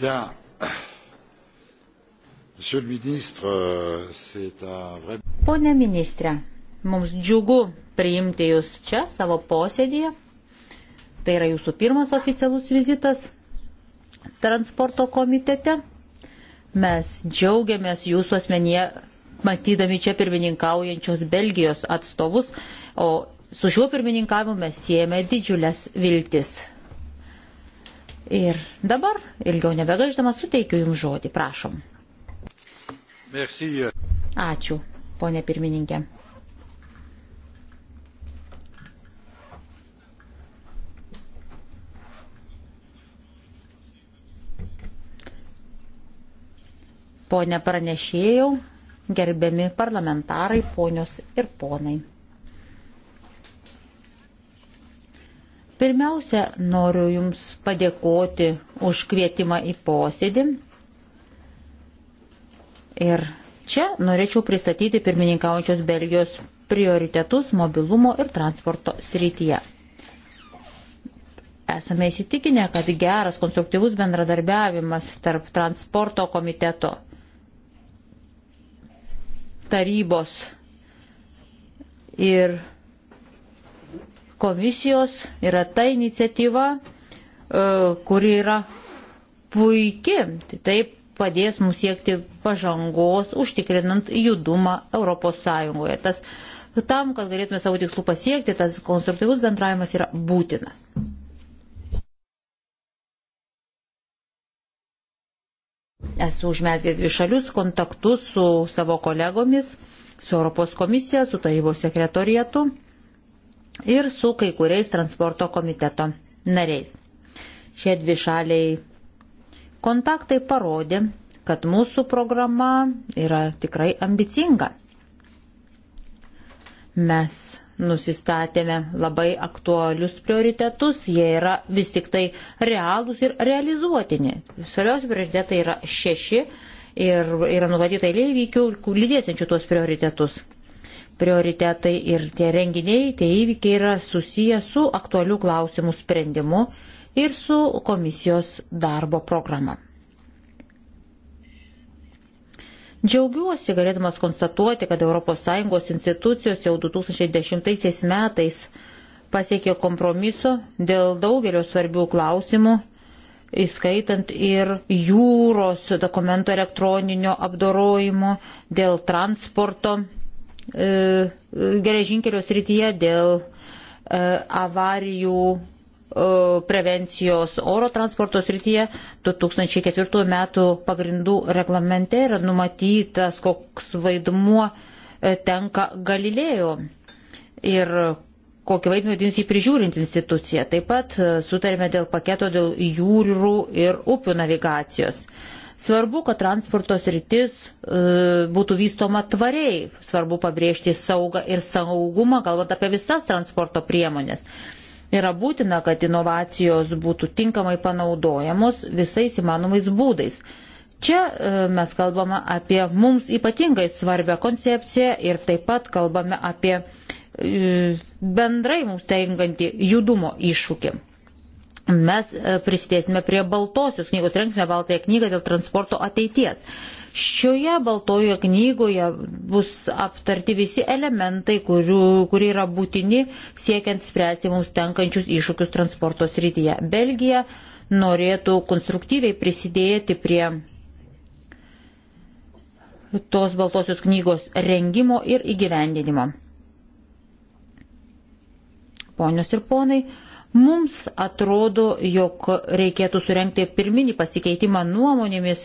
Bien. Monsieur le ministre, euh, c'est un vrai. Pone ministrė, mums džiugu priimti Jūs čia savo posėdėje. Tai yra Jūsų pirmas oficialus vizitas transporto komitete. Mes džiaugiamės Jūsų asmenyje matydami čia pirmininkaujančios Belgijos atstovus, o su šiuo pirmininkavimu mes siejame didžiulės viltis Ir dabar, ilgiau nebegaiždamas, suteikiu Jums žodį, prašom. Merci. Ačiū, ponė pirmininkė. Pone pranešėjau, gerbiami parlamentarai, ponios ir ponai. Pirmiausia, noriu Jums padėkoti už kvietimą į posėdį. Ir čia norėčiau pristatyti pirmininkaujančios Belgijos prioritetus mobilumo ir transporto srityje. Esame įsitikinę, kad geras konstruktyvus bendradarbiavimas tarp transporto komiteto tarybos ir komisijos yra ta iniciatyva, e, kuri yra puikia. Tai padės mums siekti pažangos, užtikrinant judumą ES. Tas tam, kad galėtume savo tikslų pasiekti, tas konstruktyvus bendravimas yra būtinas. Esu užmesgęs dvišalius kontaktus su savo kolegomis, su Europos komisija, su tarybos sekretorietu ir su kai kuriais transporto komiteto nariais. Šie dvi šaliai kontaktai parodė, kad mūsų programa yra tikrai ambicinga. Mes nusistatėme labai aktualius prioritetus, jie yra vis tik tai realūs ir realizuotini. Svarbiausi prioritetai yra šeši ir yra nuvadyta eilė įvykių, lydėsiančių tuos prioritetus prioritetai ir tie renginiai, tie įvykiai yra susiję su aktualių klausimų sprendimu ir su komisijos darbo programa. Džiaugiuosi galėdamas konstatuoti, kad ES institucijos jau 2010 metais pasiekė kompromiso dėl daugelio svarbių klausimų, įskaitant ir jūros dokumento elektroninio apdorojimo, dėl transporto E, e, geležinkelio srityje, dėl e, avarijų prevencijos oro transporto srityje 2004 metų pagrindų reglamente yra numatytas, koks vaidmuo tenka Galilėjo ir kokį vaidmenį vadins jį prižiūrint instituciją. Taip pat sutarėme dėl paketo dėl jūrų ir upių navigacijos. Svarbu, kad transporto sritis e, būtų vystoma tvariai, svarbu pabrėžti saugą ir saugumą, galvot apie visas transporto priemonės. Yra būtina, kad inovacijos būtų tinkamai panaudojamos visais įmanomais būdais. Čia e, mes kalbame apie mums ypatingai svarbią koncepciją ir taip pat kalbame apie e, bendrai mums tenkantį judumo iššūkį mes e, prisidėsime prie baltosios knygos, rengsime baltąją knygą dėl transporto ateities. Šioje baltojoje knygoje bus aptarti visi elementai, kurių, kurie yra būtini siekiant spręsti mums tenkančius iššūkius transporto srityje. Belgija norėtų konstruktyviai prisidėti prie tos baltosios knygos rengimo ir įgyvendinimo. Ponios ir ponai, Mums atrodo, jog reikėtų surenkti pirminį pasikeitimą nuomonėmis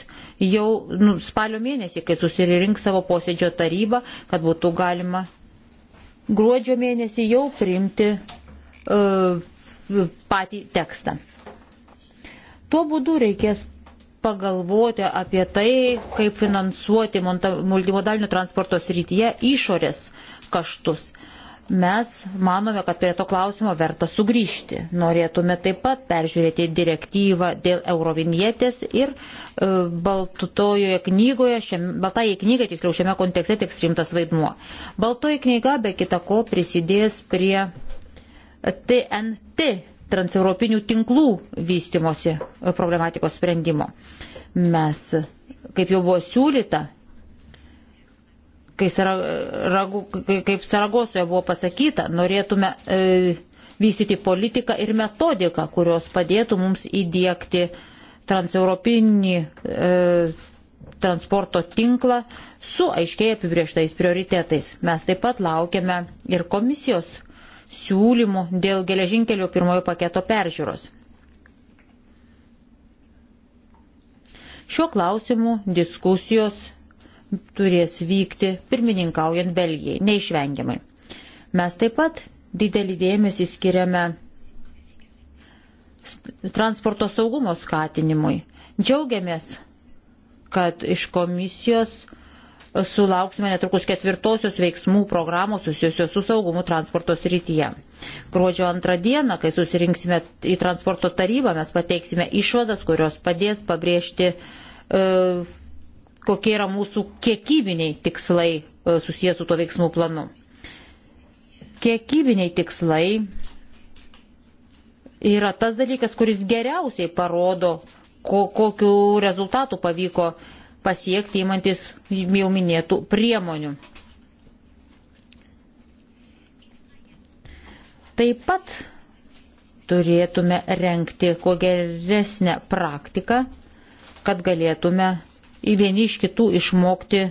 jau nu, spalio mėnesį, kai susirinks savo posėdžio taryba, kad būtų galima gruodžio mėnesį jau priimti uh, patį tekstą. Tuo būdu reikės pagalvoti apie tai, kaip finansuoti multimodalinio transporto srityje išorės kaštus. Mes manome, kad prie to klausimo verta sugrįžti. Norėtume taip pat peržiūrėti direktyvą dėl eurovinietės ir e, baltojoje knygoje, šiam, baltąjį knygą, tiksliau šiame kontekste tiks rimtas vaidmuo. Baltoji knyga be kita ko prisidės prie TNT transeuropinių tinklų vystimosi problematikos sprendimo. Mes, kaip jau buvo siūlyta, kai, saragu, kai kaip Saragosoje buvo pasakyta, norėtume e, vystyti politiką ir metodiką, kurios padėtų mums įdėkti transeuropinį e, transporto tinklą su aiškiai apibrieštais prioritetais. Mes taip pat laukiame ir komisijos siūlymų dėl geležinkelio pirmojo paketo peržiūros. Šiuo klausimu diskusijos turės vykti pirmininkaujant Belgijai, neišvengiamai. Mes taip pat didelį dėmesį skiriame transporto saugumo skatinimui. Džiaugiamės, kad iš komisijos sulauksime netrukus ketvirtosios veiksmų programos susijusios su saugumu transporto srityje. Gruodžio antrą dieną, kai susirinksime į transporto tarybą, mes pateiksime išvadas, kurios padės pabrėžti uh, e, kokie yra mūsų kiekybiniai tikslai e, susijęs su tuo veiksmų planu. Kiekybiniai tikslai yra tas dalykas, kuris geriausiai parodo, ko, kokiu rezultatu pavyko pasiekti įmantis jau minėtų priemonių. Taip pat turėtume renkti kuo geresnę praktiką, kad galėtume į vieni iš kitų išmokti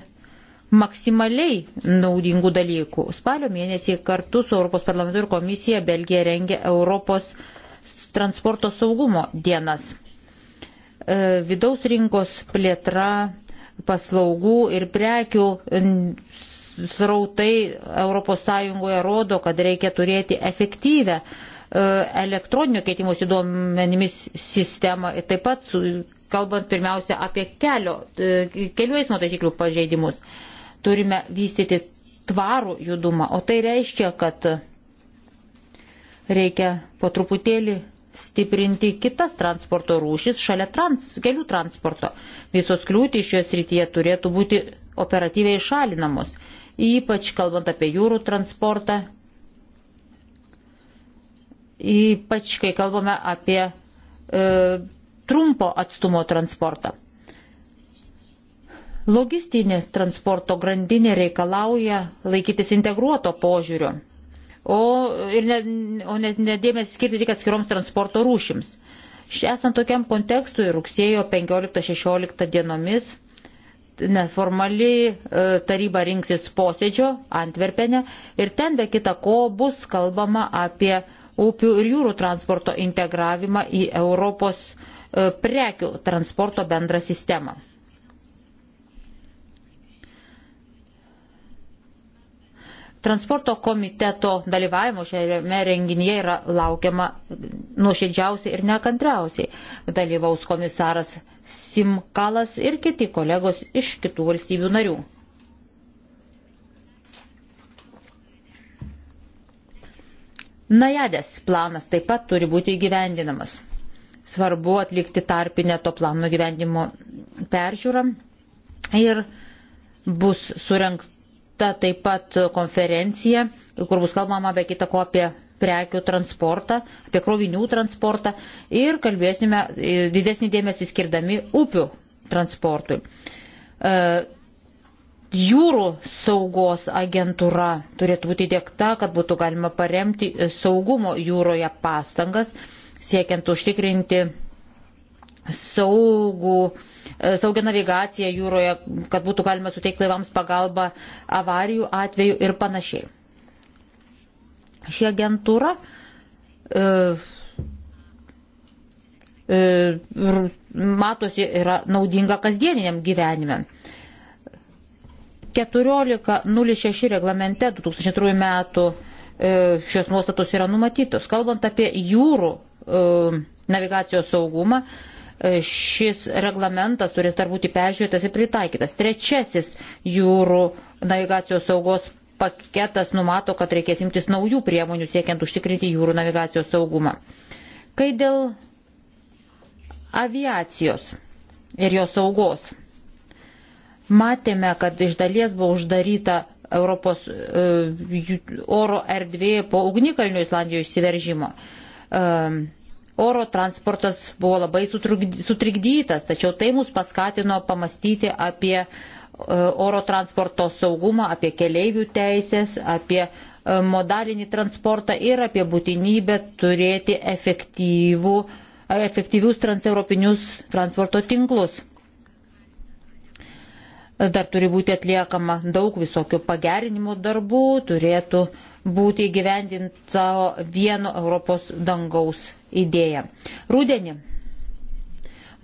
maksimaliai naudingų dalykų. Spalio mėnesį kartu su Europos parlamentu ir komisija Belgija rengia Europos transporto saugumo dienas. E, vidaus rinkos plėtra, paslaugų ir prekių srautai ES rodo, kad reikia turėti efektyvę E, elektroninio keitimosi duomenimis sistemą ir taip pat su, kalbant pirmiausia apie kelio, e, kelių eismo taisyklių pažeidimus. Turime vystyti tvarų judumą, o tai reiškia, kad reikia po truputėlį stiprinti kitas transporto rūšis šalia trans, kelių transporto. Visos kliūtys šioje srityje turėtų būti operatyviai šalinamos, ypač kalbant apie jūrų transportą ypač kai kalbame apie e, trumpo atstumo transportą. Logistinė transporto grandinė reikalauja laikytis integruoto požiūrio, o, ne, o net nedėmesį skirti tik atskiroms transporto rūšims. Esant tokiam kontekstui, rugsėjo 15-16 dienomis neformali e, taryba rinksis posėdžio Antverpenė ir ten be kita ko bus kalbama apie upių ir jūrų transporto integravimą į Europos e, prekių transporto bendrą sistemą. Transporto komiteto dalyvavimo šiame renginyje yra laukiama nuoširdžiausiai ir nekantriausiai. Dalyvaus komisaras Simkalas ir kiti kolegos iš kitų valstybių narių. Najadės planas taip pat turi būti įgyvendinamas. Svarbu atlikti tarpinę to plano gyvendimo peržiūrą ir bus surenkta taip pat konferencija, kur bus kalbama be kita ko apie prekių transportą, apie krovinių transportą ir kalbėsime e, didesnį dėmesį skirdami upių transportui. E, jūrų saugos agentūra turėtų būti dėkta, kad būtų galima paremti saugumo jūroje pastangas, siekiant užtikrinti saugų, e, saugią navigaciją jūroje, kad būtų galima suteikti laivams pagalbą avarijų atveju ir panašiai. Ši agentūra e, e, matosi yra naudinga kasdieniniam gyvenime. E, 1406 reglamente 2003 metų e, šios nuostatos yra numatytos. Kalbant apie jūrų e, navigacijos saugumą, e, šis reglamentas turės dar būti peržiūrėtas ir pritaikytas. Trečiasis jūrų navigacijos saugos paketas numato, kad reikės imtis naujų priemonių siekiant užtikrinti jūrų navigacijos saugumą. Kai dėl aviacijos ir jos saugos Matėme, kad iš dalies buvo uždaryta Europos e, oro erdvė po ugnikalnių Islandijos įsiveržimo. E, oro transportas buvo labai sutrikdytas, tačiau tai mus paskatino pamastyti apie e, oro transporto saugumą, apie keleivių teisės, apie modalinį transportą ir apie būtinybę turėti efektyvų, efektyvius transeuropinius transporto tinklus. Dar turi būti atliekama daug visokių pagerinimo darbų, turėtų būti įgyvendinta vieno Europos dangaus idėja. Rūdienį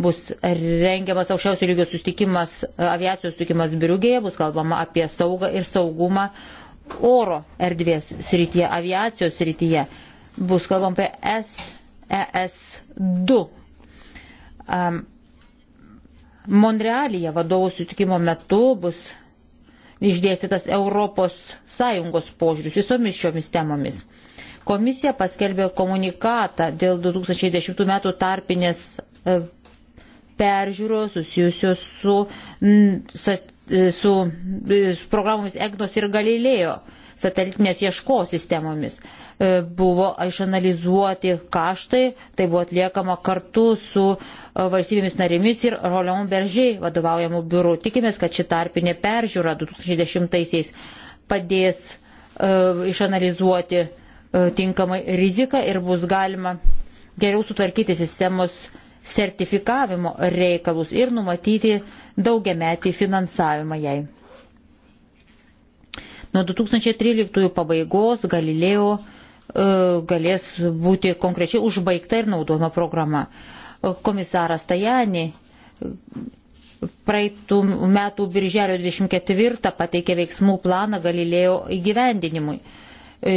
bus rengiamas aukščiausio lygio sustikimas, aviacijos sustikimas Birugėje, bus kalbama apie saugą ir saugumą oro erdvės srityje, aviacijos srityje. Bus kalbama apie SES2. Um, Monrealyje vadovų sutikimo metu bus išdėstytas ES požiūris visomis šiomis temomis. Komisija paskelbė komunikatą dėl 2010 m. tarpinės e, peržiūros susijusios su, e, su, su, e, su programomis EGNOS ir Galilėjo satelitinės ieško sistemomis. E, buvo išanalizuoti kaštai, tai buvo atliekama kartu su e, valstybėmis narėmis ir Roleon Beržiai vadovaujamu biuru. Tikimės, kad ši tarpinė peržiūra 2010-aisiais padės uh, išanalizuoti uh, tinkamai riziką ir bus galima geriau sutvarkyti sistemos sertifikavimo reikalus ir numatyti daugiametį finansavimą jai. Nuo 2013 pabaigos Galilėjo E, galės būti konkrečiai užbaigta ir naudojama programa. Komisaras Tajani praeitų metų birželio 24 pateikė veiksmų planą Galilėjo įgyvendinimui. E,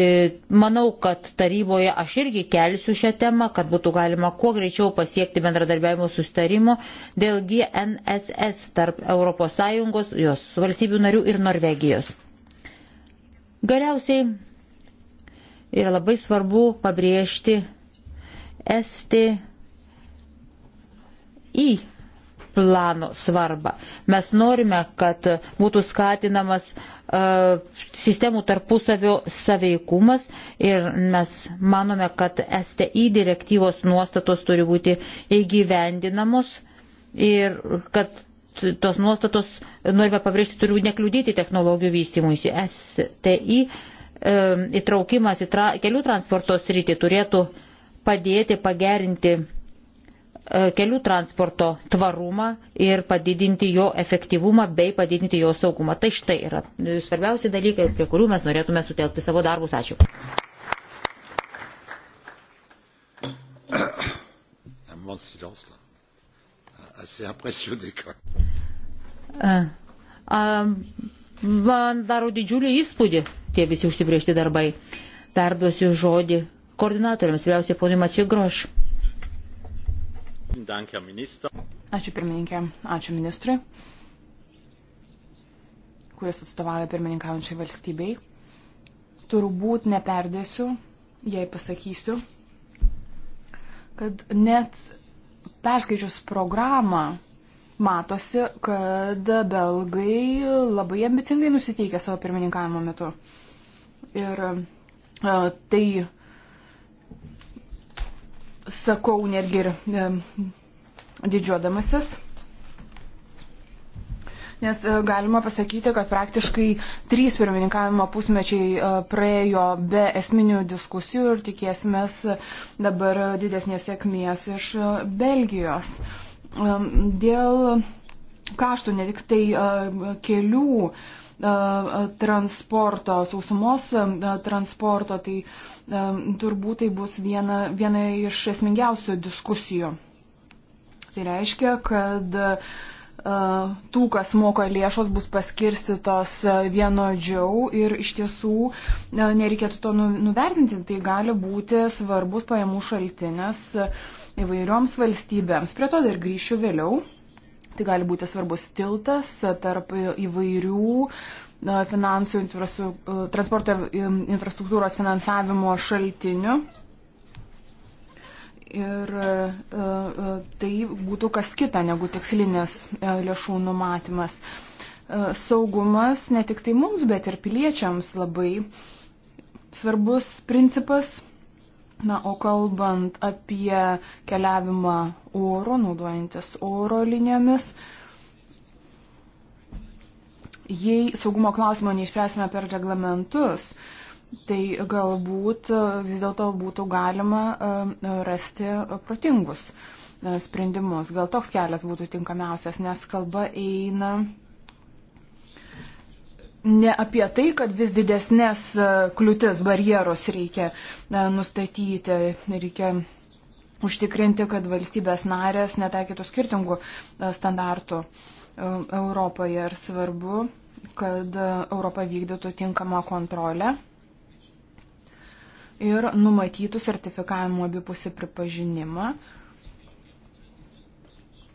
manau, kad taryboje aš irgi kelsiu šią temą, kad būtų galima kuo greičiau pasiekti bendradarbiavimo sustarimo dėl GNSS tarp ES, jos valstybių narių ir Norvegijos. Galiausiai yra labai svarbu pabrėžti STI plano svarbą. Mes norime, kad būtų skatinamas uh, sistemų tarpusavio saveikumas ir mes manome, kad STI direktyvos nuostatos turi būti įgyvendinamos ir kad tos nuostatos, norime pabrėžti, turi nekliudyti technologijų vystimuisi. STI uh, E, įtraukimas į tra, kelių transporto sritį turėtų padėti pagerinti e, kelių transporto tvarumą ir padidinti jo efektyvumą bei padidinti jo saugumą. Tai štai yra e, svarbiausi dalykai, prie kurių mes norėtume sutelkti savo darbus. Ačiū. Man daro didžiulį įspūdį tie visi užsibriežti darbai. Perduosiu žodį koordinatoriams, vyriausiai ponui Mačiui Groš. Ačiū pirmininkė, ačiū ministrui, kuris atstovauja pirmininkaujančiai valstybei. Turbūt neperdėsiu, jei pasakysiu, kad net perskaičius programą matosi, kad belgai labai ambicingai nusiteikė savo pirmininkavimo metu. Ir tai sakau netgi ir e, didžiuodamasis nes e, galima pasakyti, kad praktiškai trys pirmininkavimo pusmečiai e, praėjo be esminių diskusijų ir tikėsimės dabar didesnės sėkmės iš Belgijos. Dėl kaštų, ne tik tai kelių transporto, sausumos transporto, tai turbūt tai bus viena, viena iš esmingiausių diskusijų. Tai reiškia, kad tų, kas moka lėšos, bus paskirstytos vienodžiau ir iš tiesų nereikėtų to nu, nuvertinti. Tai gali būti svarbus pajamų šaltinis įvairioms valstybėms. Prie to dar grįšiu vėliau. Tai gali būti svarbus tiltas tarp įvairių e, finansų infrasu, e, transporto infrastruktūros finansavimo šaltinių. Ir e, tai būtų kas kita negu tikslinės lėšų numatymas. Saugumas ne tik tai mums, bet ir piliečiams labai svarbus principas Na, o kalbant apie keliavimą oro, naudojantis oro linijomis, jei saugumo klausimo neišspręsime per reglamentus, tai galbūt e, vis dėlto būtų galima e, rasti protingus e, sprendimus. Gal toks kelias būtų tinkamiausias, nes kalba eina ne apie tai, kad vis didesnės e, kliūtis barjeros reikia e, nustatyti, reikia užtikrinti, kad valstybės narės netaikytų skirtingų e, standartų Europoje ir svarbu, kad Europa vykdytų tinkamą kontrolę ir numatytų sertifikavimo abipusį pripažinimą. Uh,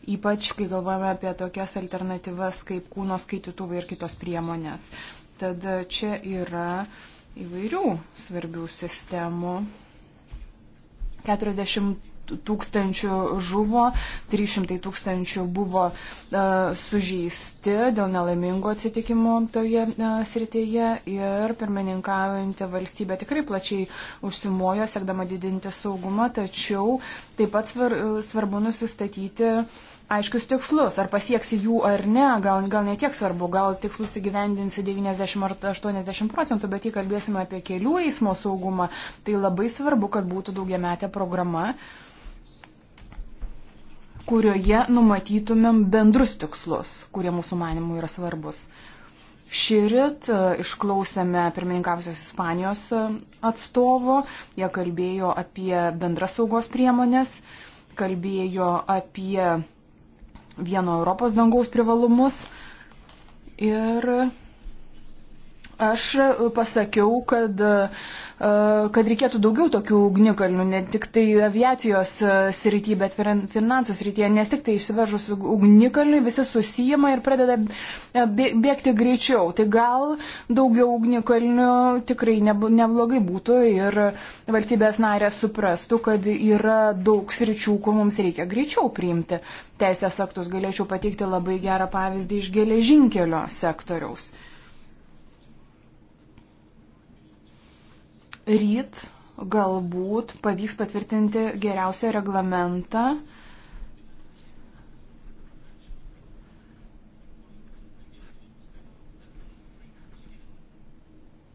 ypač kai galvojame apie tokias alternatyvas kaip kūno skaitytuvai ir kitos priemonės. Tad čia yra įvairių svarbių sistemų. 40 tūkstančių žuvo, 300 tūkstančių buvo uh, sužeisti dėl nelaimingo atsitikimo toje uh, srityje ir pirmininkaujantį valstybę tikrai plačiai užsimojo, siekdama didinti saugumą, tačiau taip pat svar, e, svarbu nusistatyti uh, aiškius tikslus, ar pasieksi jų ar ne, gal, gal netiek svarbu, gal tikslus įgyvendinsi 90 ar 80 procentų, bet jei kalbėsime apie kelių eismo saugumą, tai labai svarbu, kad būtų daugiametė programa, kurioje numatytumėm bendrus tikslus, kurie mūsų manimų yra svarbus. Šįryt e, išklausėme pirmininkavusios Ispanijos e, atstovo, jie kalbėjo apie bendras saugos priemonės, kalbėjo apie vieno Europos dangaus privalumus ir Aš e, pasakiau, kad, e, kad reikėtų daugiau tokių ugnikalnių, ne tik tai aviacijos e, srity, bet ir finansų srityje, nes tik tai išsivežus ugnikalnį visi susijama ir pradeda bėgti greičiau. Tai gal daugiau ugnikalnių tikrai neblogai būtų ir valstybės narės suprastų, kad yra daug sričių, kur mums reikia greičiau priimti teisės aktus. Galėčiau pateikti labai gerą pavyzdį iš geležinkelio sektoriaus ryt galbūt pavyks patvirtinti geriausią reglamentą.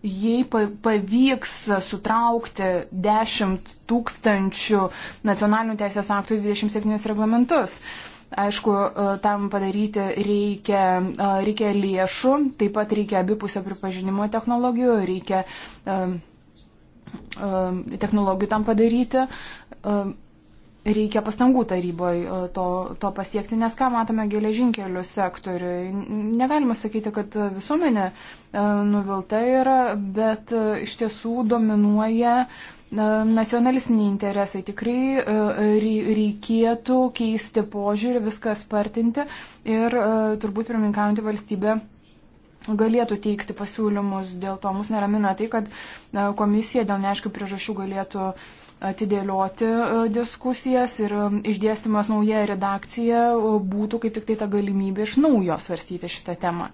Jei pavyks sutraukti 10 tūkstančių nacionalinių teisės aktų 27 reglamentus, aišku, e, tam padaryti reikia, e, reikia lėšų, taip pat reikia abipusio pripažinimo technologijų, reikia uh, Um, technologijų tam padaryti. Um, reikia pastangų taryboje uh, to, to pasiekti, nes ką matome geležinkelių sektoriui. Negalima sakyti, kad uh, visuomenė uh, nuvilta yra, bet iš tiesų dominuoja nacionalistiniai interesai. Tikrai reikėtų keisti požiūrį, viską spartinti ir turbūt pirmininkaujantį valstybę galėtų teikti pasiūlymus. Dėl to mus neramina tai, kad e, komisija dėl neaiškių priežasčių galėtų atidėlioti e, diskusijas ir e, išdėstymas nauja redakcija būtų kaip tik tai ta galimybė iš naujo svarstyti šitą temą.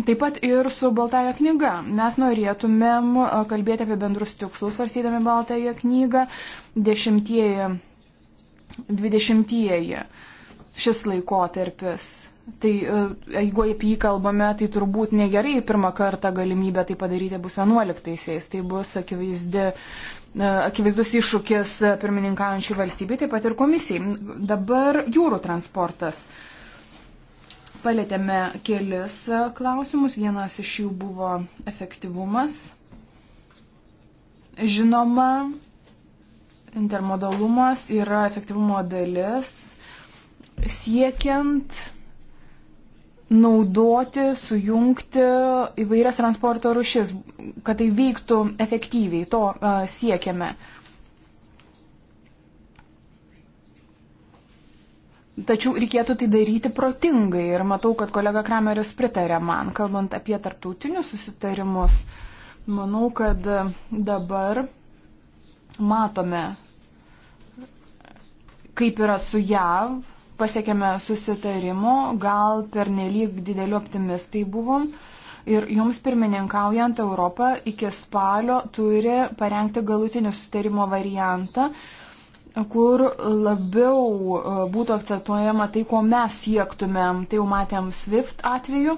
Taip pat ir su Baltaja knyga. Mes norėtumėm kalbėti apie bendrus tikslus, svarstydami Baltąją knygą. Dešimtieji, dvidešimtieji šis laikotarpis Tai e, jeigu apie jį kalbame, tai turbūt negerai pirmą kartą galimybė tai padaryti bus 11-aisiais. Tai bus akivaizdi, e, akivaizdus iššūkis pirmininkaujančiai valstybei, taip pat ir komisijai. Dabar jūrų transportas. Palėtėme kelis e, klausimus. Vienas iš jų buvo efektyvumas. Žinoma, intermodalumas yra efektyvumo dalis siekiant naudoti, sujungti įvairias transporto rušis, kad tai veiktų efektyviai, to uh, siekiame. Tačiau reikėtų tai daryti protingai ir matau, kad kolega Krameris pritarė man, kalbant apie tarptautinius susitarimus. Manau, kad dabar matome, kaip yra su JAV, pasiekėme susitarimo, gal per nelik dideli optimistai buvom. Ir jums pirmininkaujant Europą iki spalio turi parengti galutinį sutarimo variantą, kur labiau e, būtų akcentuojama tai, ko mes siektumėm. Tai jau matėm SWIFT atveju.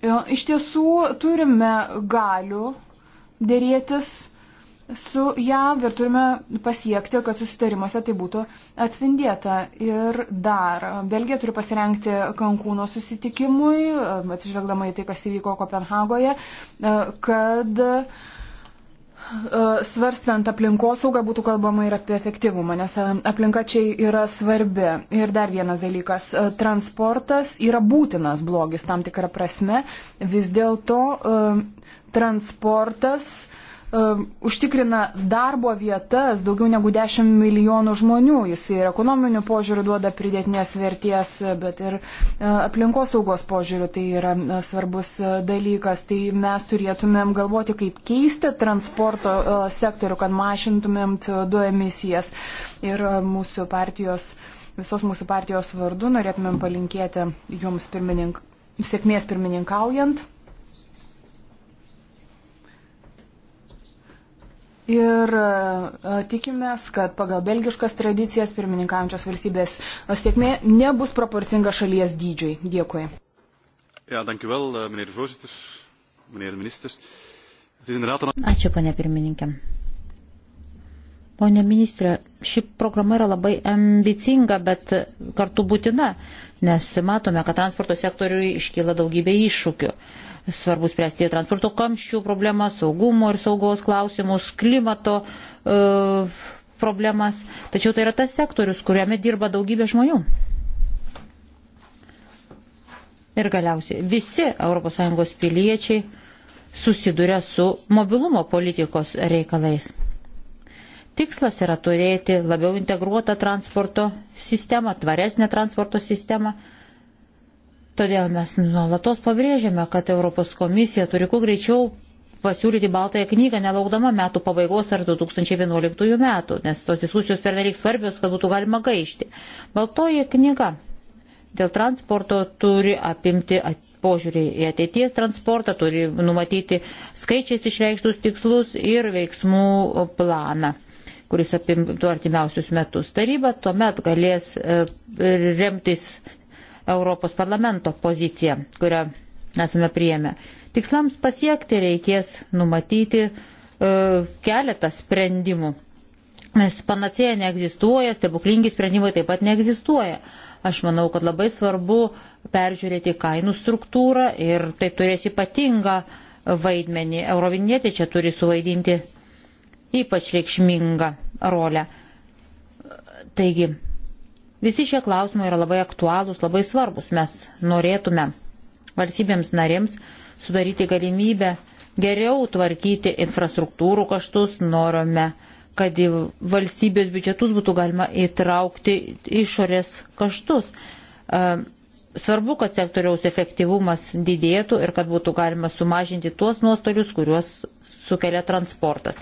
E, iš tiesų turime galių dėrėtis su JAV ir turime pasiekti, kad susitarimuose tai būtų atspindėta. Ir dar, Belgija turi pasirengti Kankūno susitikimui, atsižvelgdama į tai, kas įvyko Kopenhagoje, kad e, svarstant aplinkosaugą būtų kalbama ir apie efektyvumą, nes e, aplinka čia yra svarbi. Ir dar vienas dalykas e, - transportas yra būtinas blogis tam tikrą prasme. Vis dėlto transportas uh, Um, užtikrina darbo vietas daugiau negu 10 milijonų žmonių. Jis ir ekonominių požiūrių duoda pridėtinės verties, bet ir uh, aplinkos saugos požiūrių tai yra uh, svarbus uh, dalykas. Tai mes turėtumėm galvoti, kaip keisti transporto sektorių, kad mažintumėm CO2 emisijas. Ir mūsų partijos, visos mūsų partijos vardu norėtumėm palinkėti jums pirmininkų sėkmės pirmininkaujant. Ir e, tikimės, kad pagal belgiškas tradicijas pirmininkaujančios valstybės e, sėkmė nebus proporcinga šalies dydžiui. Dėkui. Ja, dankjewel, eh, meneer de voorzitter, meneer de minister. Ačiū, ponė pirmininkė. Pone ministrė, ši programa yra labai ambicinga, bet kartu būtina, nes matome, kad transporto sektoriui iškyla daugybė iššūkių. Uh, Svarbu spręsti transporto kamščių problemą, saugumo ir saugos klausimus, klimato e, problemas. Tačiau tai yra tas sektorius, kuriame dirba daugybė žmonių. Ir galiausiai visi ES piliečiai susiduria su mobilumo politikos reikalais. Tikslas yra turėti labiau integruotą transporto sistemą, tvaresnę transporto sistemą Todėl mes nuolatos pabrėžiame, kad Europos komisija turi kuo greičiau pasiūlyti Baltąją knygą, nelaukdama metų pabaigos ar 2011 metų, nes tos diskusijos pernelyg svarbios, kad būtų galima gaišti. Baltoji knyga dėl transporto turi apimti požiūrį į ateities transportą, turi numatyti skaičiais išreikštus tikslus ir veiksmų planą kuris apimtų artimiausius metus. Taryba tuomet galės e, remtis Europos parlamento poziciją, kurią esame priėmę. Tikslams pasiekti reikės numatyti e, keletą sprendimų. Nes panacėja neegzistuoja, stebuklingi sprendimai taip pat neegzistuoja. Aš manau, kad labai svarbu peržiūrėti kainų struktūrą ir tai turės ypatingą vaidmenį. Eurovinėtė čia turi suvaidinti ypač reikšmingą rolę. Taigi, Visi šie klausimai yra labai aktualūs, labai svarbus. Mes norėtume valstybėms narėms sudaryti galimybę geriau tvarkyti infrastruktūrų kaštus, norime, kad į valstybės biudžetus būtų galima įtraukti išorės kaštus. E, svarbu, kad sektoriaus efektyvumas didėtų ir kad būtų galima sumažinti tuos nuostolius, kuriuos sukelia transportas.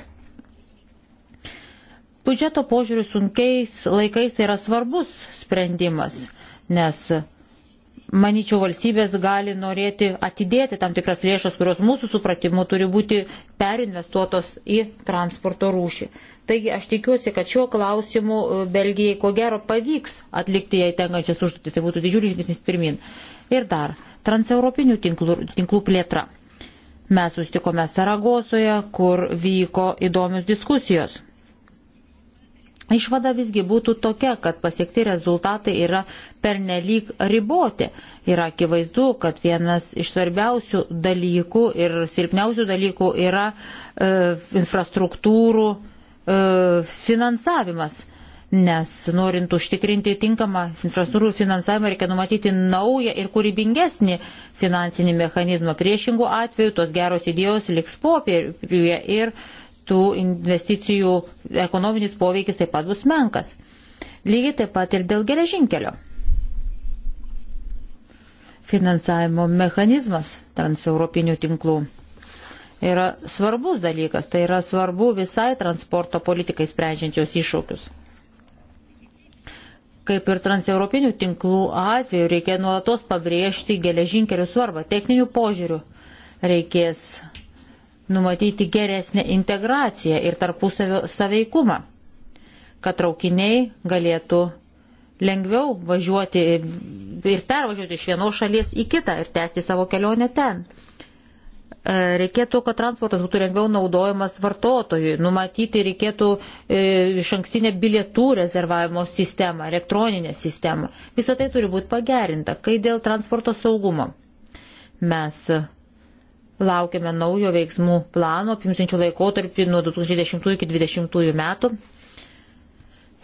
Budžeto požiūrių sunkiais laikais tai yra svarbus sprendimas, nes manyčiau, valstybės gali norėti atidėti tam tikras lėšas, kurios mūsų supratimu turi būti perinvestuotos į transporto rūšį. Taigi aš tikiuosi, kad šiuo klausimu e, Belgijai ko gero pavyks atlikti jai tenkančias užduotis. Tai būtų didžiulis žingsnis pirmin. Ir dar transeuropinių tinklų, tinklų plėtra. Mes sustikome Saragosoje, kur vyko įdomios diskusijos. Išvada visgi būtų tokia, kad pasiekti rezultatai yra pernelyg riboti. Yra akivaizdu, kad vienas iš svarbiausių dalykų ir silpniausių dalykų yra e, infrastruktūrų e, finansavimas. Nes norint užtikrinti tinkamą infrastruktūrų finansavimą, reikia numatyti naują ir kūrybingesnį finansinį mechanizmą. Priešingų atveju tos geros idėjos liks popieriuje ir, ir tų investicijų ekonominis poveikis taip pat bus menkas. Lygiai taip pat ir dėl geležinkelio. Finansavimo mechanizmas transeuropinių tinklų yra svarbus dalykas, tai yra svarbu visai transporto politikai sprendžiant jos iššūkius. Kaip ir transeuropinių tinklų atveju reikia nuolatos pabrėžti geležinkelių svarbą techninių požiūrių. Reikės numatyti geresnę integraciją ir tarpusavio saveikumą, kad traukiniai galėtų lengviau važiuoti ir pervažiuoti iš vienos šalies į kitą ir tęsti savo kelionę ten. E, reikėtų, kad transportas būtų lengviau naudojamas vartotojui, numatyti reikėtų e, iš ankstinę bilietų rezervavimo sistemą, elektroninę sistemą. Visą tai turi būti pagerinta, kai dėl transporto saugumo. Mes Laukiame naujo veiksmų plano, apimsinčių laikotarpį nuo 2010 iki 2020 metų.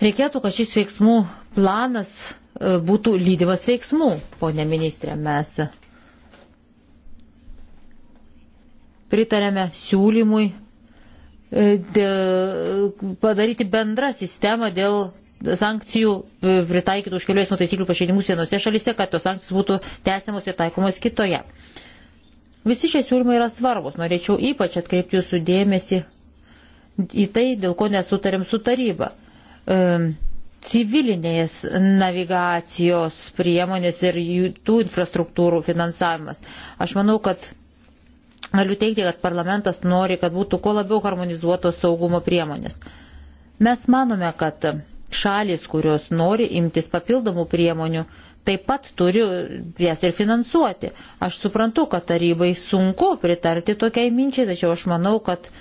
Reikėtų, kad šis veiksmų planas e, būtų lydimas veiksmų, ponė ministrė, mes pritarėme siūlymui e, padaryti bendrą sistemą dėl sankcijų e, pritaikytų už kelių eismo taisyklių pažeidimus vienose šalise, kad tos sankcijos būtų tęsiamos ir taikomos kitoje. Visi šie siūlymai yra svarbus. Norėčiau ypač atkreipti jūsų dėmesį į tai, dėl ko nesutarėm su taryba. E, civilinės navigacijos priemonės ir jų, tų infrastruktūrų finansavimas. Aš manau, kad galiu teikti, kad parlamentas nori, kad būtų kuo labiau harmonizuotos saugumo priemonės. Mes manome, kad šalis, kurios nori imtis papildomų priemonių, taip pat turi jas ir finansuoti. Aš suprantu, kad tarybai sunku pritarti tokiai minčiai, tačiau aš manau, kad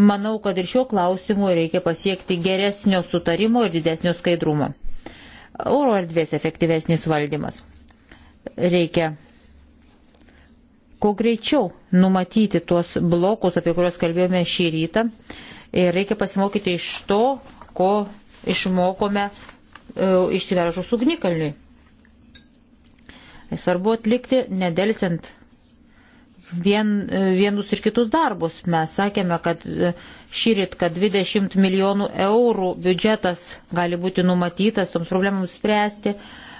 Manau, kad ir šiuo klausimu reikia pasiekti geresnio sutarimo ir didesnio skaidrumo. Oro erdvės efektyvesnis valdymas. Reikia kuo greičiau numatyti tuos blokus, apie kuriuos kalbėjome šį rytą. Ir reikia pasimokyti iš to, ko išmokome e, išsiveržus ugnikalniui. Svarbu atlikti nedelsiant vien, e, vienus ir kitus darbus. Mes sakėme, kad e, šį ryt, kad 20 milijonų eurų biudžetas gali būti numatytas toms problemams spręsti.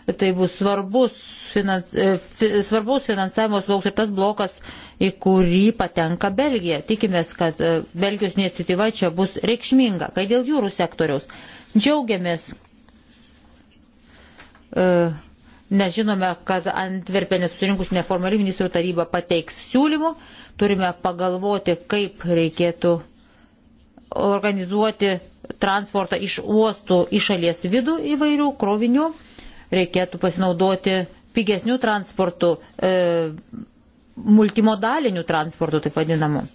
Tai bus svarbus, finans, e, svarbus finansavimas lauks ir tas blokas, į kurį patenka Belgija. Tikimės, kad Belgijos iniciatyva čia bus reikšminga. Kai dėl jūrų sektoriaus džiaugiamės. Uh, Nes žinome, kad Antverpenė susirinkus neformali ministrų taryba pateiks siūlymų, turime pagalvoti, kaip reikėtų organizuoti transportą iš uostų į šalies vidų įvairių krovinių, reikėtų pasinaudoti pigesnių transportų, e, multimodalinių transportų, taip vadinamų.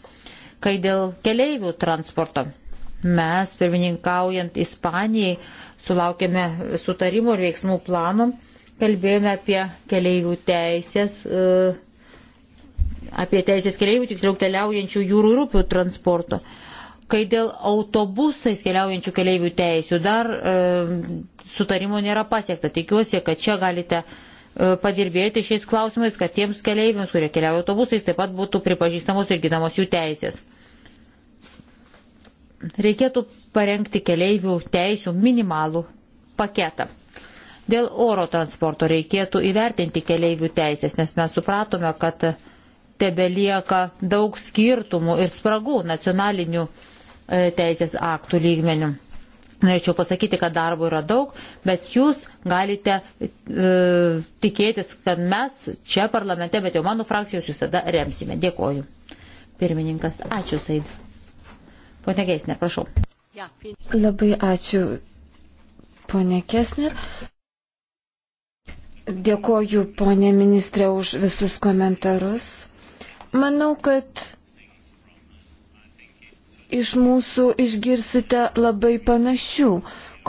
Kai dėl keleivių transporto mes, pirmininkaujant Ispanijai, sulaukėme sutarimo ir veiksmų planom kalbėjome apie keliaivių teisės, e, apie teisės keliaivių, tiksliau keliaujančių jūrų ir upių transporto. Kai dėl autobusais keliaujančių keliaivių teisų dar e, sutarimo nėra pasiekta, tikiuosi, kad čia galite e, padirbėti šiais klausimais, kad tiems keliaiviams, kurie keliauja autobusais, taip pat būtų pripažįstamos ir ginamos jų teisės. Reikėtų parengti keliaivių teisų minimalų paketą. Dėl oro transporto reikėtų įvertinti keleivių teisės, nes mes supratome, kad tebelieka daug skirtumų ir spragų nacionalinių e, teisės aktų lygmenių. Norėčiau pasakyti, kad darbo yra daug, bet jūs galite e, tikėtis, kad mes čia parlamente, bet jau mano frakcijos jūs visada remsime. Dėkoju. Pirmininkas, ačiū, Said. Pone Geisner, prašau. Labai ačiū, ponė Kesner. Dėkoju, ponė ministrė, už visus komentarus. Manau, kad iš mūsų išgirsite labai panašių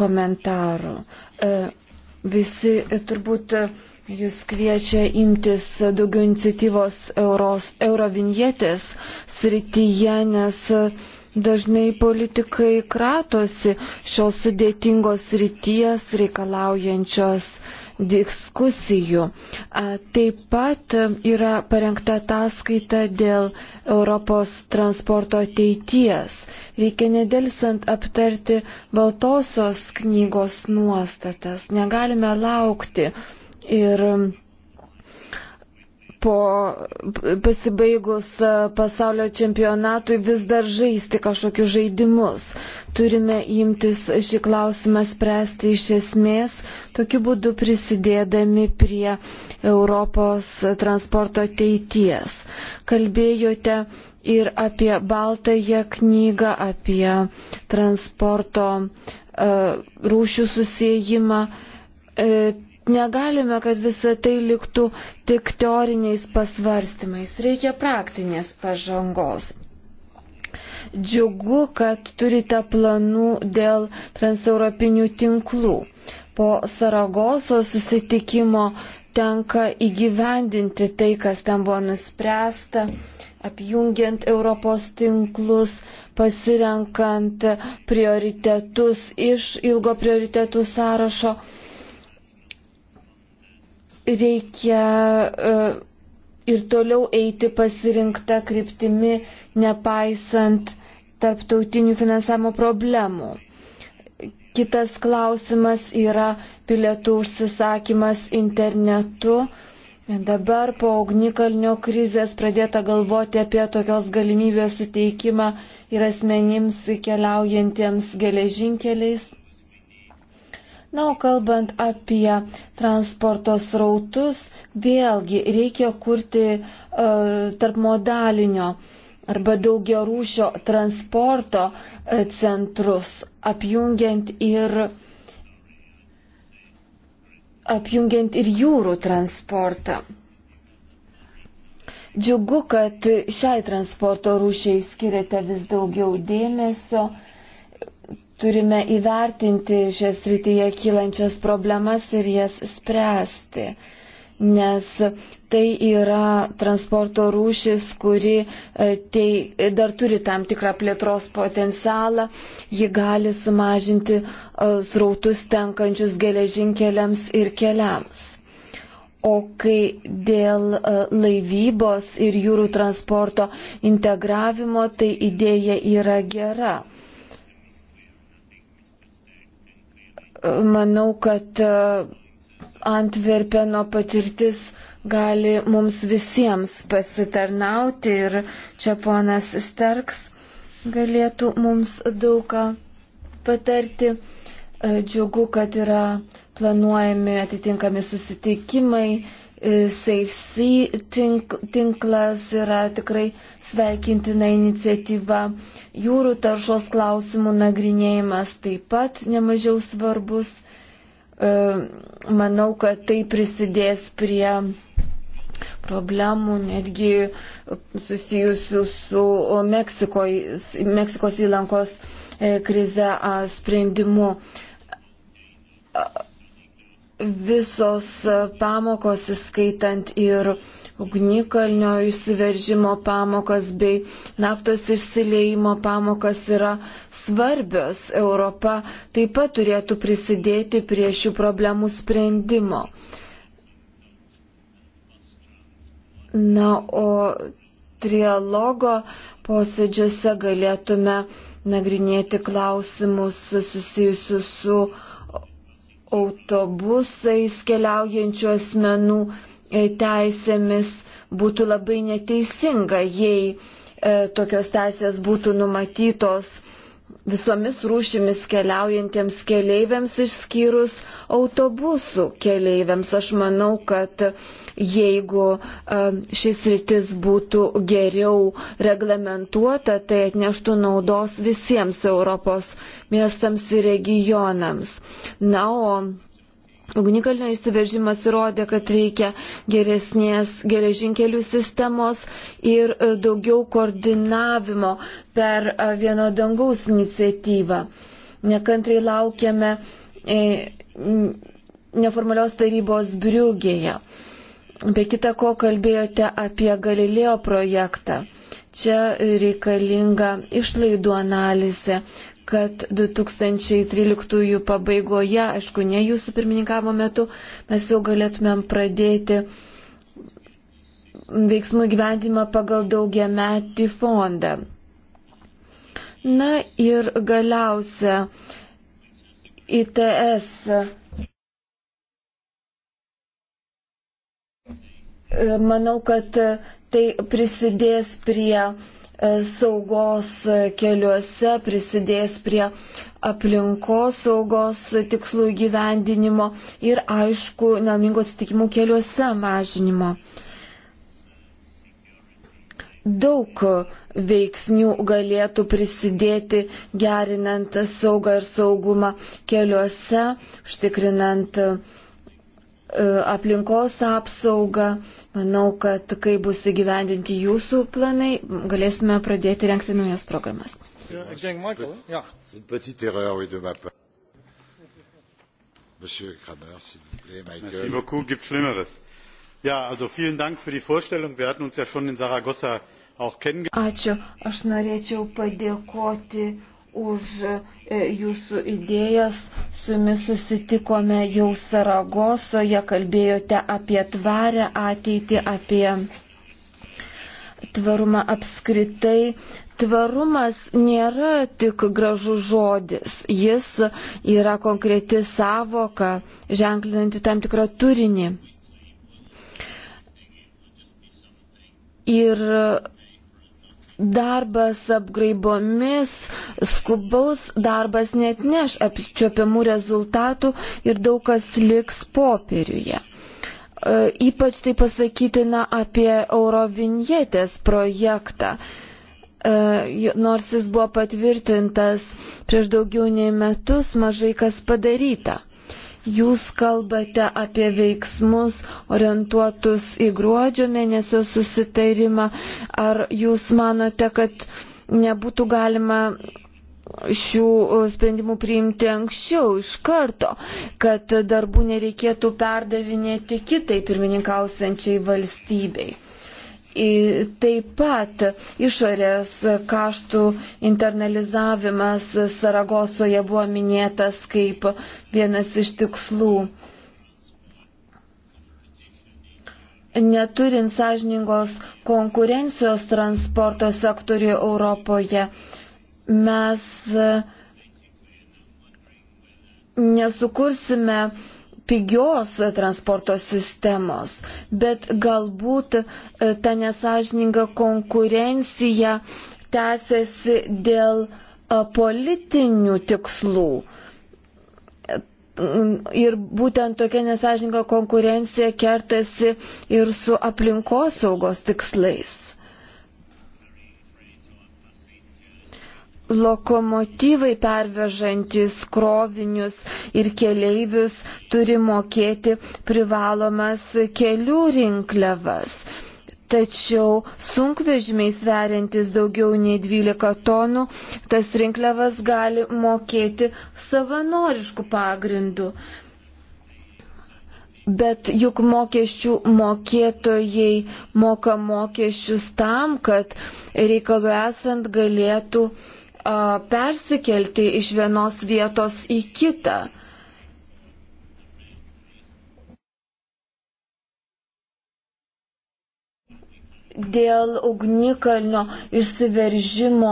komentarų. E, visi turbūt Jūs kviečia imtis daugiau iniciatyvos euros, eurovinjetės srityje, nes dažnai politikai kratosi šios sudėtingos srities reikalaujančios uh, diskusijų. Taip pat yra parengta ataskaita dėl Europos transporto ateities. Reikia nedelsant aptarti Baltosios knygos nuostatas. Negalime laukti. Ir po pasibaigus e, pasaulio čempionatui vis dar žaisti kažkokius žaidimus. Turime imtis šį klausimą spręsti iš esmės, tokiu būdu prisidėdami prie Europos transporto ateities. Kalbėjote ir apie baltąją knygą, apie transporto uh, rūšių susijimą. Uh, Negalime, kad visa tai liktų tik teoriniais pasvarstymais. Reikia praktinės pažangos. Džiugu, kad turite planų dėl transeuropinių tinklų. Po Saragoso susitikimo tenka įgyvendinti tai, kas ten buvo nuspręsta, apjungiant Europos tinklus, pasirenkant prioritetus iš ilgo prioritetų sąrašo reikia e, ir toliau eiti pasirinktą kryptimi, nepaisant tarptautinių finansavimo problemų. Kitas klausimas yra bilietų užsisakymas internetu. Dabar po ugnikalnio krizės pradėta galvoti apie tokios galimybės suteikimą ir asmenims keliaujantiems geležinkeliais. Na, o kalbant apie transporto srautus, vėlgi reikia kurti uh, e, tarp modalinio arba daugiarūšio transporto uh, centrus, apjungiant ir, apjungiant ir jūrų transportą. Džiugu, kad šiai transporto rūšiai skiriate vis daugiau dėmesio. Uh, turime įvertinti šias rytyje kylančias problemas ir jas spręsti. Nes tai yra transporto rūšis, kuri tai dar turi tam tikrą plėtros potencialą, ji gali sumažinti e, srautus tenkančius geležinkeliams ir keliams. O kai dėl e, laivybos ir jūrų transporto integravimo, tai idėja yra gera. Manau, kad e, Antverpeno patirtis gali mums visiems pasitarnauti ir čia ponas Sterks galėtų mums daugą patarti. E, džiugu, kad yra planuojami atitinkami susitikimai SafeC tink, tinklas yra tikrai sveikintina iniciatyva. Jūrų taršos klausimų nagrinėjimas taip pat nemažiau svarbus. E, manau, kad tai prisidės prie problemų, netgi susijusių su Meksiko, Meksikos įlankos e, krize sprendimu visos pamokos, įskaitant ir ugnikalnio išsiveržimo pamokas bei naftos išsileimo pamokas yra svarbios. Europa taip pat turėtų prisidėti prie šių problemų sprendimo. Na, o trialogo posėdžiuose galėtume nagrinėti klausimus susijusius su autobusais keliaujančių asmenų e, teisėmis būtų labai neteisinga, jei e, tokios teisės būtų numatytos visomis rūšimis keliaujantiems keleiviams išskyrus autobusų keleiviams. Aš manau, kad jeigu e, šis rytis būtų geriau reglamentuota, tai atneštų naudos visiems Europos miestams ir regionams. Na, o Ugnikalnio įsiveržimas įrodė, kad reikia geresnės geležinkelių sistemos ir e, daugiau koordinavimo per e, vieno dangaus iniciatyvą. Nekantrai laukiame e, neformalios tarybos briugėje. Be kita ko kalbėjote apie Galilėjo projektą. Čia reikalinga išlaidų analizė, kad 2013 pabaigoje, aišku, ne jūsų pirmininkavo metu, mes jau galėtumėm pradėti veiksmų gyventimą pagal daugia metį fondą. Na ir galiausia, ITS manau, kad tai prisidės prie saugos keliuose, prisidės prie aplinkos saugos tikslų įgyvendinimo ir aišku, nelmingų atsitikimų keliuose mažinimo. Daug veiksnių galėtų prisidėti gerinant saugą ir saugumą keliuose, užtikrinant uh, E, aplinkos apsaugą. Manau, kad kai bus įgyvendinti jūsų planai, galėsime pradėti renkti naujas programas. Monsieur Kramer, s'il vous plaît, Michael. Merci beaucoup, gibt Schlimmeres. Ja, also vielen Dank für die Vorstellung. Wir hatten uns ja schon in Saragossa auch kennengelernt. Ačiū. Aš norėčiau padėkoti už uh, E, jūsų idėjas. Su jumis susitikome jau Saragosoje, kalbėjote apie tvarę ateitį, apie tvarumą apskritai. Tvarumas nėra tik gražus žodis, jis yra konkreti savoka, ženklinanti tam tikrą turinį. Ir darbas apgraibomis, skubaus darbas net neš apčiopiamų rezultatų ir daug kas liks popieriuje. E, ypač tai pasakytina apie Eurovinietės projektą. E, nors jis buvo patvirtintas prieš daugiau nei metus, mažai kas padaryta. Jūs kalbate apie veiksmus orientuotus į gruodžio mėnesio susitarimą. Ar jūs manote, kad nebūtų galima šių e, sprendimų priimti anksčiau, iš karto, kad darbų nereikėtų perdavinėti kitai pirmininkausiančiai valstybei? Taip pat išorės kaštų internalizavimas Saragosoje buvo minėtas kaip vienas iš tikslų. Neturint sąžiningos konkurencijos transporto sektoriuje Europoje, mes nesukursime uh, pigios transporto sistemos, bet galbūt e, ta nesažininga konkurencija tęsiasi dėl e, politinių tikslų. Ir būtent tokia nesažininga konkurencija kertasi ir su aplinkosaugos tikslais. lokomotyvai pervežantis krovinius ir keleivius turi mokėti privalomas kelių rinkliavas. Tačiau sunkvežimiai sveriantis daugiau nei 12 tonų, tas rinkliavas gali mokėti savanoriškų pagrindų. Bet juk mokesčių mokėtojai moka mokesčius tam, kad reikalų esant galėtų uh, persikelti iš vienos vietos į kitą. Dėl ugnikalnio išsiveržimo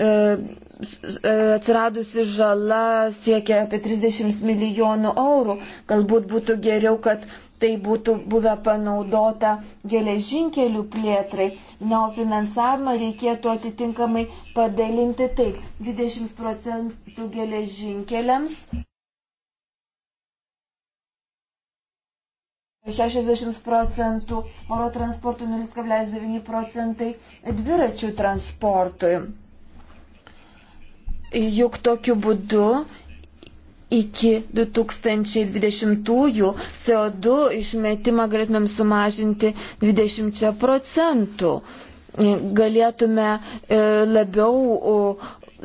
e, e atsiradusi žala siekia apie 30 milijonų eurų. Galbūt būtų geriau, kad tai būtų buvę panaudota geležinkelių plėtrai, na, o finansavimą reikėtų atitinkamai padalinti taip - 20 procentų geležinkeliams. 60 procentų oro transportui, 0,9 procentai dviračių transportui. Juk tokiu būdu iki 2020-ųjų CO2 išmetimą galėtumėm sumažinti 20 procentų. Galėtume e, labiau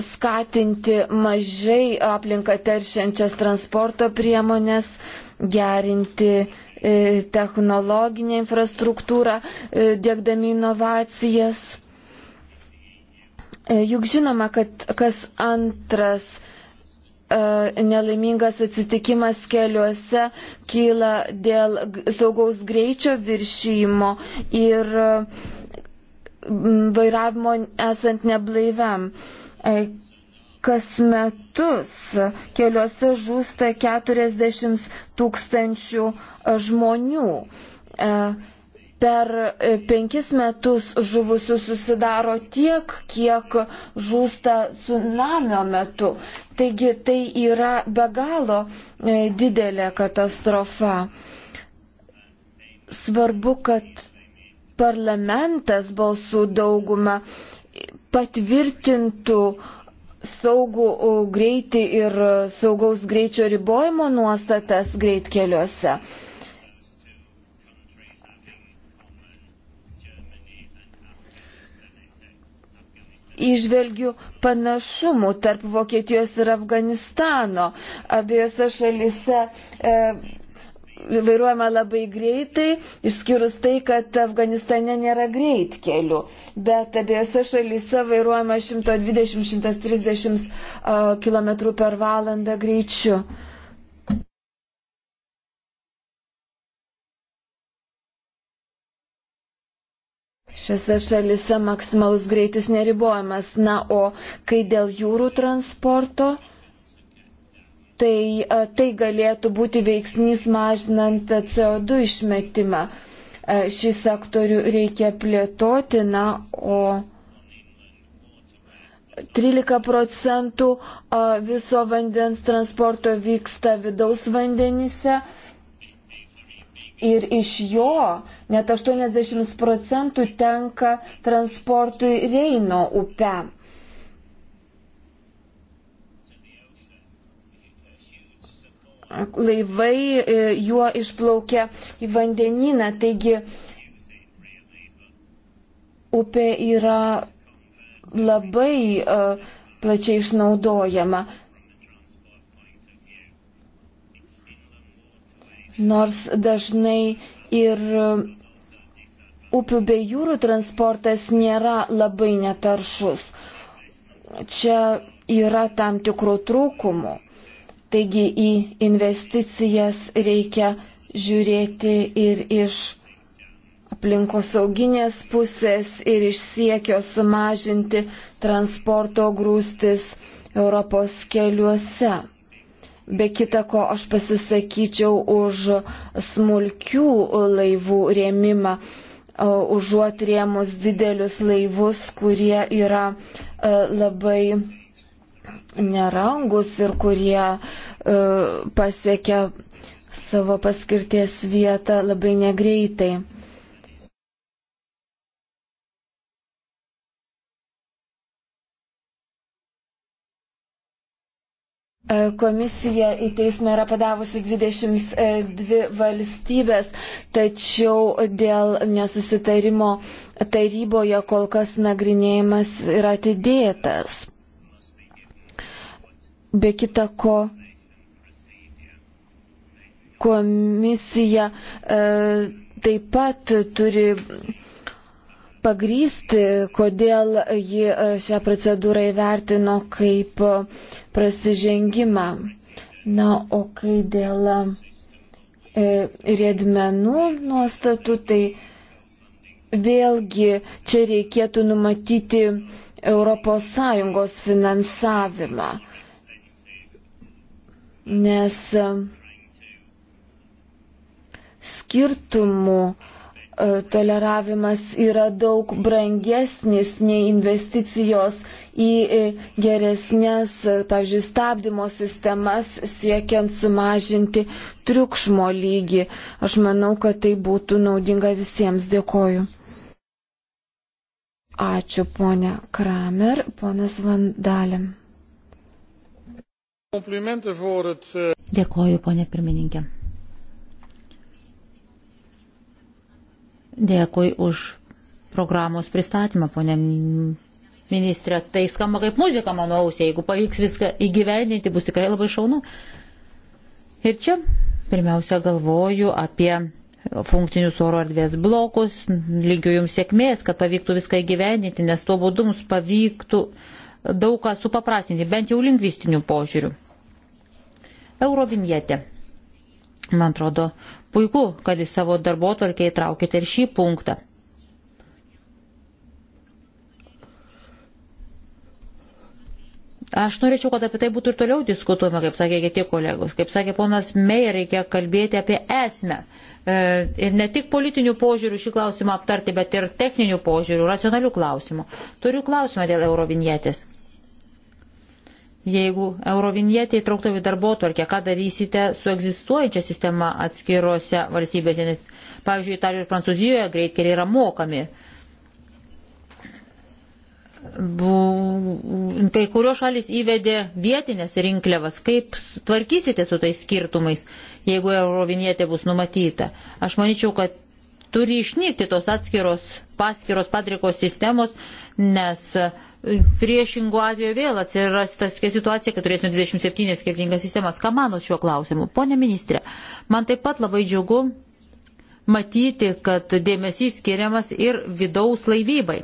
skatinti mažai aplinką teršiančias transporto priemonės, gerinti e, technologinę infrastruktūrą, e, dėkdami inovacijas. Juk žinoma, kad kas antras E, nelaimingas atsitikimas keliuose kyla dėl saugaus greičio viršymo ir vairavimo esant neblaiviam. E, kas metus keliuose žūsta 40 tūkstančių žmonių. E, per e, penkis metus žuvusių susidaro tiek, kiek žūsta tsunamio metu. Taigi tai yra be galo e, didelė katastrofa. Svarbu, kad parlamentas balsų daugumą patvirtintų saugų greitį ir saugaus greičio ribojimo nuostatas greitkeliuose. keliuose išvelgiu panašumų tarp Vokietijos ir Afganistano. Abiejose šalise e, vairuojama labai greitai, išskyrus tai, kad Afganistane nėra greitkelių, bet abiejose šalyse vairuojama 120-130 e, km per valandą greičiu. Šiuose šalise maksimalus greitis neribojamas. Na, o kai dėl jūrų transporto, tai a, e, tai galėtų būti veiksnys mažinant CO2 išmetimą. A, e, šį sektorių reikia plėtoti, na, o 13 procentų e, viso vandens transporto vyksta vidaus vandenyse ir iš jo net 80 procentų tenka transportui Reino upe. Laivai e, juo išplaukia į vandenyną, taigi upė yra labai uh, plačiai išnaudojama. nors dažnai ir e, upių bei jūrų transportas nėra labai netaršus. Čia yra tam tikrų trūkumų. Taigi į investicijas reikia žiūrėti ir iš aplinkosauginės pusės, ir iš siekio sumažinti transporto grūstis Europos keliuose. Be kita ko, aš pasisakyčiau už smulkių laivų rėmimą, e, užuot rėmus didelius laivus, kurie yra e, labai nerangus ir kurie e, pasiekia savo paskirties vietą labai negreitai. E, komisija į teismą yra padavusi 22 e, valstybės, tačiau dėl nesusitarimo taryboje kol kas nagrinėjimas yra atidėtas. Be kita ko, komisija e, taip pat turi pagrysti, kodėl ji e, šią procedūrą įvertino kaip e, prasižengimą. Na, o kai dėl e, riedmenų nuostatų, tai vėlgi čia reikėtų numatyti ES finansavimą. Nes skirtumų toleravimas yra daug brangesnis nei investicijos į geresnės, pavyzdžiui, stabdymo sistemas siekiant sumažinti triukšmo lygį. Aš manau, kad tai būtų naudinga visiems. Dėkoju. Ačiū, ponia Kramer, ponas Vandalim. Dėkoju, ponia pirmininkė. Dėkui už programos pristatymą, ponė ministrė. Tai skamba kaip muzika, manau, jeigu pavyks viską įgyvendinti, bus tikrai labai šaunu. Ir čia pirmiausia galvoju apie funkcinius oro erdvės blokus. Linkiu Jums sėkmės, kad pavyktų viską įgyvendinti, nes tuo būdu mums pavyktų daug ką supaprastinti, bent jau lingvistinių požiūrių. Eurovinietė. Man atrodo, Puiku, kad į savo darbo tvarkę įtraukite ir šį punktą. Aš norėčiau, kad apie tai būtų ir toliau diskutuojama, kaip sakė kiti kolegos. Kaip sakė ponas Meir, reikia kalbėti apie esmę. E, ir ne tik politinių požiūrių šį klausimą aptarti, bet ir techninių požiūrių, racionalių klausimų. Turiu klausimą dėl eurovinietės. Jeigu eurovinietė įtraukta į darbo tvarkę, ką darysite su egzistuojančia sistema atskiruose valstybėse, nes, pavyzdžiui, Italijoje ir Prancūzijoje greitkeliai yra mokami. Kai kurios šalis įvedė vietinės rinkliavas, kaip tvarkysite su tais skirtumais, jeigu eurovinietė bus numatyta. Aš manyčiau, kad turi išnykti tos atskiros paskiros padrikos sistemos nes e, priešingų atveju vėl atsiras tokia situacija, kad turėsime 27 skirtingas sistemas. Ką manot šiuo klausimu? Pone ministrė, man taip pat labai džiugu matyti, kad dėmesys skiriamas ir vidaus laivybai.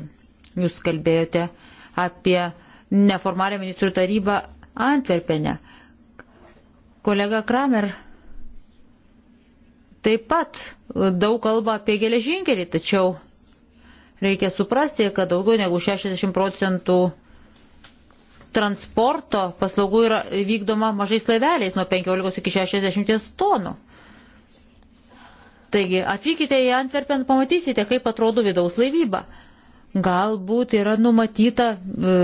Jūs kalbėjote apie neformalią ministrų tarybą Antverpenę. Kolega Kramer taip pat daug kalba apie geležinkelį, tačiau Reikia suprasti, kad daugiau negu 60 procentų transporto paslaugų yra vykdoma mažais laiveliais nuo 15 iki 60 tonų. Taigi atvykite į Antverpen, pamatysite, kaip atrodo vidaus laivyba. Galbūt yra numatyta e,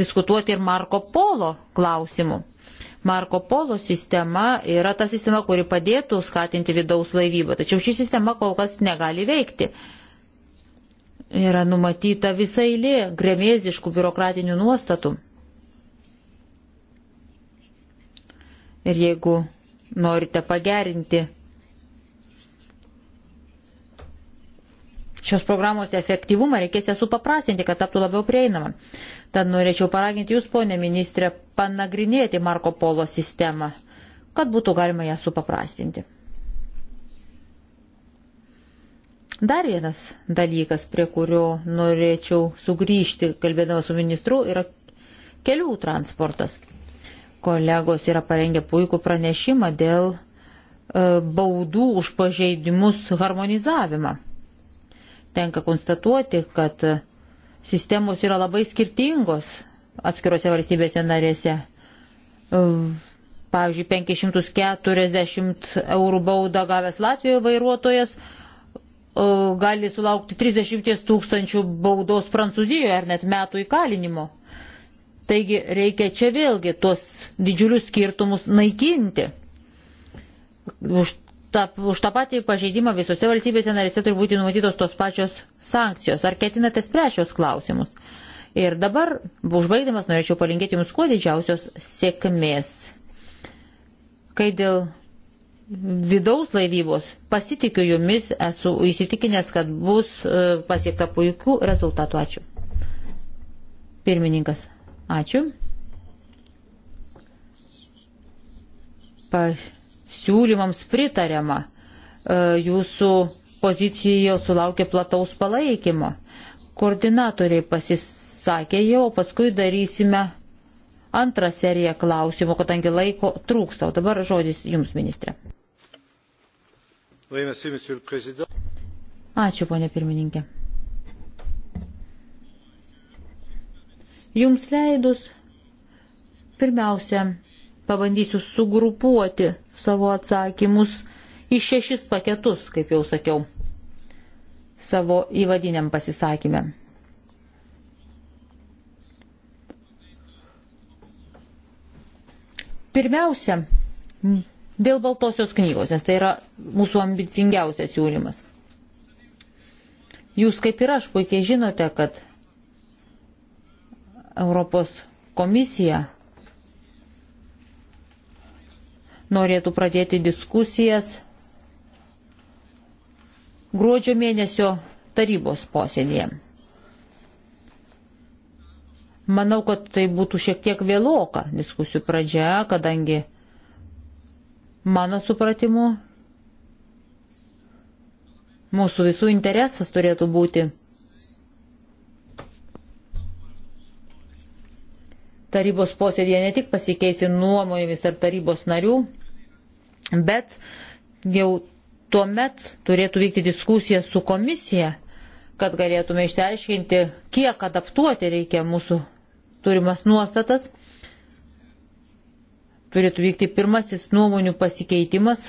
diskutuoti ir Marko Polo klausimų. Marko Polo sistema yra ta sistema, kuri padėtų skatinti vidaus laivybą, tačiau ši sistema kol kas negali veikti. E, yra numatyta visa eilė gremėziškų biurokratinių nuostatų. Ir jeigu norite pagerinti šios programos efektyvumą, reikės ją supaprastinti, kad taptų labiau prieinama. Tad norėčiau paraginti Jūs, ponė ministrė, panagrinėti Marko Polo sistemą, kad būtų galima ją supaprastinti. Dar vienas dalykas, prie kurio norėčiau sugrįžti, kalbėdama su ministru, yra kelių transportas. Kolegos yra parengę puikų pranešimą dėl e, baudų už pažeidimus harmonizavimą. Tenka konstatuoti, kad sistemos yra labai skirtingos atskirose valstybėse narėse. E, pavyzdžiui, 540 eurų baudą gavęs Latvijoje vairuotojas gali sulaukti 30 tūkstančių baudos Prancūzijoje ar net metų įkalinimo. Taigi reikia čia vėlgi tuos didžiulius skirtumus naikinti. Už ta, už tą patį pažeidimą visose valstybėse narėse turi būti numatytos tos pačios sankcijos. Ar ketinate spręsti šios klausimus? Ir dabar, užbaigdamas, norėčiau palinkėti Jums kuo didžiausios sėkmės. Kai dėl vidaus laivybos, pasitikiu jumis, esu įsitikinęs, kad bus e, pasiekta puikių rezultatų. Ačiū. Pirmininkas, ačiū. Pasiūlymams pritariama. E, jūsų pozicija sulaukė plataus palaikymo. Koordinatoriai pasisakė jau, paskui darysime antrą seriją klausimų, kadangi laiko trūksta. O dabar žodis Jums, ministrė. Ačiū, ponė pirmininkė. Jums leidus, pirmiausia, pabandysiu sugrupuoti savo atsakymus į šešis paketus, kaip jau sakiau, savo įvadiniam pasisakymę. Pirmiausia, Dėl baltosios knygos, nes tai yra mūsų ambicingiausias siūlymas. Jūs kaip ir aš puikiai žinote, kad Europos komisija norėtų pradėti diskusijas gruodžio mėnesio tarybos posėdėje. Manau, kad tai būtų šiek tiek vėloka diskusijų pradžia, kadangi Mano supratimu, mūsų visų interesas turėtų būti tarybos posėdėje ne tik pasikeisti nuomonėmis ar tarybos narių, bet jau tuo met turėtų vykti diskusija su komisija, kad galėtume išsiaiškinti, kiek adaptuoti reikia mūsų turimas nuostatas turėtų vykti pirmasis nuomonių pasikeitimas,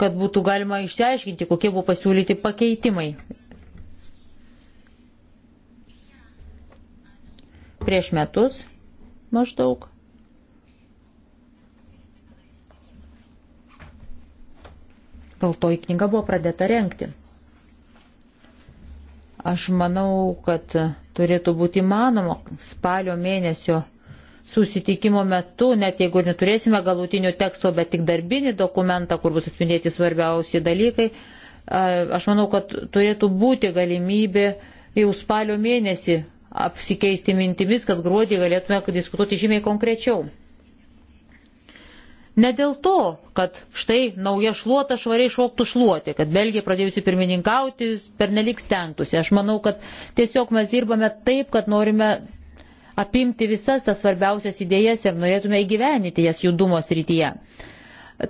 kad būtų galima išsiaiškinti, kokie buvo pasiūlyti pakeitimai. Prieš metus maždaug. Baltoji knyga buvo pradėta renkti. Aš manau, kad turėtų būti įmanoma spalio mėnesio susitikimo metu, net jeigu neturėsime galutinio teksto, bet tik darbinį dokumentą, kur bus atspindėti svarbiausi dalykai, aš manau, kad turėtų būti galimybė jau spalio mėnesį apsikeisti mintimis, kad gruodį galėtume diskutuoti žymiai konkrečiau. Ne dėl to, kad štai nauja šluota švariai šoktų šluoti, kad Belgija pradėjusi pirmininkauti per nelik stengtųsi. Aš manau, kad tiesiog mes dirbame taip, kad norime apimti visas tas svarbiausias idėjas ir norėtume įgyveninti jas judumo srityje.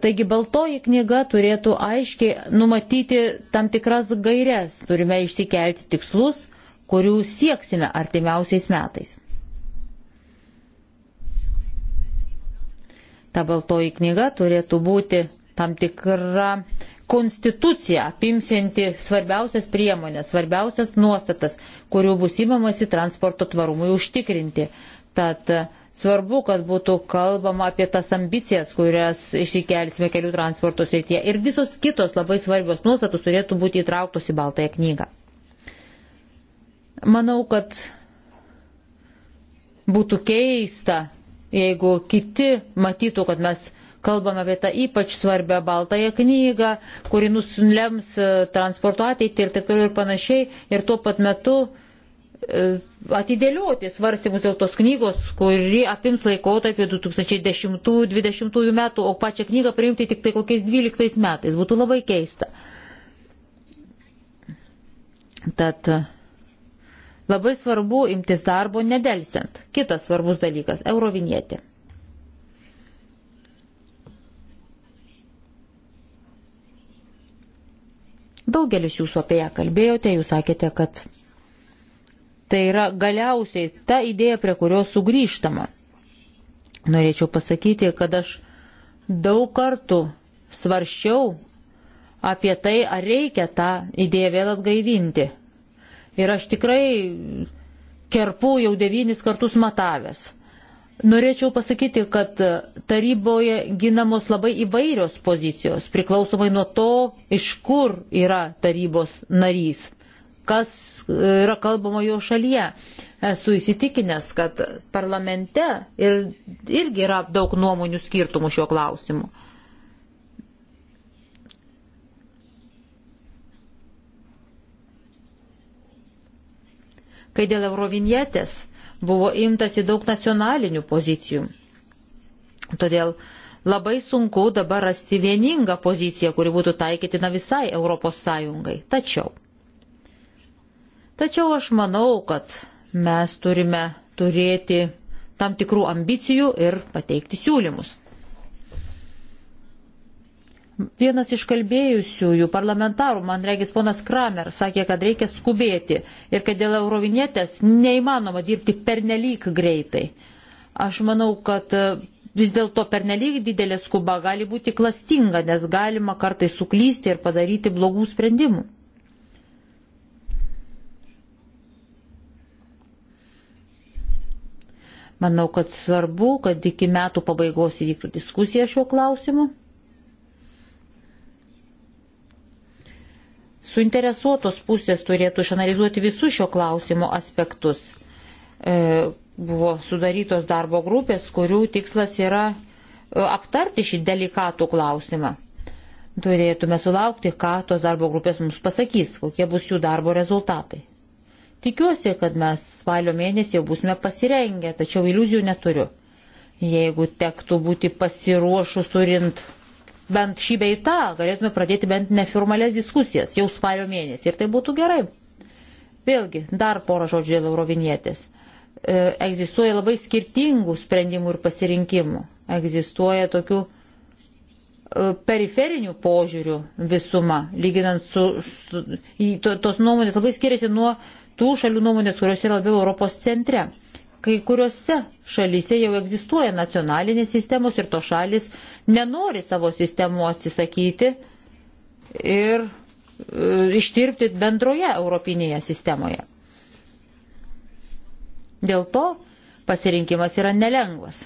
Taigi baltoji knyga turėtų aiškiai numatyti tam tikras gairias, turime išsikelti tikslus, kurių sieksime artimiausiais metais. Ta baltoji knyga turėtų būti tam tikra konstitucija apimsianti svarbiausias priemonės, svarbiausias nuostatas, kurių bus įmamasi transporto tvarumui užtikrinti. Tad e, svarbu, kad būtų kalbama apie tas ambicijas, kurias išsikelsime kelių transporto srityje. Ir visos kitos labai svarbios nuostatos turėtų būti įtrauktos į Baltąją knygą. Manau, kad būtų keista, jeigu kiti matytų, kad mes Kalbame apie tą ypač svarbę baltąją knygą, kuri nulems e, transporto ateitį ir taip toliau ir panašiai. Ir tuo pat metu e, atidėlioti svarstymus dėl tos knygos, kuri apims laikotarpį 2010-2020 metų, o pačią knygą priimti tik tai kokiais 12 metais. Būtų labai keista. Tad labai svarbu imtis darbo nedelsiant. Kitas svarbus dalykas - eurovinietė. Daugelis jūsų apie ją kalbėjote, jūs sakėte, kad tai yra galiausiai ta idėja, prie kurios sugrįžtama. Norėčiau pasakyti, kad aš daug kartų svarščiau apie tai, ar reikia tą idėją vėl atgaivinti. Ir aš tikrai kerpu jau devynis kartus matavęs. Norėčiau pasakyti, kad taryboje ginamos labai įvairios pozicijos, priklausomai nuo to, iš kur yra tarybos narys, kas yra kalbama jo šalyje. Esu įsitikinęs, kad parlamente ir, irgi yra daug nuomonių skirtumų šiuo klausimu. Kai dėl eurovinietės buvo imtasi daug nacionalinių pozicijų. Todėl labai sunku dabar rasti vieningą poziciją, kuri būtų taikytina visai Europos Sąjungai. Tačiau. Tačiau aš manau, kad mes turime turėti tam tikrų ambicijų ir pateikti siūlymus. Vienas iš kalbėjusiųjų parlamentarų, man regis ponas Kramer, sakė, kad reikia skubėti ir kad dėl eurovinietės neįmanoma dirbti pernelyg greitai. Aš manau, kad e, vis dėlto pernelyg didelė skuba gali būti klastinga, nes galima kartai suklysti ir padaryti blogų sprendimų. Manau, kad svarbu, kad iki metų pabaigos įvyktų diskusija šiuo klausimu. Suinteresuotos pusės turėtų išanalizuoti visus šio klausimo aspektus. E, buvo sudarytos darbo grupės, kurių tikslas yra e, aptarti šį delikatų klausimą. Turėtume sulaukti, ką tos darbo grupės mums pasakys, kokie bus jų darbo rezultatai. Tikiuosi, kad mes spalio mėnesį jau būsime pasirengę, tačiau iliuzijų neturiu. Jeigu tektų būti pasiruošus turint bent šį beitą, galėtume pradėti bent neformales diskusijas jau spalio mėnesį ir tai būtų gerai. Vėlgi, dar porą žodžių dėl eurovinietės. E, egzistuoja labai skirtingų sprendimų ir pasirinkimų. Egzistuoja tokių e, periferinių požiūrių visuma, lyginant su, su to, tos nuomonės labai skiriasi nuo tų šalių nuomonės, kurios yra labiau Europos centre. Kai kuriuose šalyse jau egzistuoja nacionalinės sistemos ir to šalis nenori savo sistemų atsisakyti ir e, ištirpti bendroje europinėje sistemoje. Dėl to pasirinkimas yra nelengvas.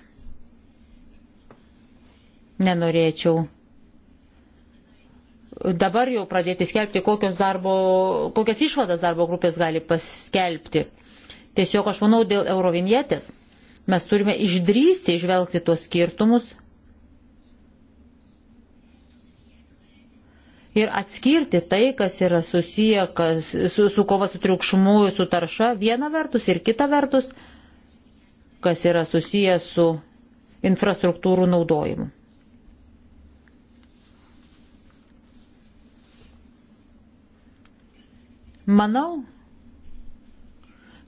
Nenorėčiau dabar jau pradėti skelbti, darbo, kokias išvadas darbo grupės gali paskelbti. Tiesiog aš manau, dėl eurovinietės mes turime išdrysti išvelgti tuos skirtumus ir atskirti tai, kas yra susiję kas, su, su kova su triukšmu, su tarša viena vertus ir kita vertus, kas yra susiję su infrastruktūrų naudojimu. Manau,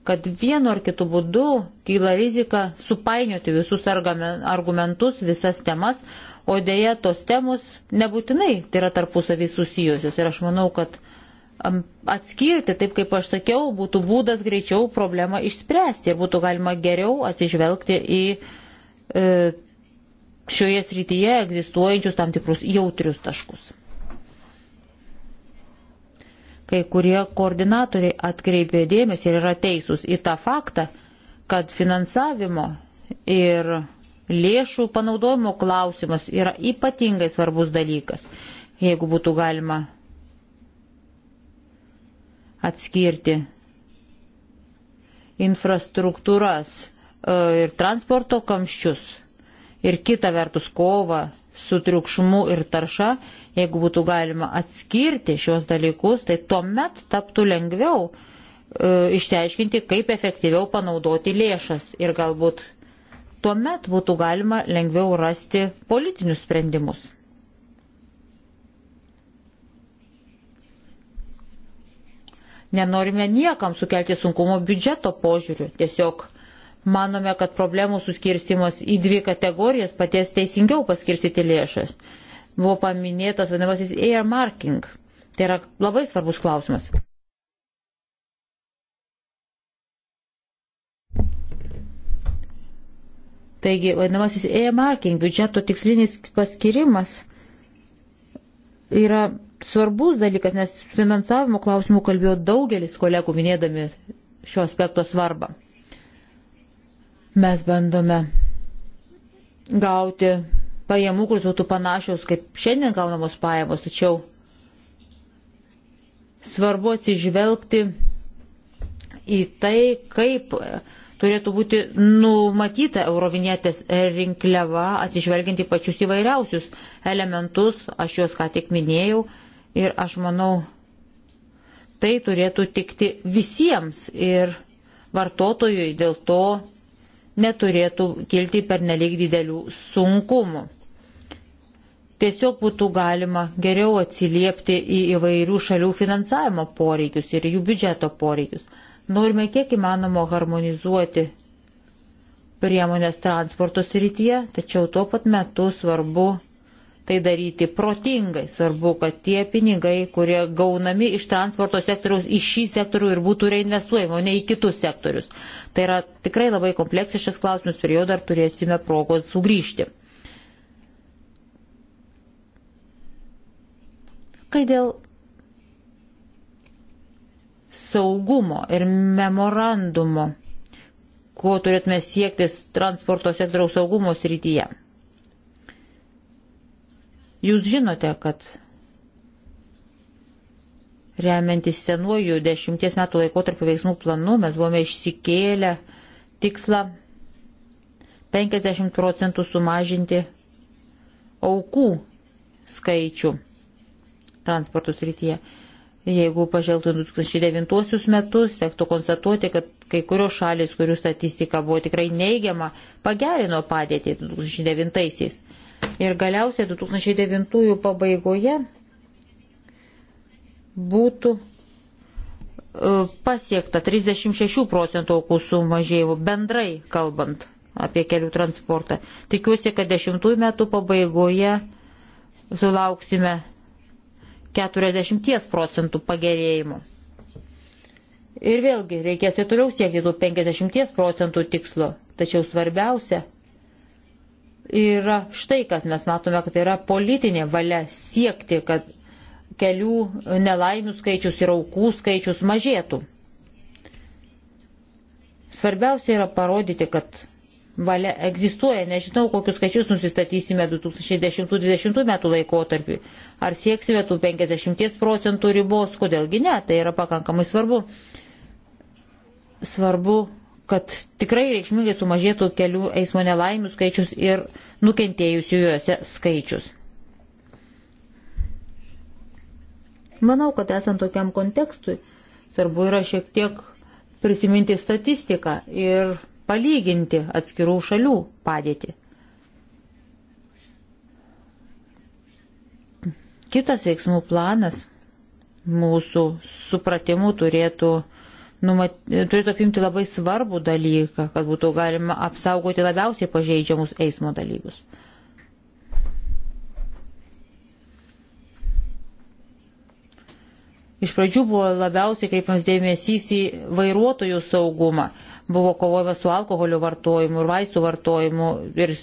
kad vienu ar kitu būdu kyla rizika supainioti visus argumentus, visas temas, o dėja tos temos nebūtinai tai yra tarpusavį susijusios. Ir aš manau, kad atskirti, taip kaip aš sakiau, būtų būdas greičiau problemą išspręsti ir būtų galima geriau atsižvelgti į e, šioje srityje egzistuojančius tam tikrus jautrius taškus. Kai kurie koordinatoriai atkreipė dėmesį ir yra teisūs į tą faktą, kad finansavimo ir lėšų panaudojimo klausimas yra ypatingai svarbus dalykas. Jeigu būtų galima atskirti infrastruktūras e, ir transporto kamščius, ir kita vertus kova su triukšmu ir tarša, jeigu būtų galima atskirti šios dalykus, tai tuomet taptų lengviau e, išsiaiškinti, kaip efektyviau panaudoti lėšas ir galbūt tuomet būtų galima lengviau rasti politinius sprendimus. Nenorime niekam sukelti sunkumo biudžeto požiūriu, tiesiog Manome, kad problemų suskirstimas į dvi kategorijas paties teisingiau paskirstyti lėšas. Buvo paminėtas vadinamasis earmarking. Tai yra labai svarbus klausimas. Taigi, vadinamasis e-marking, biudžeto tikslinis paskirimas yra svarbus dalykas, nes finansavimo klausimų kalbėjo daugelis kolegų minėdami šio aspekto svarbą. Mes bandome gauti pajamų, kuris būtų panašios kaip šiandien gaunamos pajamos, tačiau svarbu atsižvelgti į tai, kaip turėtų būti numatyta eurovinėtės rinkliava, atsižvelgiant į pačius įvairiausius elementus, aš juos ką tik minėjau ir aš manau, tai turėtų tikti visiems ir vartotojui dėl to neturėtų kilti per nelik didelių sunkumų. Tiesiog būtų galima geriau atsiliepti į įvairių šalių finansavimo poreikius ir jų biudžeto poreikius. Norime kiek įmanoma harmonizuoti priemonės transporto srityje, tačiau tuo pat metu svarbu tai daryti protingai. Svarbu, kad tie pinigai, kurie gaunami iš transporto sektoriaus į šį sektorių ir būtų reinvestuojami, o ne į kitus sektorius. Tai yra tikrai labai kompleksiškas klausimas, prie jo dar turėsime progos sugrįžti. Kai dėl saugumo ir memorandumo, ko turėtume siektis transporto sektoriaus saugumo srityje. Jūs žinote, kad remiantis senuoju dešimties metų laikotarpio veiksmų planu mes buvome išsikėlę tikslą 50 procentų sumažinti aukų skaičių transporto srityje. Jeigu pažvelgtume 2009 metus, tektų konstatuoti, kad kai kurios šalis, kurių statistika buvo tikrai neigiama, pagerino padėtį 2009-aisiais. Ir galiausiai 2009 pabaigoje būtų e, pasiekta 36 procentų aukų sumažėjimų, bendrai kalbant apie kelių transportą. Tikiuosi, kad 10 metų pabaigoje sulauksime 40 procentų pagerėjimų. Ir vėlgi reikės ir toliau siekti tų 50 procentų tikslo. Tačiau svarbiausia yra štai kas mes matome, kad yra politinė valia siekti, kad kelių nelaimių skaičius ir aukų skaičius mažėtų. Svarbiausia yra parodyti, kad valia egzistuoja. Nežinau, kokius skaičius nusistatysime 2010-2020 metų laikotarpį. Ar sieksime tų 50 procentų ribos, kodėlgi ne, tai yra pakankamai svarbu. Svarbu kad tikrai reikšmingai sumažėtų kelių eismo nelaimių skaičius ir nukentėjusių juose skaičius. Manau, kad esant tokiam kontekstui, svarbu yra šiek tiek prisiminti statistiką ir palyginti atskirų šalių padėtį. Kitas veiksmų planas mūsų supratimu turėtų numat, turėtų apimti labai svarbų dalyką, kad būtų galima apsaugoti labiausiai pažeidžiamus eismo dalyvius. Iš pradžių buvo labiausiai kreipiamas dėmesys į vairuotojų saugumą. Buvo kovojama su alkoholio vartojimu ir vaistų vartojimu ir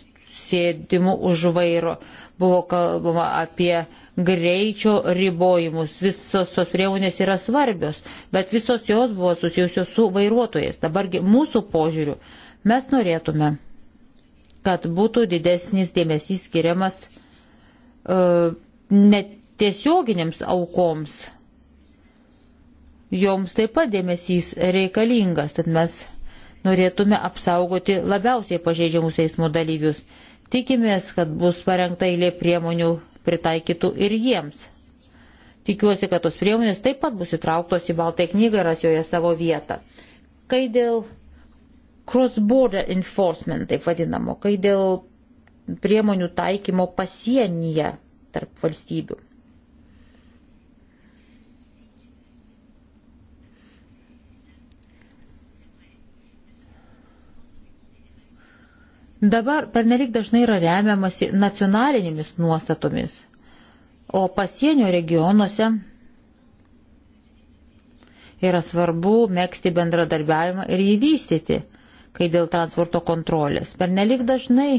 sėdimu už vairo. Buvo kalbama apie greičio ribojimus. Visos tos priemonės yra svarbios, bet visos jos buvo susijusios su vairuotojais. Dabargi mūsų požiūriu mes norėtume, kad būtų didesnis dėmesys skiriamas uh, e, netiesioginėms aukoms. Joms taip pat dėmesys reikalingas, tad mes norėtume apsaugoti labiausiai pažeidžiamus eismo dalyvius. Tikimės, kad bus parengta eilė priemonių pritaikytų ir jiems. Tikiuosi, kad tos priemonės taip pat bus įtrauktos į Baltą knygą ir ras joje savo vietą. Kai dėl cross-border enforcement, taip vadinamo, kai dėl priemonių taikymo pasienyje tarp valstybių. Dabar pernelik dažnai yra remiamasi nacionalinėmis nuostatomis, o pasienio regionuose yra svarbu mėgsti bendradarbiavimą ir jį vystyti, kai dėl transporto kontrolės. Pernelik dažnai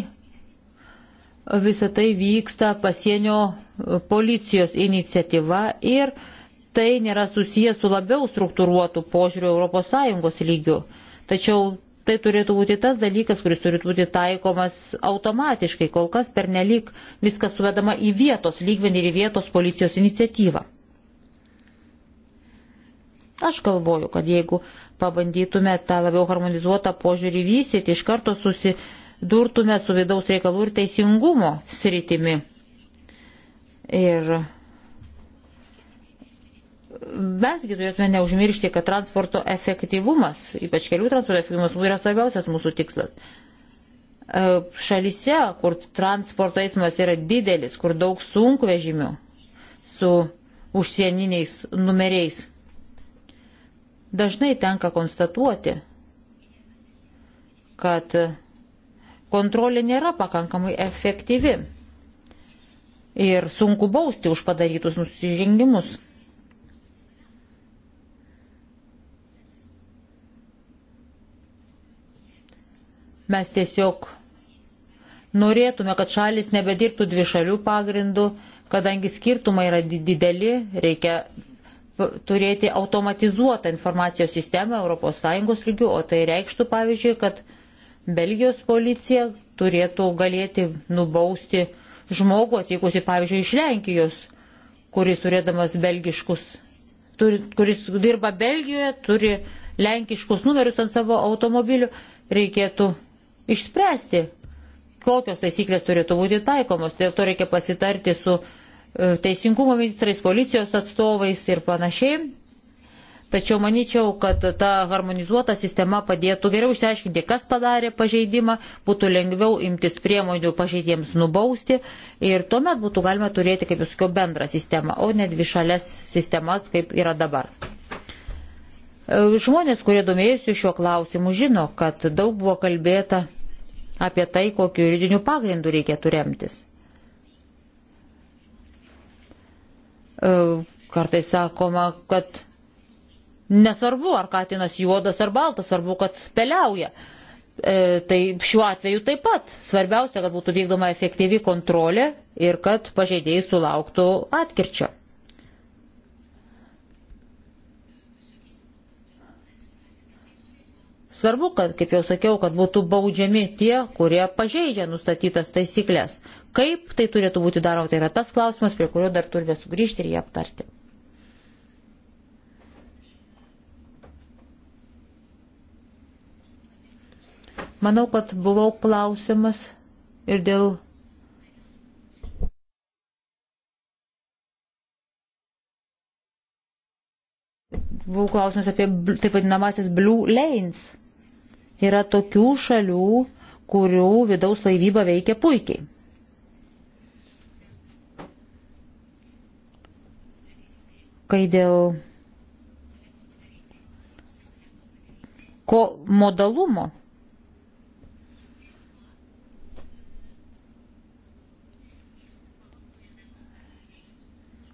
visą tai vyksta pasienio policijos iniciatyva ir tai nėra susijęs su labiau struktūruotų požiūrių ES lygių. Tačiau tai turėtų būti tas dalykas, kuris turėtų būti taikomas automatiškai, kol kas pernelyg viskas suvedama į vietos lygmenį ir į vietos policijos iniciatyvą. Aš galvoju, kad jeigu pabandytume tą labiau harmonizuotą požiūrį vystyti, iš karto susidurtume su vidaus reikalų ir teisingumo sritimi. Ir mesgi turėtume neužmiršti, kad transporto efektyvumas, ypač kelių transporto efektyvumas, yra svarbiausias mūsų tikslas. E, Šalise, kur transporto eismas yra didelis, kur daug sunkvežimių su užsieniniais numeriais, dažnai tenka konstatuoti, kad kontrolė nėra pakankamai efektyvi ir sunku bausti už padarytus nusižengimus. Mes tiesiog norėtume, kad šalis nebedirbtų dvišalių pagrindų, kadangi skirtumai yra dideli, reikia turėti automatizuotą informacijos sistemą ES lygių, o tai reikštų, pavyzdžiui, kad Belgijos policija turėtų galėti nubausti žmogų atvykusi, pavyzdžiui, iš Lenkijos, kuris turėdamas belgiškus, turi, kuris dirba Belgijoje, turi lenkiškus numerius ant savo automobilių, reikėtų išspręsti, kokios taisyklės turėtų būti taikomos. Dėl to reikia pasitarti su e, teisingumo ministrais, policijos atstovais ir panašiai. Tačiau manyčiau, kad ta harmonizuota sistema padėtų geriau išsiaiškinti, kas padarė pažeidimą, būtų lengviau imtis priemonių pažeidėjams nubausti ir tuomet būtų galima turėti, kaip jūs sakiau, bendrą sistemą, o ne dvi šalės sistemas, kaip yra dabar. E, žmonės, kurie domėjusi šiuo klausimu, žino, kad daug buvo kalbėta apie tai, kokiu juridiniu pagrindu reikėtų remtis. E, kartais sakoma, kad nesvarbu, ar katinas juodas ar baltas, svarbu, kad peliauja. E, tai šiuo atveju taip pat svarbiausia, kad būtų vykdoma efektyvi kontrolė ir kad pažeidėjai sulauktų atkirčio. Svarbu, kad, kaip jau sakiau, kad būtų baudžiami tie, kurie pažeidžia nustatytas taisyklės. Kaip tai turėtų būti daroma, tai yra tas klausimas, prie kurio dar turime sugrįžti ir jį aptarti. Manau, kad buvau klausimas ir dėl. Buvau klausimas apie taip vadinamasis Blue Lanes. Yra tokių šalių, kurių vidaus laivyba veikia puikiai. Kai dėl ko modalumo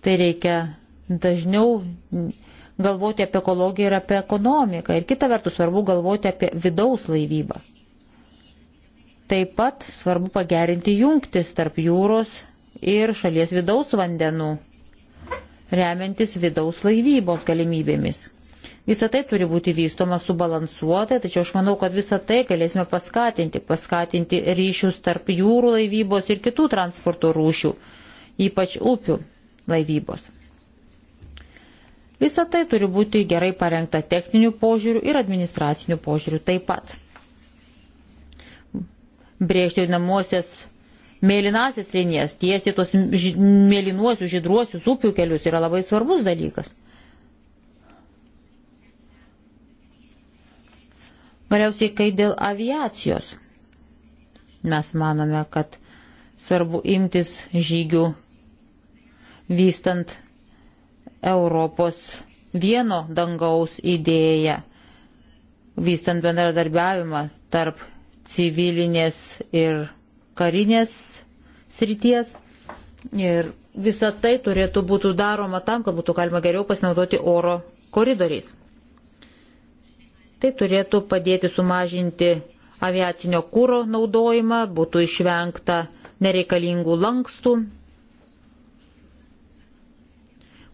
tai reikia dažniau galvoti apie ekologiją ir apie ekonomiką. Ir kita vertus svarbu galvoti apie vidaus laivybą. Taip pat svarbu pagerinti jungtis tarp jūros ir šalies vidaus vandenų, remiantis vidaus laivybos galimybėmis. Visą tai turi būti vystoma subalansuotai, tačiau aš manau, kad visą tai galėsime paskatinti, paskatinti ryšius tarp jūrų laivybos ir kitų transporto rūšių, ypač upių laivybos. Visa tai turi būti gerai parengta techninių požiūrių ir administracinių požiūrių taip pat. Brėžti namuosias mėlynasis linijas, tiesti tos mėlynuosius, žydruosius upių kelius yra labai svarbus dalykas. Galiausiai, kai dėl aviacijos mes manome, kad svarbu imtis žygių vystant Europos vieno dangaus idėją, vystant bendradarbiavimą tarp civilinės ir karinės srities. Ir visa tai turėtų būti daroma tam, kad būtų galima geriau pasinaudoti oro koridoriais. Tai turėtų padėti sumažinti aviacinio kūro naudojimą, būtų išvengta nereikalingų lankstų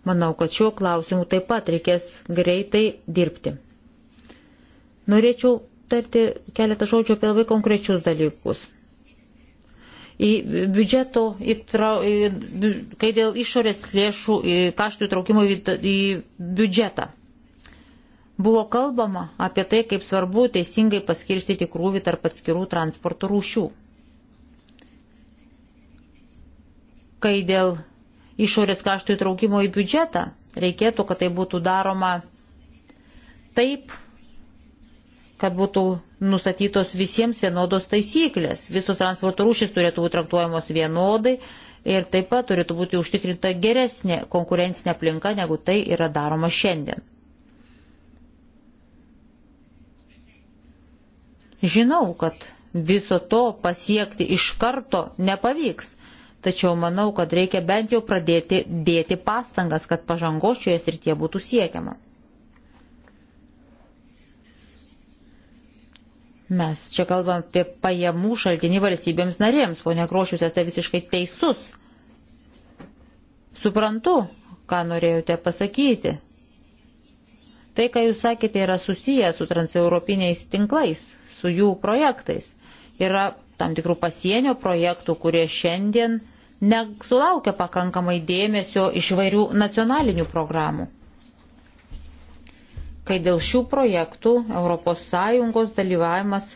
Manau, kad šiuo klausimu taip pat reikės greitai dirbti. Norėčiau tarti keletą žodžių apie labai konkrečius dalykus. Į biudžeto, į trau, į, kai dėl išorės lėšų kaštų įtraukimo į, į biudžetą. Buvo kalbama apie tai, kaip svarbu teisingai paskirstyti krūvį tarp atskirų transporto rūšių. Kai dėl išorės kaštų įtraukimo į biudžetą. Reikėtų, kad tai būtų daroma taip, kad būtų nustatytos visiems vienodos taisyklės. Visos transporto rūšys turėtų būti traktuojamos vienodai ir taip pat turėtų būti užtikrinta geresnė konkurencinė aplinka, negu tai yra daroma šiandien. Žinau, kad viso to pasiekti iš karto nepavyks tačiau manau, kad reikia bent jau pradėti dėti pastangas, kad pažangos šioje srityje būtų siekiama. Mes čia kalbam apie pajamų šaltinį valstybėms narėms, o nekrošius esate visiškai teisus. Suprantu, ką norėjote pasakyti. Tai, ką jūs sakėte, yra susiję su transeuropiniais tinklais, su jų projektais. Yra tam tikrų pasienio projektų, kurie šiandien nesulaukia pakankamai dėmesio iš vairių nacionalinių programų. Kai dėl šių projektų ES dalyvavimas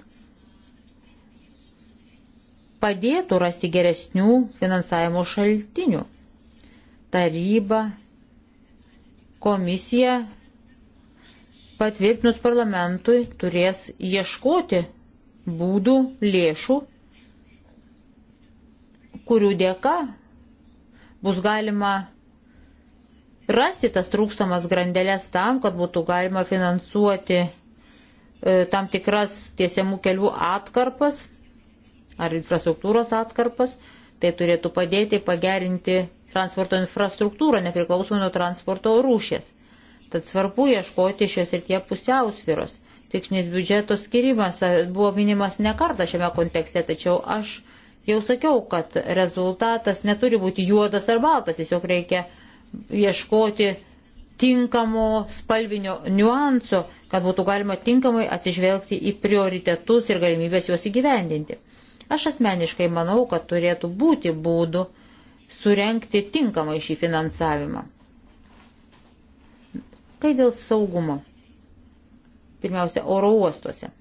padėtų rasti geresnių finansavimo šaltinių. Taryba, komisija patvirtinus parlamentui turės ieškoti būdų lėšų kurių dėka bus galima rasti tas trūkstamas grandelės tam, kad būtų galima finansuoti e, tam tikras tiesiamų kelių atkarpas ar infrastruktūros atkarpas. Tai turėtų padėti pagerinti transporto infrastruktūrą nepriklausomai nuo transporto rūšės. Tad svarbu ieškoti šios ir tie pusiausviros. Tiksnis biudžeto skirimas e, buvo minimas ne kartą šiame kontekste, tačiau aš Jau sakiau, kad rezultatas neturi būti juodas ar baltas, tiesiog reikia ieškoti tinkamo spalvinio niuanso, kad būtų galima tinkamai atsižvelgti į prioritetus ir galimybės juos įgyvendinti. Aš asmeniškai manau, kad turėtų būti būdų surenkti tinkamai šį finansavimą. Kai dėl saugumo? Pirmiausia, oro uostuose.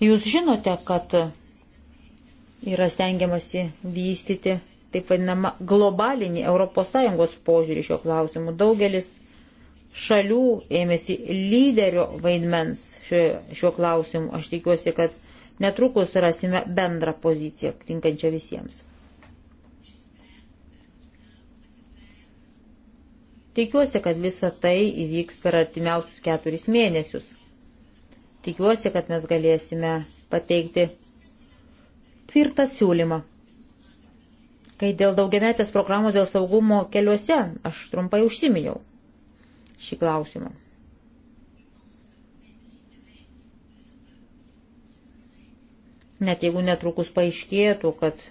Jūs žinote, kad yra stengiamasi vystyti taip vadinamą globalinį ES požiūrį šio klausimu. Daugelis šalių ėmėsi lyderio vaidmens šiuo, šiuo klausimu. Aš tikiuosi, kad netrukus rasime bendrą poziciją, tinkančią visiems. Tikiuosi, kad visa tai įvyks per artimiausius keturis mėnesius. Tikiuosi, kad mes galėsime pateikti tvirtą siūlymą. Kai dėl daugiametės programos dėl saugumo keliuose aš trumpai užsiminiau šį klausimą. Net jeigu netrukus paaiškėtų, kad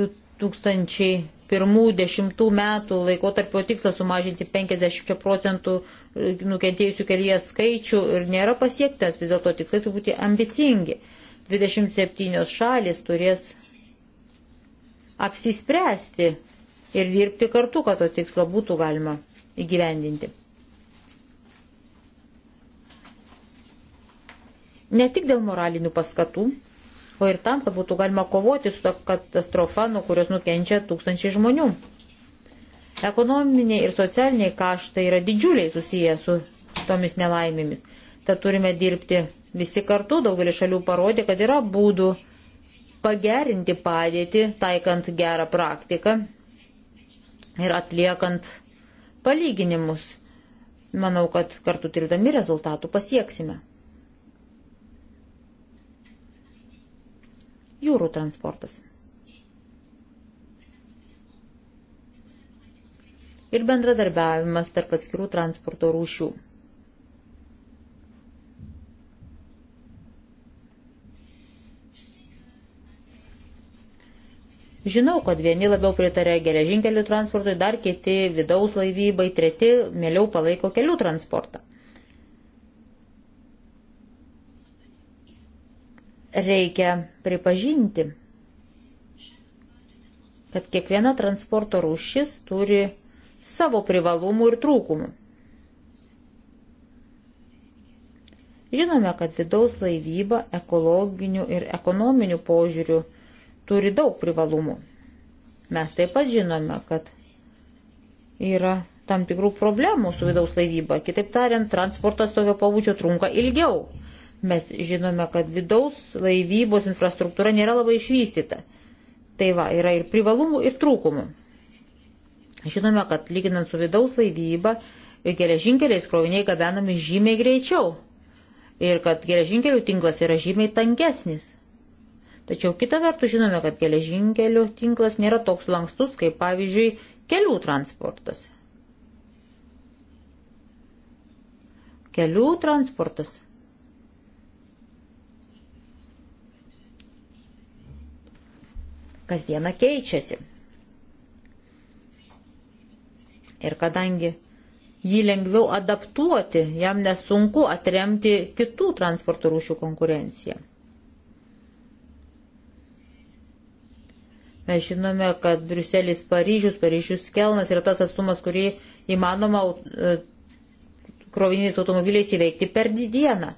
2000 2001-2010 metų laikotarpio tikslas sumažinti 50 procentų e, nukentėjusių kelyje skaičių ir nėra pasiektas, vis dėlto tikslai turi būti ambicingi. 27 šalis turės apsispręsti ir dirbti kartu, kad to tikslo būtų galima įgyvendinti. Ne tik dėl moralinių paskatų, o ir tam, kad būtų galima kovoti su tą katastrofą, nuo kurios nukenčia tūkstančiai žmonių. Ekonominiai ir socialiniai kaštai yra didžiuliai susiję su tomis nelaimėmis. Tad turime dirbti visi kartu, daugelis šalių parodė, kad yra būdų pagerinti padėtį, taikant gerą praktiką ir atliekant palyginimus. Manau, kad kartu tirdami rezultatų pasieksime. jūrų transportas. Ir bendradarbiavimas tarp atskirų transporto rūšių. Žinau, kad vieni labiau pritarė geležinkelių transportui, dar kiti vidaus laivybai, treti mėliau palaiko kelių transportą. Reikia pripažinti, kad kiekviena transporto rūšis turi savo privalumų ir trūkumų. Žinome, kad vidaus laivyba ekologinių ir ekonominių požiūrių turi daug privalumų. Mes taip pat žinome, kad yra tam tikrų problemų su vidaus laivyba. Kitaip tariant, transportas tokio pabūdžio trunka ilgiau. Mes žinome, kad vidaus laivybos infrastruktūra nėra labai išvystyta. Tai va, yra ir privalumų, ir trūkumų. Žinome, kad lyginant su vidaus laivyba, geležinkeliais kroviniai gabenami žymiai greičiau. Ir kad geležinkelių tinklas yra žymiai tankesnis. Tačiau kita vertus žinome, kad geležinkelių tinklas nėra toks lankstus, kaip pavyzdžiui kelių transportas. Kelių transportas kasdieną keičiasi. Ir kadangi jį lengviau adaptuoti, jam nesunku atremti kitų transporto rūšių konkurenciją. Mes žinome, kad Briuselis Paryžius, Paryžius Kelnas yra tas atstumas, kurį įmanoma e, kroviniais automobiliais įveikti per dieną.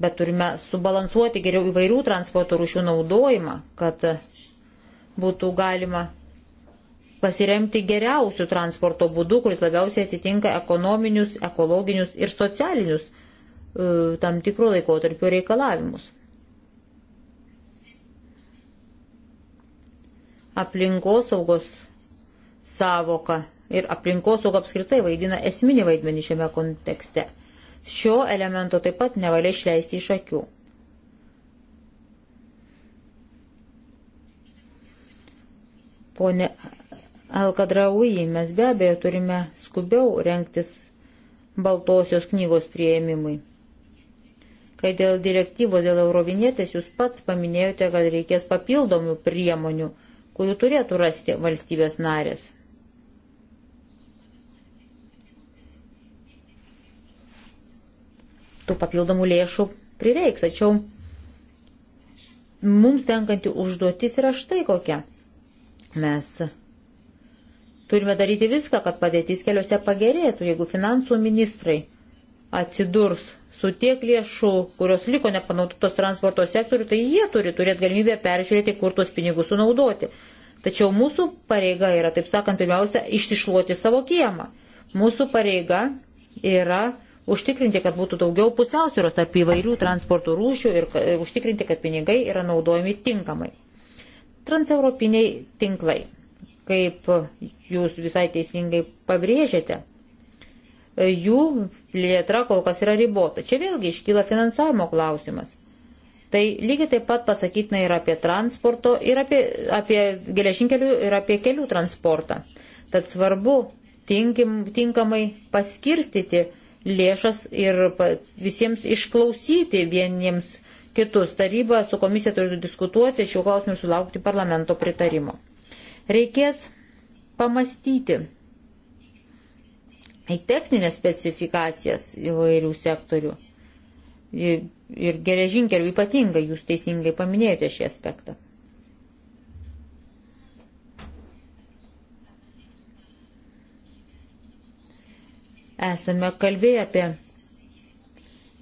Bet turime subalansuoti geriau įvairių transporto rūšių naudojimą, kad būtų galima pasiremti geriausių transporto būdų, kuris labiausiai atitinka ekonominius, ekologinius ir socialinius e, tam tikro laikotarpio reikalavimus. Aplinkosaugos savoka ir aplinkosauga apskritai vaidina esminį vaidmenį šiame kontekste. Šio elemento taip pat nevalia išleisti iš akių. Pone Alkadraui, mes be abejo turime skubiau renktis Baltosios knygos prieimimui. Kai dėl direktyvos dėl eurovinėtės jūs pats paminėjote, kad reikės papildomių priemonių, kurių turėtų rasti valstybės narės. Tų papildomų lėšų prireiks, tačiau mums tenkanti užduotis yra štai kokia Mes turime daryti viską, kad padėtis keliuose pagerėtų, jeigu finansų ministrai atsidurs su tiek lėšų, kurios liko nepanaudotos transporto sektoriu, tai jie turi turėti galimybę peržiūrėti, kur tuos pinigus sunaudoti. Tačiau mūsų pareiga yra, taip sakant, pirmiausia, išsišluoti savo kiemą. Mūsų pareiga yra užtikrinti, kad būtų daugiau pusiausvėros tarp įvairių transporto rūšių ir e, užtikrinti, kad pinigai yra naudojami tinkamai transeuropiniai tinklai. Kaip jūs visai teisingai pabrėžėte, jų plėtra kol kas yra ribota. Čia vėlgi iškyla finansavimo klausimas. Tai lygiai taip pat pasakytina ir apie transporto, ir apie, apie geležinkelių, ir apie kelių transportą. Tad svarbu tinkim, tinkamai paskirstyti lėšas ir visiems išklausyti vieniems kitus. Taryba su komisija turėtų diskutuoti šiuo klausimu ir sulaukti parlamento pritarimo. Reikės pamastyti į techninės specifikacijas įvairių sektorių. Ir, ir geležinkelių ypatingai jūs teisingai paminėjote šį aspektą. Esame kalbėję apie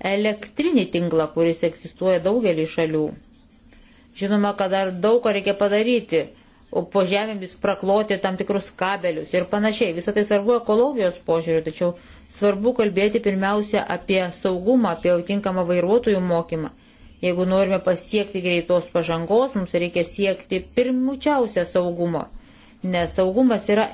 elektrinį tinklą, kuris egzistuoja daugelį šalių. Žinoma, kad dar daug ką reikia padaryti, o po žemėmis prakloti tam tikrus kabelius ir panašiai. Visą tai svarbu ekologijos požiūriu, tačiau svarbu kalbėti pirmiausia apie saugumą, apie tinkamą vairuotojų mokymą. Jeigu norime pasiekti greitos pažangos, mums reikia siekti pirmučiausią saugumo, nes saugumas yra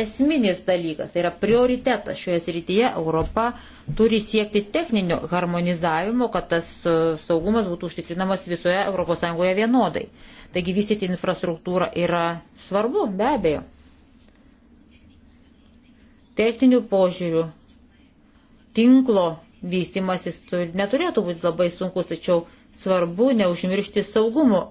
esminis dalykas, tai yra prioritetas šioje srityje Europa turi siekti techninio harmonizavimo, kad tas e, saugumas būtų užtikrinamas visoje ES vienodai. Taigi vystyti infrastruktūrą yra svarbu, be abejo. Techninių požiūrių tinklo vystimasis neturėtų būti labai sunkus, tačiau svarbu neužmiršti saugumo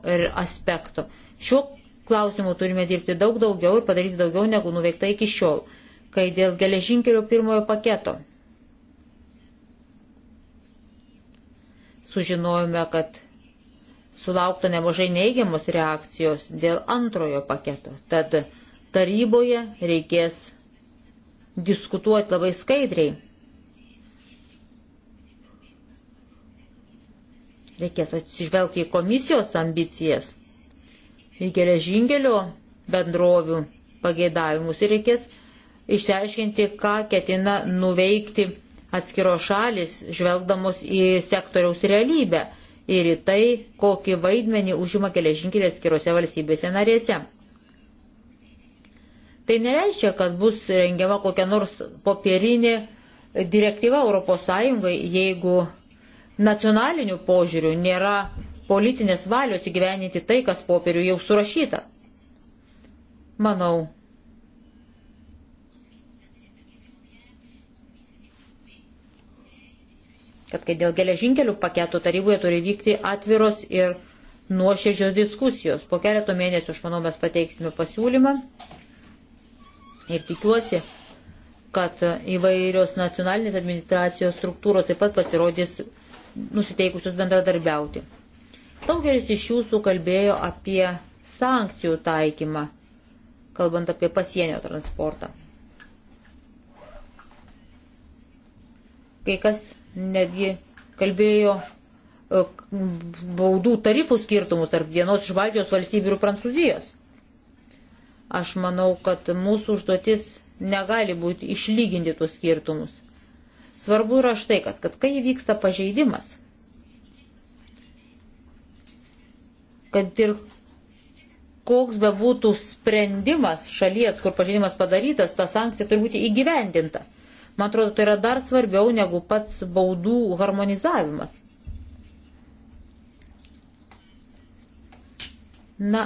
aspekto. Šiuo klausimu turime dirbti daug daugiau ir padaryti daugiau negu nuveikta iki šiol, kai dėl geležinkelio pirmojo paketo sužinojome, kad sulaukta nemažai neigiamos reakcijos dėl antrojo paketo. Tad taryboje reikės diskutuoti labai skaidriai. Reikės atsižvelgti į komisijos ambicijas, į geležingelio bendrovių pageidavimus ir reikės išsiaiškinti, ką ketina nuveikti atskiro šalis, žvelgdamos į sektoriaus realybę ir į tai, kokį vaidmenį užima geležinkeliai atskirose valstybėse narėse. Tai nereiškia, kad bus rengiama kokia nors popierinė direktyva ES, jeigu nacionalinių požiūrių nėra politinės valios įgyveninti tai, kas popierių jau surašyta. Manau, kad kai dėl geležinkelių paketo taryboje turi vykti atviros ir nuoširdžios diskusijos. Po keletų mėnesių, aš manau, mes pateiksime pasiūlymą ir tikiuosi, kad įvairios nacionalinės administracijos struktūros taip pat pasirodys nusiteikusius bendradarbiauti. Daugelis iš jūsų kalbėjo apie sankcijų taikymą, kalbant apie pasienio transportą. Kai kas netgi kalbėjo e, baudų tarifų skirtumus tarp vienos iš Baltijos valstybių ir Prancūzijos. Aš manau, kad mūsų užduotis negali būti išlyginti tuos skirtumus. Svarbu yra štai kas, kad kai vyksta pažeidimas, kad ir koks bebūtų sprendimas šalies, kur pažeidimas padarytas, ta sankcija turi būti įgyvendinta. Man atrodo, tai yra dar svarbiau negu pats baudų harmonizavimas. Na,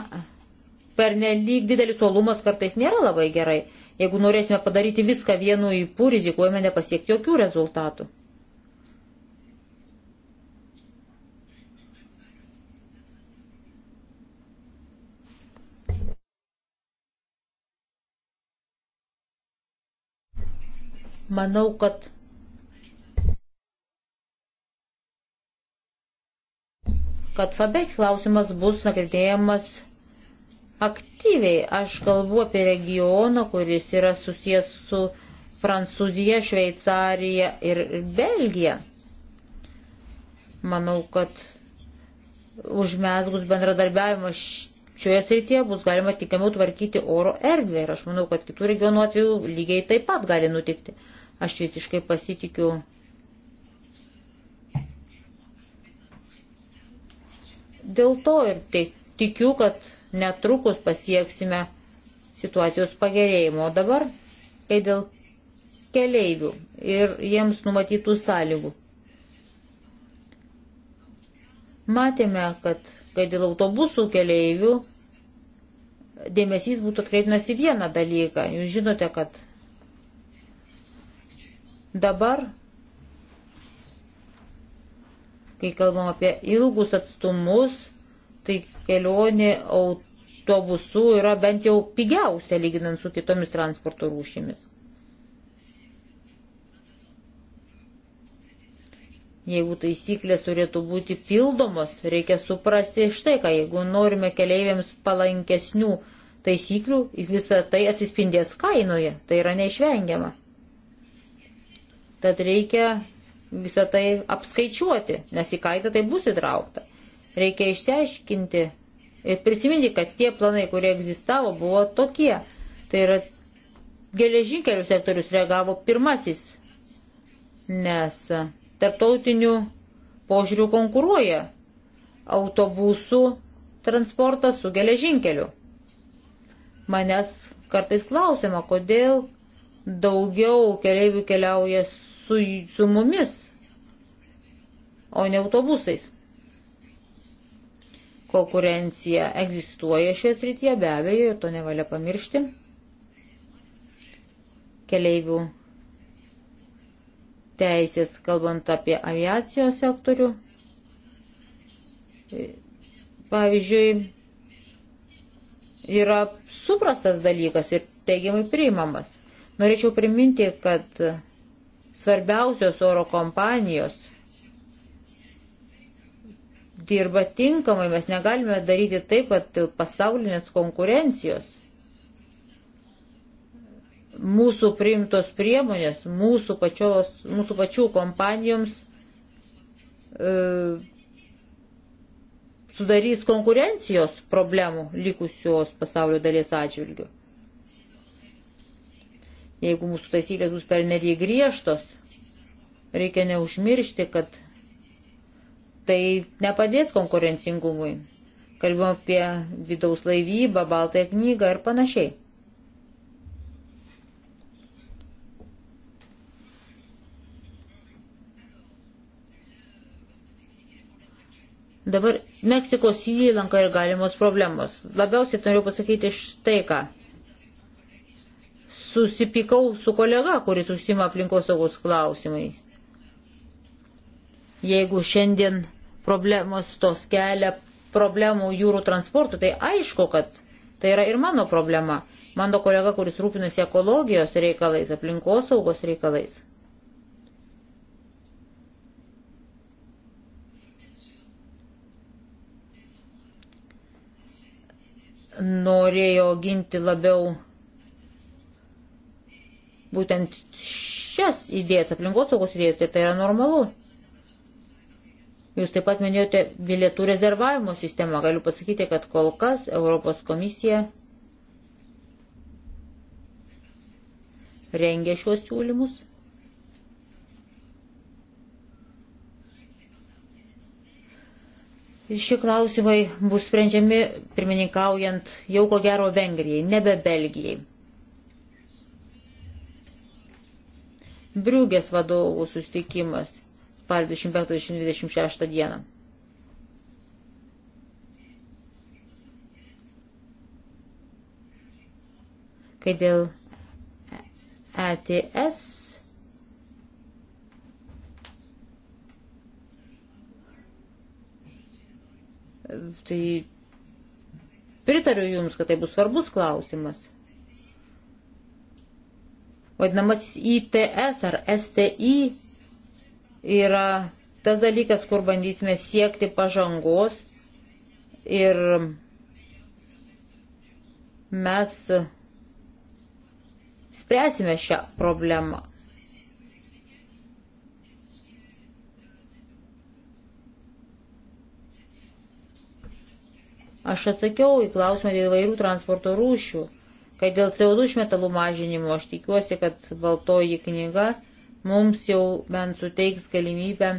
per nelik didelis uolumas kartais nėra labai gerai. Jeigu norėsime padaryti viską vienu įpū, rizikuojame nepasiekti jokių rezultatų. Manau, kad kad Fabek klausimas bus nagrinėjamas aktyviai. Aš kalbu apie regioną, kuris yra susijęs su Prancūzija, Šveicarija ir Belgija. Manau, kad užmesgus bendradarbiavimą šioje srityje bus galima tinkamiau tvarkyti oro erdvę ir aš manau, kad kitų regionų atveju lygiai taip pat gali nutikti. Aš visiškai pasitikiu. Dėl to ir tai tikiu, kad netrukus pasieksime situacijos pagerėjimo. O dabar, kai dėl keleivių ir jiems numatytų sąlygų. Matėme, kad kad dėl autobusų keleivių dėmesys būtų atkreiptas į vieną dalyką. Jūs žinote, kad dabar, kai kalbam apie ilgus atstumus, tai kelionė autobusu yra bent jau pigiausia lyginant su kitomis transporto rūšimis. Jeigu taisyklės turėtų būti pildomos, reikia suprasti štai ką, jeigu norime keleiviams palankesnių taisyklių, visa tai atsispindės kainoje, tai yra neišvengiama. Tad reikia visą tai apskaičiuoti, nes į kaitą tai bus įtraukta. Reikia išsiaiškinti ir prisiminti, kad tie planai, kurie egzistavo, buvo tokie. Tai yra geležinkelių sektorius reagavo pirmasis, nes tarptautinių požiūrių konkuruoja autobusų transportas su geležinkeliu. Manęs kartais klausima, kodėl daugiau keliaivių keliauja su, su mumis, o ne autobusais. Konkurencija egzistuoja šioje srityje, be abejo, to nevalia pamiršti. Keleivių teisės, kalbant apie aviacijos sektorių. Pavyzdžiui, yra suprastas dalykas ir teigiamai priimamas. Norėčiau priminti, kad svarbiausios oro kompanijos dirba tinkamai, mes negalime daryti taip, kad pasaulinės konkurencijos mūsų priimtos priemonės mūsų, pačios, mūsų pačių kompanijoms e, sudarys konkurencijos problemų likusios pasaulio dalies atžvilgių. Jeigu mūsų taisyklės bus pernelyg griežtos, reikia neužmiršti, kad tai nepadės konkurencingumui. Kalbėjom apie vidaus laivybą, baltąją knygą ir panašiai. Dabar Meksikos įlanka ir galimos problemos. Labiausiai noriu pasakyti štai ką. Susipykau su kolega, kuris užsima aplinkosaugos klausimais. Jeigu šiandien problemos tos kelia problemų jūrų transportų, tai aišku, kad tai yra ir mano problema. Mano kolega, kuris rūpinasi ekologijos reikalais, aplinkosaugos reikalais. norėjo ginti labiau būtent šias idėjas, aplinkosaugos idėjas, tai tai yra normalu. Jūs taip pat minėjote bilietų rezervavimo sistemą. Galiu pasakyti, kad kol kas Europos komisija rengia šiuos siūlymus. Šie klausimai bus sprendžiami pirmininkaujant jau ko gero Vengrijai, nebe Belgijai. Briugės vadovų sustikimas spalio 25-26 dieną. Kai dėl ETS Tai pritariu Jums, kad tai bus svarbus klausimas. Vadinamas ITS ar STI yra tas dalykas, kur bandysime siekti pažangos ir mes spręsime šią problemą. Aš atsakiau į klausimą dėl įvairių transporto rūšių, kad dėl CO2 išmetalų mažinimo aš tikiuosi, kad baltoji knyga mums jau bent suteiks galimybę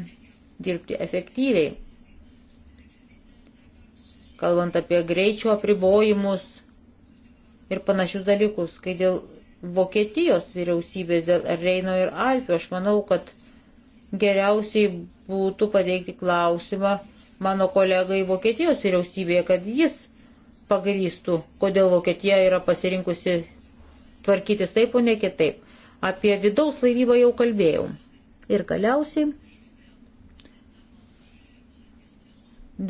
dirbti efektyviai. Kalbant apie greičio apribojimus ir panašius dalykus, kai dėl Vokietijos vyriausybės, dėl Reino ir Alpių, aš manau, kad geriausiai būtų pateikti klausimą mano kolegai Vokietijos vyriausybėje, kad jis pagrystų, kodėl Vokietija yra pasirinkusi tvarkytis taip, o ne kitaip. Apie vidaus laivybą jau kalbėjau. Ir galiausiai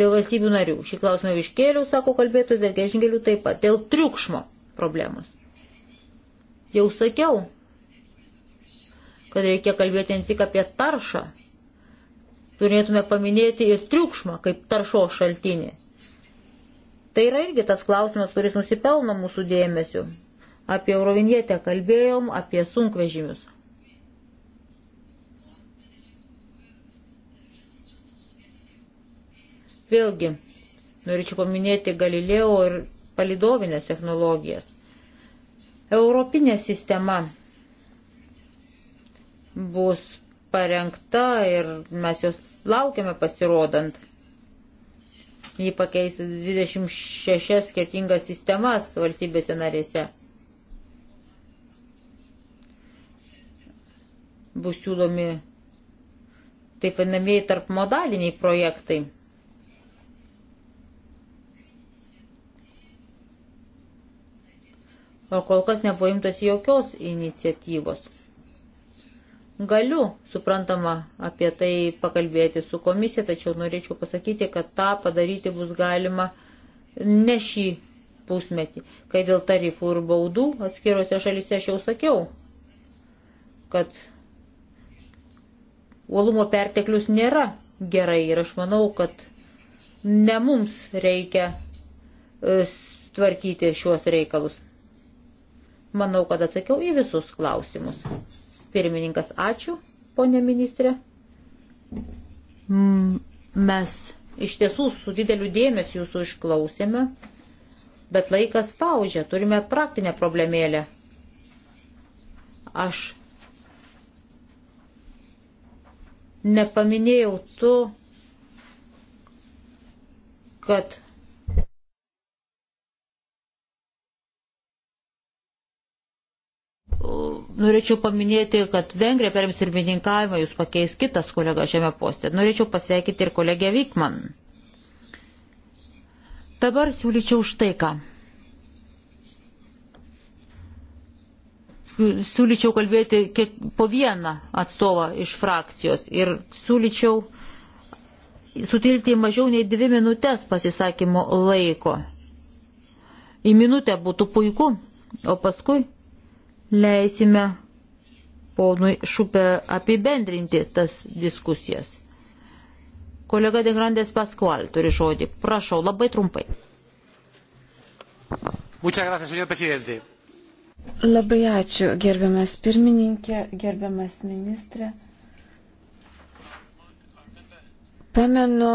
dėl valstybių narių. Šį klausimą iškėliau, sako kalbėtus, dėl geležinkelių taip pat, dėl triukšmo problemos. Jau sakiau, kad reikia kalbėti ne tik apie taršą, turėtume paminėti ir triukšmą kaip taršo šaltinį. Tai yra irgi tas klausimas, kuris nusipelno mūsų dėmesio. Apie Eurovinietę kalbėjom, apie sunkvežimius. Vėlgi, norėčiau paminėti Galileo ir palidovinės technologijas. Europinė sistema bus parengta ir mes jos laukiame pasirodant. Jį pakeis 26 skirtingas sistemas valstybėse narėse. Bus siūlomi taip vadinamieji tarpmodaliniai projektai. o kol kas nebuvo imtas jokios iniciatyvos. Galiu, suprantama, apie tai pakalbėti su komisija, tačiau norėčiau pasakyti, kad tą padaryti bus galima ne šį pusmetį, kai dėl tarifų ir baudų atskiruose šalyse aš jau sakiau, kad uolumo perteklius nėra gerai ir aš manau, kad ne mums reikia e, tvarkyti šiuos reikalus. Manau, kad atsakiau į visus klausimus. Pirmininkas, ačiū, ponė ministrė. Mm, mes iš tiesų su dideliu dėmesiu jūsų išklausėme, bet laikas paužia, turime praktinę problemėlę. Aš nepaminėjau tu, kad norėčiau paminėti, kad Vengrija perims ir mininkavimą, jūs pakeis kitas kolega šiame postė. Norėčiau pasveikinti ir kolegę Vykman. Dabar siūlyčiau štai ką. Siūlyčiau kalbėti kiek, po vieną atstovą iš frakcijos ir siūlyčiau sutilti mažiau nei dvi minutės pasisakymo laiko. Į minutę būtų puiku, o paskui leisime ponui Šupė apibendrinti tas diskusijas. Kolega Degrandės Paskual turi žodį. Prašau, labai trumpai. Gracias, labai ačiū, gerbiamas pirmininkė, gerbiamas ministrė. Pamenu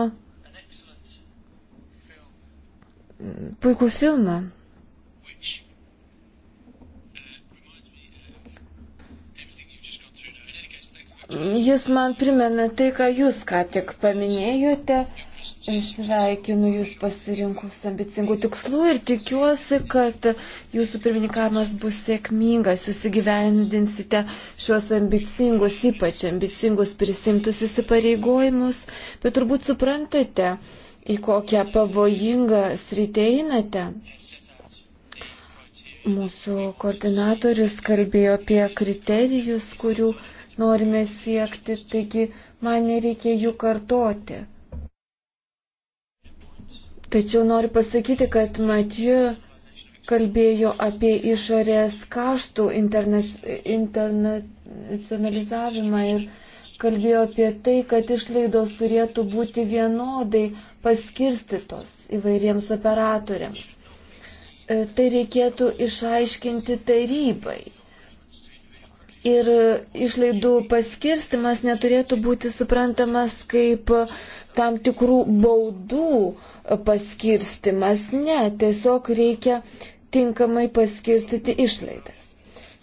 puikų filmą Jis man primena tai, ką jūs ką tik paminėjote. Sveikinu jūs pasirinkus ambicingų tikslų ir tikiuosi, kad jūsų pirmininkavimas bus sėkmingas, jūs įgyvendinsite šios ambicingus, ypač ambicingus prisimtus įsipareigojimus, bet turbūt suprantate, į kokią pavojingą sritį einate. Mūsų koordinatorius kalbėjo apie kriterijus, kurių norime siekti, taigi man nereikia jų kartoti. Tačiau noriu pasakyti, kad Matiju kalbėjo apie išorės kaštų internacionalizavimą ir kalbėjo apie tai, kad išlaidos turėtų būti vienodai paskirstytos įvairiems operatoriams. E, tai reikėtų išaiškinti tarybai ir išlaidų paskirstimas neturėtų būti suprantamas kaip tam tikrų baudų paskirstimas. Ne, tiesiog reikia tinkamai paskirstyti išlaidas.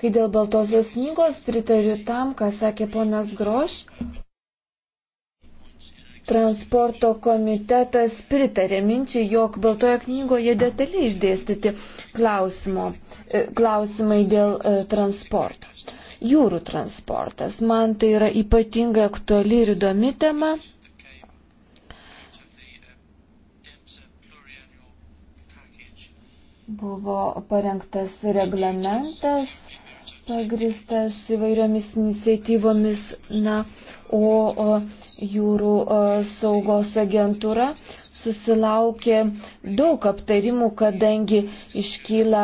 Kai dėl Baltosios knygos pritariu tam, ką sakė ponas Groš, transporto komitetas pritarė minčiai, jog Baltoje knygoje detaliai išdėstyti klausimo, e, klausimai dėl e, transporto jūrų transportas. Man tai yra ypatingai aktuali ir įdomi tema. Buvo parengtas reglamentas, pagristas įvairiomis iniciatyvomis, na, o, o jūrų o, saugos agentūra susilaukė daug aptarimų, kadangi iškyla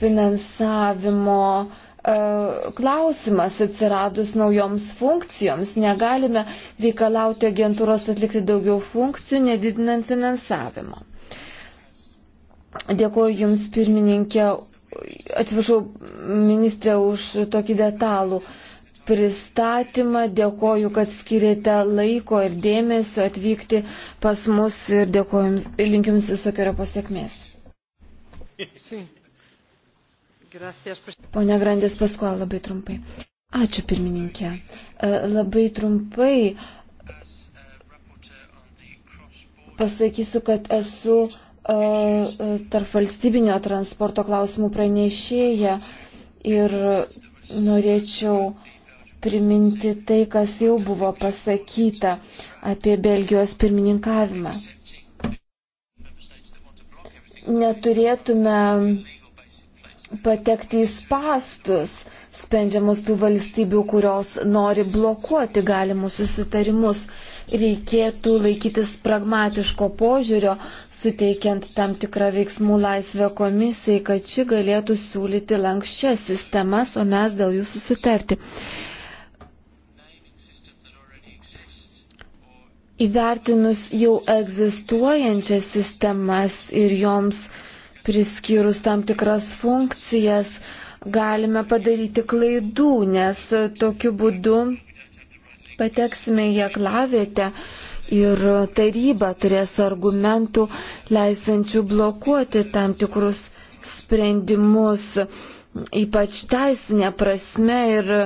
finansavimo uh, E, klausimas atsiradus naujoms funkcijoms. Negalime reikalauti agentūros atlikti daugiau funkcijų, nedidinant finansavimo. Dėkuoju Jums, pirmininkė, atsiprašau, ministrė, už tokį detalų pristatymą. Dėkoju, kad skirėte laiko ir dėmesio atvykti pas mus ir dėkoju, linkiu Jums visokio pasiekmės. Sí. Pone Grandės Paskuo, labai trumpai. Ačiū pirmininkė. E, labai trumpai pasakysiu, kad esu e, e, tarp valstybinio transporto klausimų pranešėja ir norėčiau priminti tai, kas jau buvo pasakyta apie Belgijos pirmininkavimą. Neturėtume patekti į spastus, sprendžiamus tų valstybių, kurios nori blokuoti galimus susitarimus. Reikėtų laikytis pragmatiško požiūrio, suteikiant tam tikrą veiksmų laisvę komisijai, kad ši galėtų siūlyti lankščias sistemas, o mes dėl jų susitarti. Įvertinus jau egzistuojančias sistemas ir joms uh, priskyrus tam tikras funkcijas, galime padaryti klaidų, nes tokiu būdu pateksime į aklavietę ir taryba turės argumentų leisančių blokuoti tam tikrus sprendimus, ypač teisinė prasme ir e,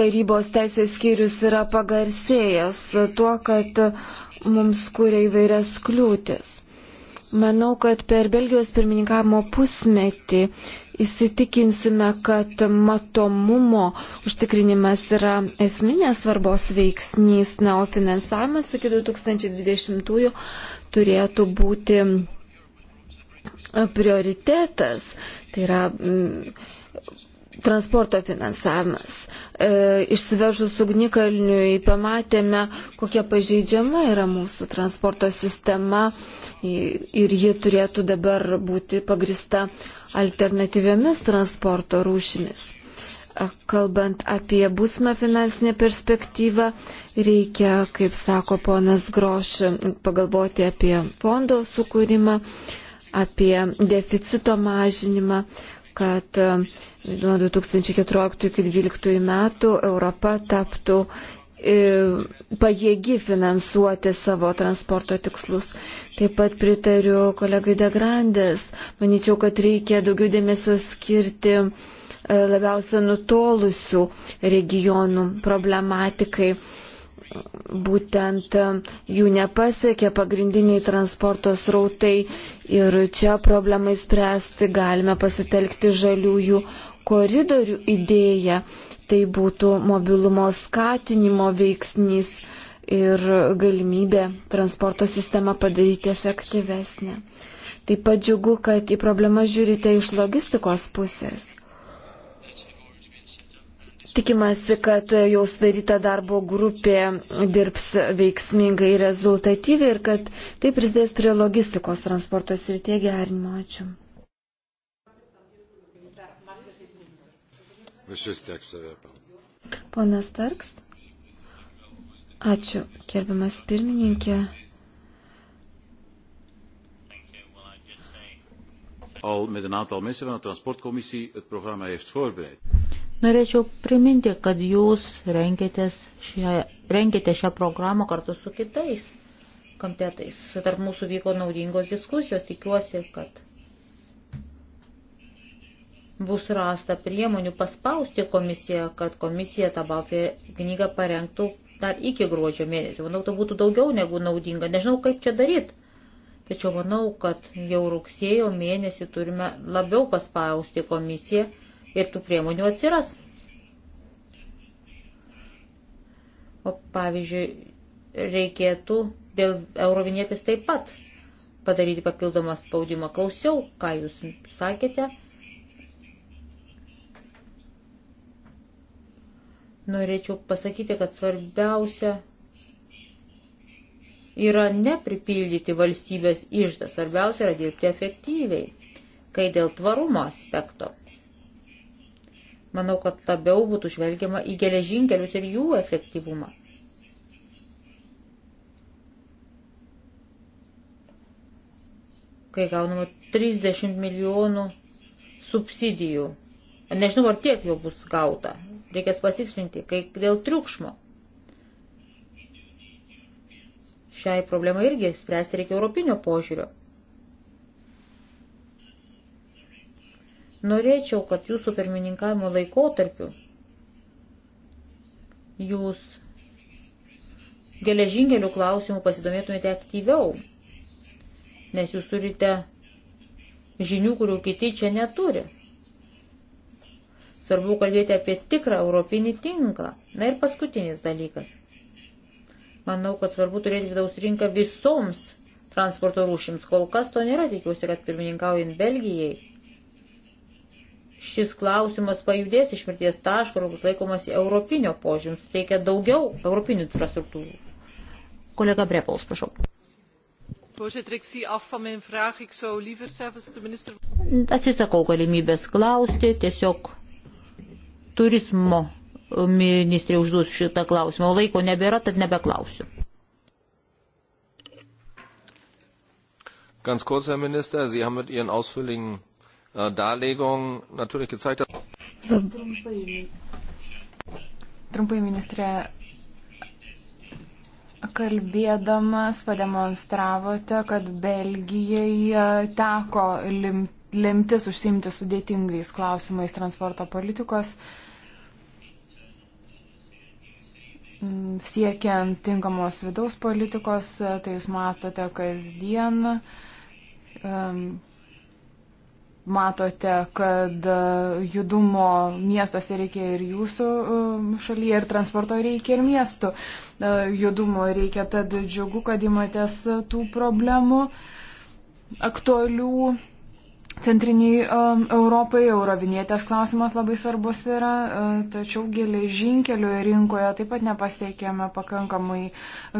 tarybos teisės skyrius yra pagarsėjęs tuo, kad mums kūrė įvairias kliūtis. Manau, kad per Belgijos pirmininkavimo pusmetį įsitikinsime, kad matomumo užtikrinimas yra esminės svarbos veiksnys, na, o finansavimas iki 2020-ųjų turėtų būti prioritetas. Tai yra mm, transporto finansavimas. E, išsivežus ugnikalniui pamatėme, kokia pažeidžiama yra mūsų transporto sistema ir ji turėtų dabar būti pagrista alternatyviamis transporto rūšimis. E, kalbant apie būsimą finansinę perspektyvą, reikia, kaip sako ponas Groš, pagalvoti apie fondo sukūrimą, apie deficito mažinimą, kad e, nuo 2014 iki 2012 metų Europa taptų e, pajėgi finansuoti savo transporto tikslus. Taip pat pritariu kolegai Degrandės. Manyčiau, kad reikia daugiau dėmesio skirti e, labiausia nutolusių regionų problematikai būtent e, jų nepasiekia pagrindiniai transporto srautai ir čia problemai spręsti galime pasitelkti žaliųjų koridorių idėją. Tai būtų mobilumo skatinimo veiksnys ir galimybė transporto sistemą padaryti efektyvesnę. Taip pat džiugu, kad į problemą žiūrite iš logistikos pusės. Tikimasi, kad jau sudaryta darbo grupė dirbs veiksmingai ir rezultatyviai ir kad tai prisidės prie logistikos transporto srityje gerinimo. Ačiū. Ponas Tarks. Ačiū, gerbiamas pirmininkė. Al met een aantal mensen van de transportcommissie het programma heeft voorbereid. Norėčiau priminti, kad jūs šią, rengėte šią programą kartu su kitais komitetais. Tarp mūsų vyko naudingos diskusijos. Tikiuosi, kad bus rasta priemonių paspausti komisiją, kad komisija tą baltąją knygą parengtų dar iki gruodžio mėnesio. Manau, tai būtų daugiau negu naudinga. Nežinau, kaip čia daryti. Tačiau manau, kad jau rugsėjo mėnesį turime labiau paspausti komisiją ir tų priemonių atsiras. O pavyzdžiui, reikėtų dėl eurovinėtis taip pat padaryti papildomą spaudimą. Klausiau, ką jūs sakėte. Norėčiau pasakyti, kad svarbiausia yra nepripildyti valstybės išdą, svarbiausia yra dirbti efektyviai, kai dėl tvarumo aspekto. Manau, kad labiau būtų žvelgiama į geležinkelius ir jų efektyvumą. Kai gaunama 30 milijonų subsidijų. Nežinau, ar tiek jau bus gauta. Reikės pasitikslinti, kai dėl triukšmo. Šiai problemai irgi spręsti reikia europinio požiūrio. Norėčiau, kad jūsų pirmininkavimo laikotarpiu jūs geležinkelių klausimų pasidomėtumėte aktyviau, nes jūs turite žinių, kurių kiti čia neturi. Svarbu kalbėti apie tikrą europinį tinklą. Na ir paskutinis dalykas. Manau, kad svarbu turėti vidaus rinką visoms transporto rūšims. Kol kas to nėra, tikiuosi, kad pirmininkaujant Belgijai šis klausimas pajudės iš mirties taško ir bus laikomas europinio požiūrims. Reikia daugiau europinių infrastruktūrų. Kolega Brepols, prašau. Atsisakau galimybės klausti, tiesiog turizmo ministrė užduos šitą klausimą. Laiko nebėra, tad nebeklausiu. Ganz kurz, Herr Minister, Sie haben mit Ihren ausführlichen Äh, Darlegung natürlich gezeigt hat. Trumpai, trumpai ministrė, kalbėdamas pademonstravote, kad Belgijai e, teko lim, limtis užsimti sudėtingais klausimais transporto politikos, siekiant tinkamos vidaus politikos, e, tai jūs mastote kasdien. Um, matote, kad e, judumo miestuose reikia ir jūsų e, šalyje, ir transporto reikia ir miestų e, judumo reikia, tad džiugu, kad imatės tų problemų aktualių centriniai um, Europai, eurovinietės klausimas labai svarbus yra, uh, tačiau geležinkelių rinkoje taip pat nepasiekėme pakankamai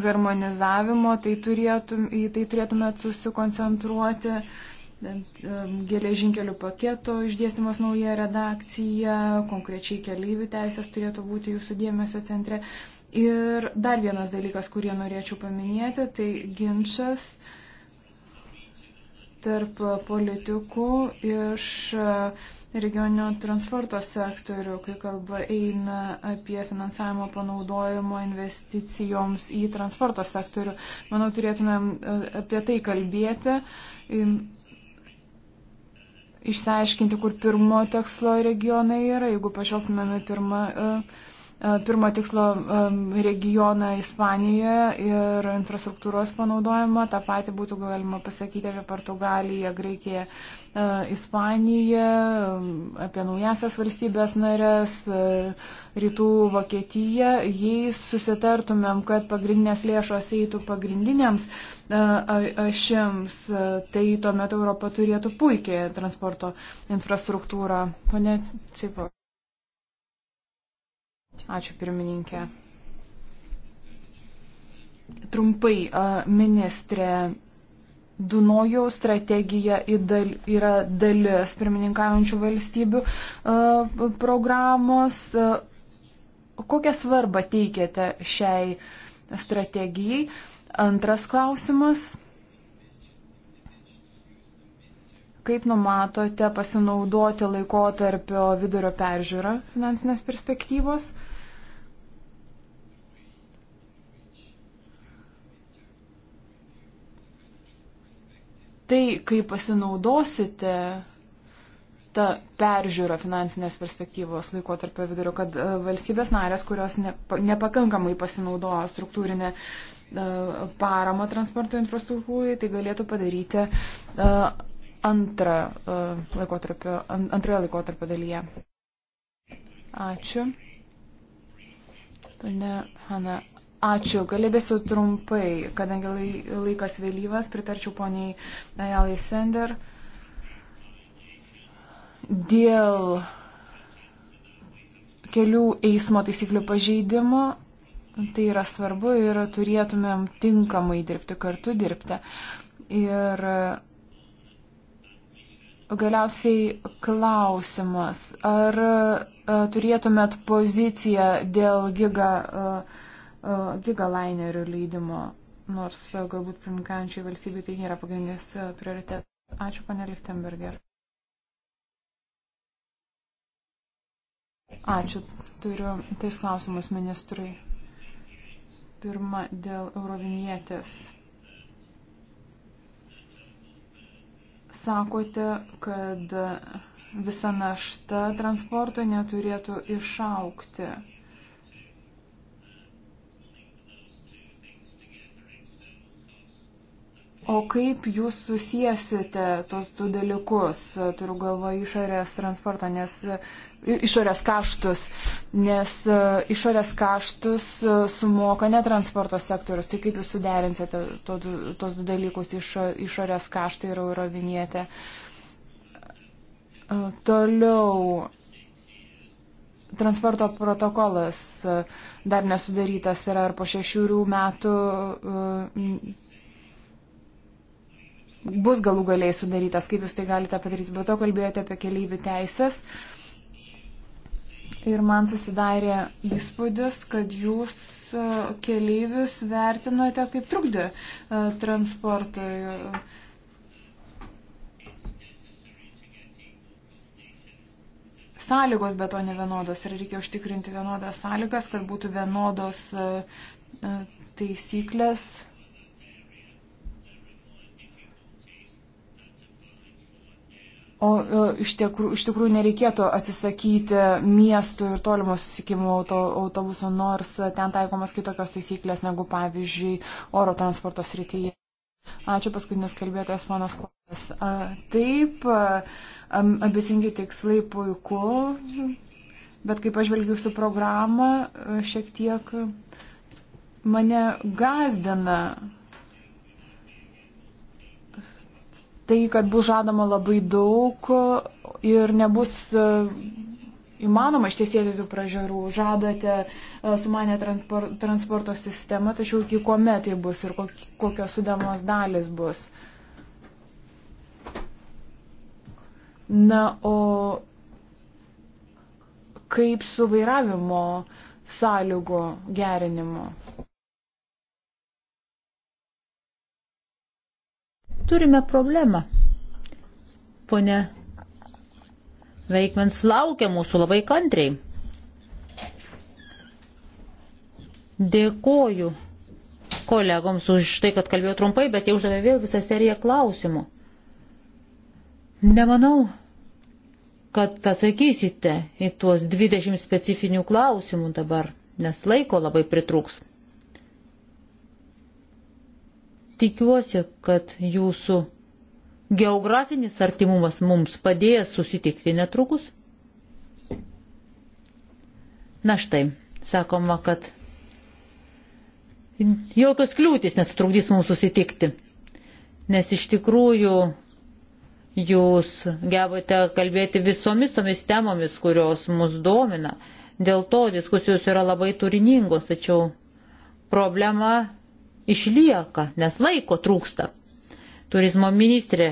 harmonizavimo, tai turėtum, į tai turėtume susikoncentruoti. Uh, geležinkelių paketo išdėstymas nauja redakcija, konkrečiai keleivių teisės turėtų būti jūsų dėmesio centre. Ir dar vienas dalykas, kurį norėčiau paminėti, tai ginčas tarp politikų iš e, regioninio transporto sektorių, kai kalba eina apie finansavimo panaudojimo investicijoms į transporto sektorių. Manau, turėtumėm e, apie tai kalbėti išsiaiškinti, kur pirmo tikslo regionai yra. Jeigu pažvelgtumėme pirmą. Uh, e, E, pirmo tikslo e, regioną Ispanijoje ir infrastruktūros panaudojimą. Ta pati būtų galima pasakyti apie Portugaliją, Graikiją, e, Ispaniją, apie naujasias valstybės narės, rytų Vokietiją. Jei susitartumėm, kad pagrindinės lėšos eitų pagrindiniams ašims, tai tuomet Europa turėtų puikią transporto infrastruktūrą. Pane Cipo. Ačiū pirmininkė. Trumpai, ministrė, Dunojų strategija yra dalis pirmininkaujančių valstybių programos. Kokią svarbą teikiate šiai strategijai? Antras klausimas. Kaip numatote pasinaudoti laikotarpio vidurio peržiūrą finansinės perspektyvos? tai, kaip pasinaudosite ta peržiūra finansinės perspektyvos laikotarpio vidurio, kad e, valstybės narės, kurios nepakankamai pasinaudojo struktūrinę e, paramą transporto infrastruktūrai, tai galėtų padaryti e, antrą laikotarpio, antroje laikotarpio dalyje. Ačiū. Pane Hanna Ačiū, kalbėsiu trumpai, kadangi laikas vėlyvas, pritarčiau poniai Jalai Sender. Dėl kelių eismo taisyklių pažeidimo tai yra svarbu ir turėtumėm tinkamai dirbti kartu dirbti. Ir galiausiai klausimas, ar turėtumėt poziciją dėl giga. Uh, gigalainerių leidimo, nors galbūt primkančiai valstybei tai nėra pagrindinis prioritetas. Ačiū, pane Lichtenberger. Ačiū. Turiu tais klausimus ministrui. Pirma, dėl eurovinietės. Sakote, kad visa našta transporto neturėtų išaukti. O kaip jūs susijęsite tos du dalykus, turiu galvoje išorės transporto, nes išorės kaštus, nes e, išorės kaštus e, sumoka ne transporto sektorius. Tai kaip jūs suderinsite to, to, tos du dalykus, iš, išorės kaštai ir eurovinietė. E, toliau transporto protokolas dar nesudarytas yra ir po šešių metų bus galų galiai sudarytas, kaip jūs tai galite padaryti. Bet to kalbėjote apie keleivių teisės. Ir man susidarė įspūdis, kad jūs e, keleivius vertinote kaip trukdį e, transportui. Sąlygos be to nevienodos ir reikia užtikrinti vienodas sąlygas, kad būtų vienodos e, taisyklės O e, iš tikrųjų, iš tikrųjų nereikėtų atsisakyti miestų ir tolimo susikimo auto, autobuso, nors ten taikomas kitokios taisyklės negu, pavyzdžiui, oro transporto srityje. Ačiū paskutinis kalbėtojas, ponas Klausas. Taip, ambicingi tikslai puiku, bet kaip aš žvelgiu su programą, šiek tiek mane gazdina tai, kad bus žadama labai daug ir nebus e, įmanoma ištiesėti tų pražiūrų. Žadate e, sumanę transporto sistemą, tačiau iki kuomet tai bus ir kokios sudamos dalis bus. Na, o kaip su vairavimo sąlygų gerinimu? Turime problemą. Pone Veikmens laukia mūsų labai kantriai. Dėkoju kolegoms už tai, kad kalbėjau trumpai, bet jie uždavė vėl visą seriją klausimų. Nemanau, kad atsakysite į tuos 20 specifinių klausimų dabar, nes laiko labai pritrūks. Tikiuosi, kad jūsų geografinis artimumas mums padėjęs susitikti netrukus. Na štai, sakoma, kad jokios kliūtis nesutrukdys mums susitikti, nes iš tikrųjų jūs gebate kalbėti visomis tomis temomis, kurios mus domina. Dėl to diskusijos yra labai turiningos, tačiau problema išlieka, nes laiko trūksta. Turizmo ministrė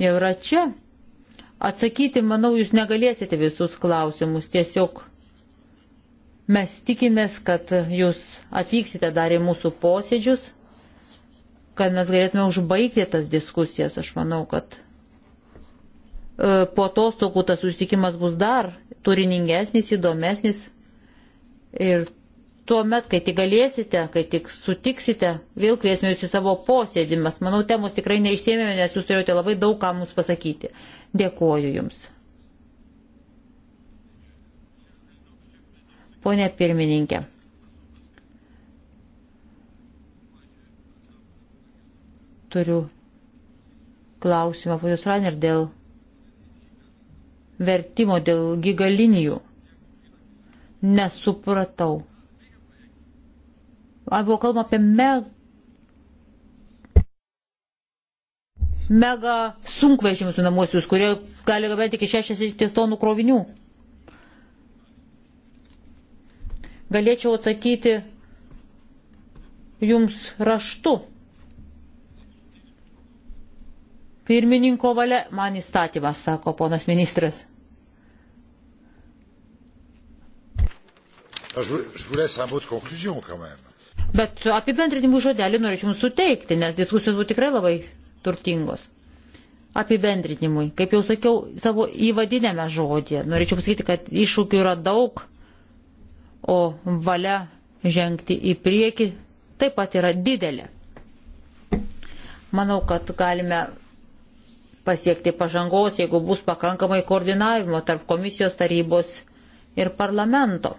jau yra čia. Atsakyti, manau, jūs negalėsite visus klausimus. Tiesiog mes tikimės, kad jūs atvyksite dar į mūsų posėdžius, kad mes galėtume užbaigti tas diskusijas. Aš manau, kad e, po atostogų tas susitikimas bus dar turiningesnis, įdomesnis. Ir tuo met, kai tik galėsite, kai tik sutiksite, vėl kviesime jūs į savo posėdį. Mes, manau, temos tikrai neišsėmėme, nes jūs turėjote labai daug ką mums pasakyti. Dėkuoju Jums. Pone pirmininkė. Turiu klausimą, ponius Rainer, dėl vertimo, dėl gigalinijų. Nesupratau buvo kalbama apie me, mega sunkvežimius namuosius, kurie gali gabenti iki 60 tonų krovinių. Galėčiau atsakyti jums raštu. Pirmininko valia man įstatymas, sako ponas ministras. Je vous laisse un mot de conclusion quand même. Bet apibendrinimų žodelį norėčiau jums suteikti, nes diskusijos buvo tikrai labai turtingos. Apibendrinimui, kaip jau sakiau, savo įvadinėme žodį. Norėčiau pasakyti, kad iššūkių yra daug, o valia žengti į priekį taip pat yra didelė. Manau, kad galime pasiekti pažangos, jeigu bus pakankamai koordinavimo tarp komisijos tarybos ir parlamento.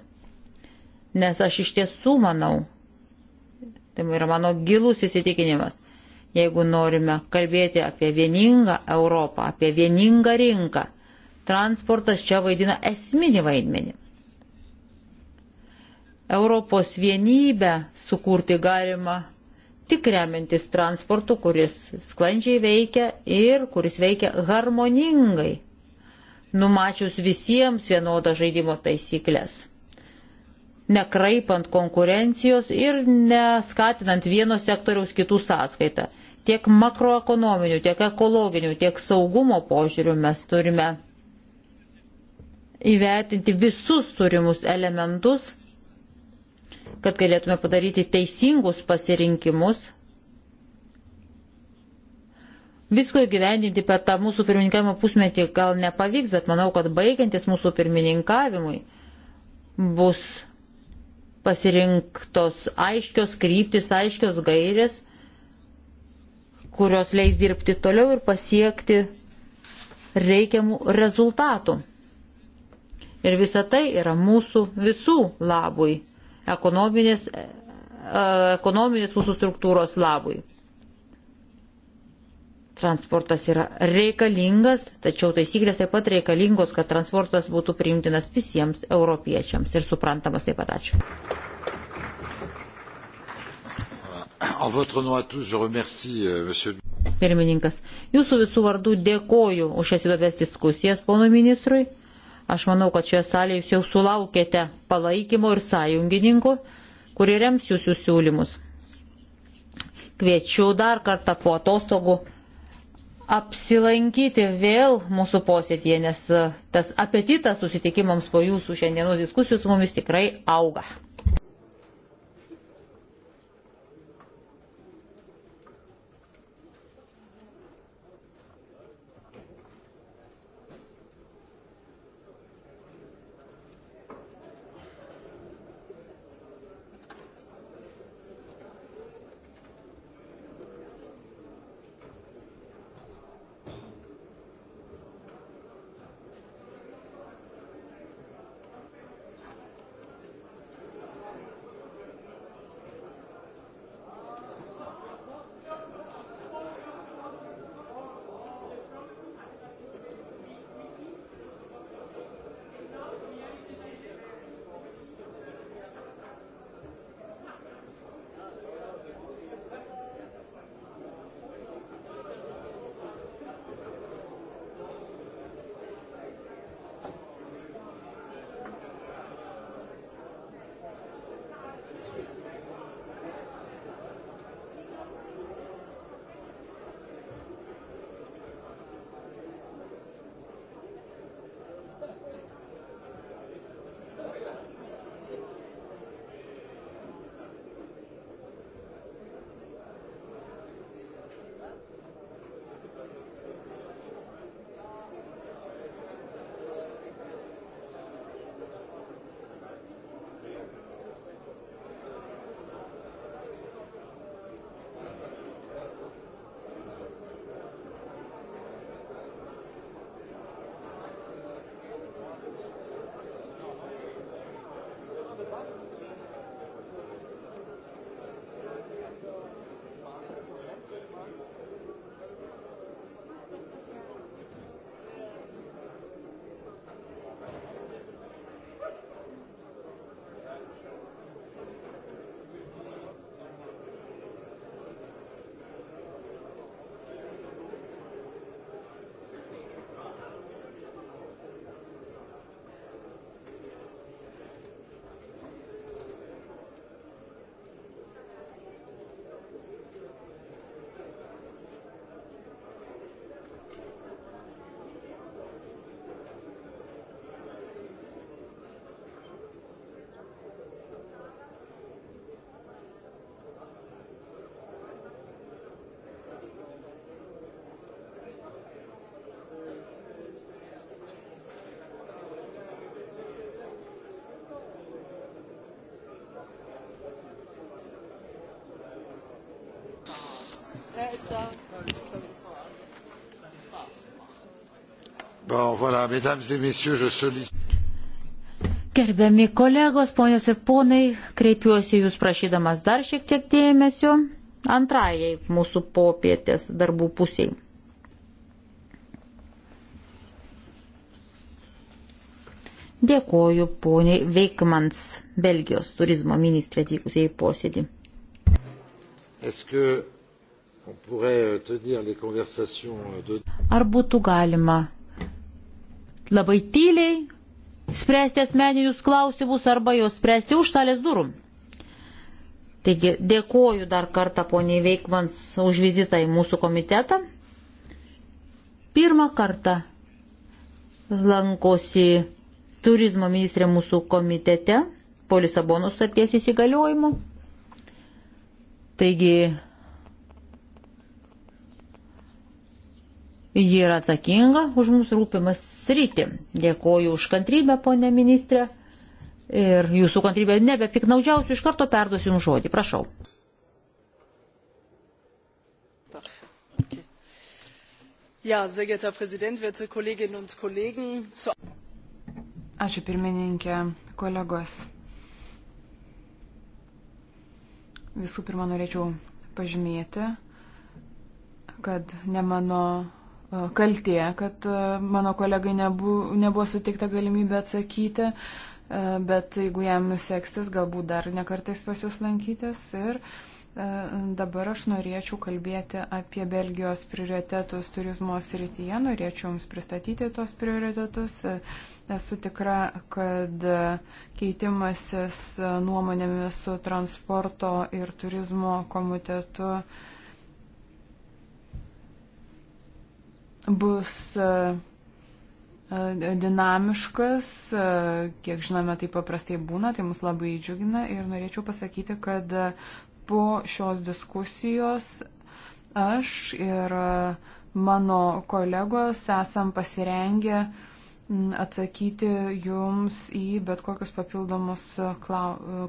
Nes aš iš tiesų manau, Tai yra mano gilus įsitikinimas. Jeigu norime kalbėti apie vieningą Europą, apie vieningą rinką, transportas čia vaidina esminį vaidmenį. Europos vienybę sukurti galima tik remiantis transportu, kuris sklandžiai veikia ir kuris veikia harmoningai, numačius visiems vienodą žaidimo taisyklės nekraipant konkurencijos ir neskatinant vieno sektoriaus kitų sąskaitą. Tiek makroekonominių, tiek ekologinių, tiek saugumo požiūrių mes turime įvertinti visus turimus elementus, kad galėtume padaryti teisingus pasirinkimus, Visko įgyvendinti per tą mūsų pirmininkavimo pusmetį gal nepavyks, bet manau, kad baigiantis mūsų pirmininkavimui bus pasirinktos aiškios kryptis, aiškios gairės, kurios leis dirbti toliau ir pasiekti reikiamų rezultatų. Ir visa tai yra mūsų visų labui, ekonominės, e, e, ekonominės mūsų struktūros labui. Transportas yra reikalingas, tačiau taisyklės taip pat reikalingos, kad transportas būtų priimtinas visiems europiečiams ir suprantamas taip pat. Ačiū. Euh, Pirmininkas, jūsų visų vardų dėkoju už šias įdomias diskusijas, pono ministrui. Aš manau, kad šioje salėje jūs jau sulaukėte palaikymo ir sąjungininkų, kurie rems jūsų siūlymus. Kviečiu dar kartą po atostogų apsilankyti vėl mūsų posėdėje, nes tas apetitas susitikimams po jūsų šiandienos diskusijų su mumis tikrai auga. Wer ist da? Bon, voilà, mesdames et messieurs, je sollicite. Gerbiami kolegos, ponios ir ponai, kreipiuosi jūs prašydamas dar šiek tiek dėmesio antrajai mūsų popietės darbų pusiai. Dėkoju poniai Veikmans, Belgijos turizmo ministrė atvykusiai į posėdį. Est-ce que Euh, euh, Ar būtų galima labai tyliai spręsti asmeninius klausimus arba juos spręsti už salės durų? Taigi dėkoju dar kartą poniai Veikmans už vizitą į mūsų komitetą. Pirmą kartą lankosi turizmo ministrė mūsų komitete po Lisabonos sutarties įsigaliojimo. Taigi Ji yra atsakinga už mūsų rūpimas sritį. Dėkoju už kantrybę, ponė ministrė. Ir jūsų kantrybę nebepiknaudžiausiu, iš karto perduosiu jums žodį. Prašau. Ja, sehr geehrter Herr Präsident, werte Kolleginnen und Kollegen. Zu Ačiū pirmininkė, kolegos. Visų pirma, norėčiau pažymėti, kad ne mano kaltė, kad mano kolegai nebu, nebuvo sutikta galimybė atsakyti, bet jeigu jam seksis, galbūt dar nekartais pas jūs lankytis. Ir dabar aš norėčiau kalbėti apie Belgijos prioritetus turizmo srityje, norėčiau jums pristatyti tos prioritetus. Esu tikra, kad keitimasis nuomonėmis su transporto ir turizmo komitetu uh, bus e, e, dinamiškas, e, kiek žinome, tai paprastai būna, tai mus labai džiugina ir norėčiau pasakyti, kad po šios diskusijos aš ir mano kolegos esam pasirengę atsakyti jums į bet kokius papildomus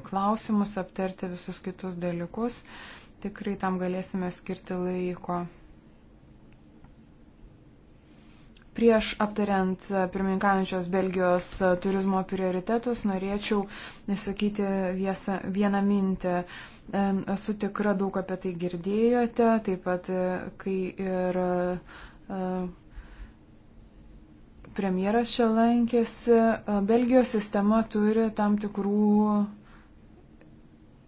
klausimus, aptarti visus kitus dalykus. Tikrai tam galėsime skirti laiko. Prieš aptariant pirmininkaujančios Belgijos turizmo prioritetus, norėčiau išsakyti viesą, vieną mintį. Esu tikra, daug apie tai girdėjote, taip pat e, kai ir e, premjeras čia lankėsi, e, Belgijos sistema turi tam tikrų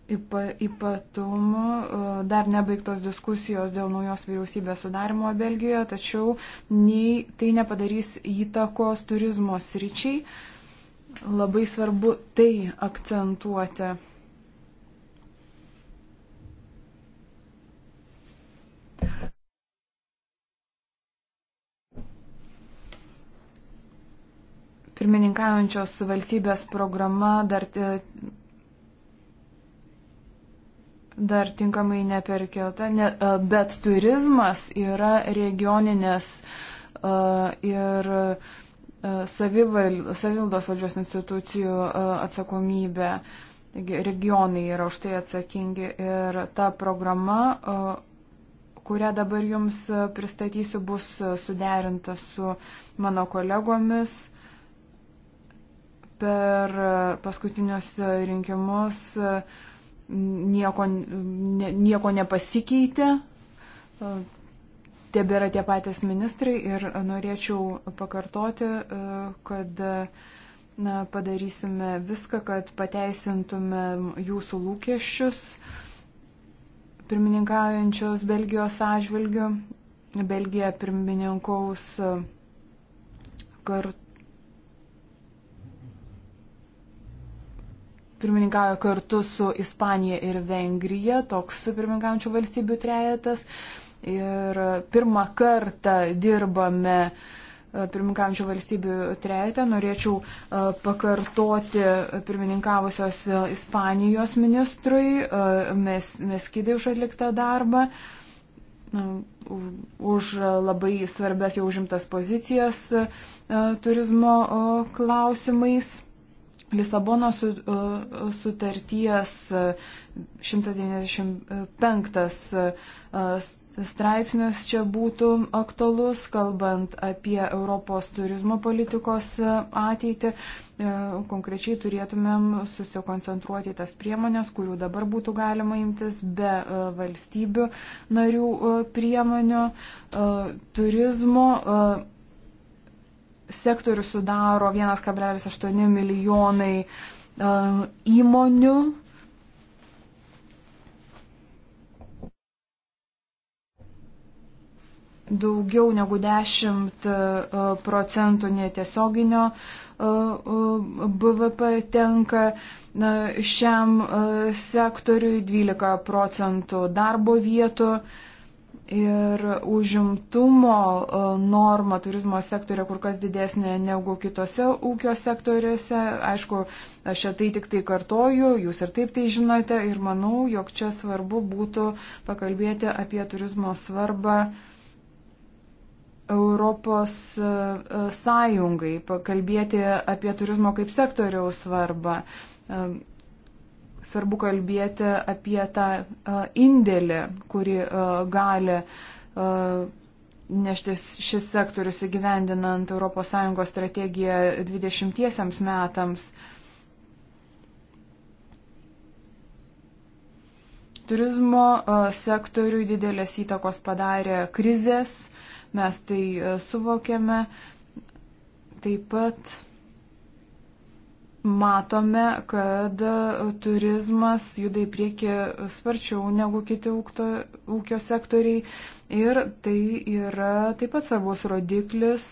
ypatumų. E, dar nebaigtos diskusijos dėl naujos vyriausybės sudarimo Belgijoje, tačiau nei, tai nepadarys įtakos turizmo sričiai. Labai svarbu tai akcentuoti. Pirmininkaujančios valstybės programa dar e, dar tinkamai neperkelta, ne, e, bet turizmas yra regioninės e, ir e, savivaldos valdžios institucijų atsakomybė. Taigi regionai yra už tai atsakingi ir ta programa, kurią dabar jums pristatysiu, bus suderinta su mano kolegomis per paskutinius rinkimus uh, nieko, ne, nieko nepasikeitė, e, tebėra tie patys ministrai ir norėčiau pakartoti, e, kad na, padarysime viską, kad pateisintume jūsų lūkesčius pirmininkaujančios Belgijos atžvilgių. Belgija pirmininkaus kartu pirmininkauja kartu su Ispanija ir Vengrija, toks pirmininkaujančių valstybių trejetas. Ir pirmą kartą dirbame e, pirmininkaujančių valstybių trejetą. Norėčiau e, pakartoti pirmininkavusios e, Ispanijos ministrui mes, Meskidai už atliktą darbą už labai svarbės jau užimtas pozicijas turizmo klausimais. Lisabono e, sutarties 195 e, e, straipsnis čia būtų aktualus, kalbant apie Europos turizmo politikos ateitį. Konkrečiai turėtumėm susikoncentruoti tas priemonės, kurių dabar būtų galima imtis be valstybių narių priemonių turizmo sektorių sudaro 1,8 milijonai e, įmonių. Daugiau negu 10 e, procentų netiesioginio e, BVP tenka šiam sektoriui, 12 procentų darbo vietų. Ir užimtumo e, norma turizmo sektorė kur kas didesnė negu kitose ūkio sektoriuose. Aišku, aš tai tik tai kartoju, jūs ir taip tai žinote ir manau, jog čia svarbu būtų pakalbėti apie turizmo svarbą Europos e, e, Sąjungai, pakalbėti apie turizmo kaip sektoriaus svarbą svarbu kalbėti apie tą e, indėlį, kurį e, gali e, nešti šis sektorius įgyvendinant ES strategiją 20 metams. Turizmo sektoriui didelės įtakos padarė krizės, mes tai suvokėme. Taip pat matome, kad turizmas juda į priekį sparčiau negu kiti ūkto, ūkio sektoriai ir tai yra taip pat svarbus rodiklis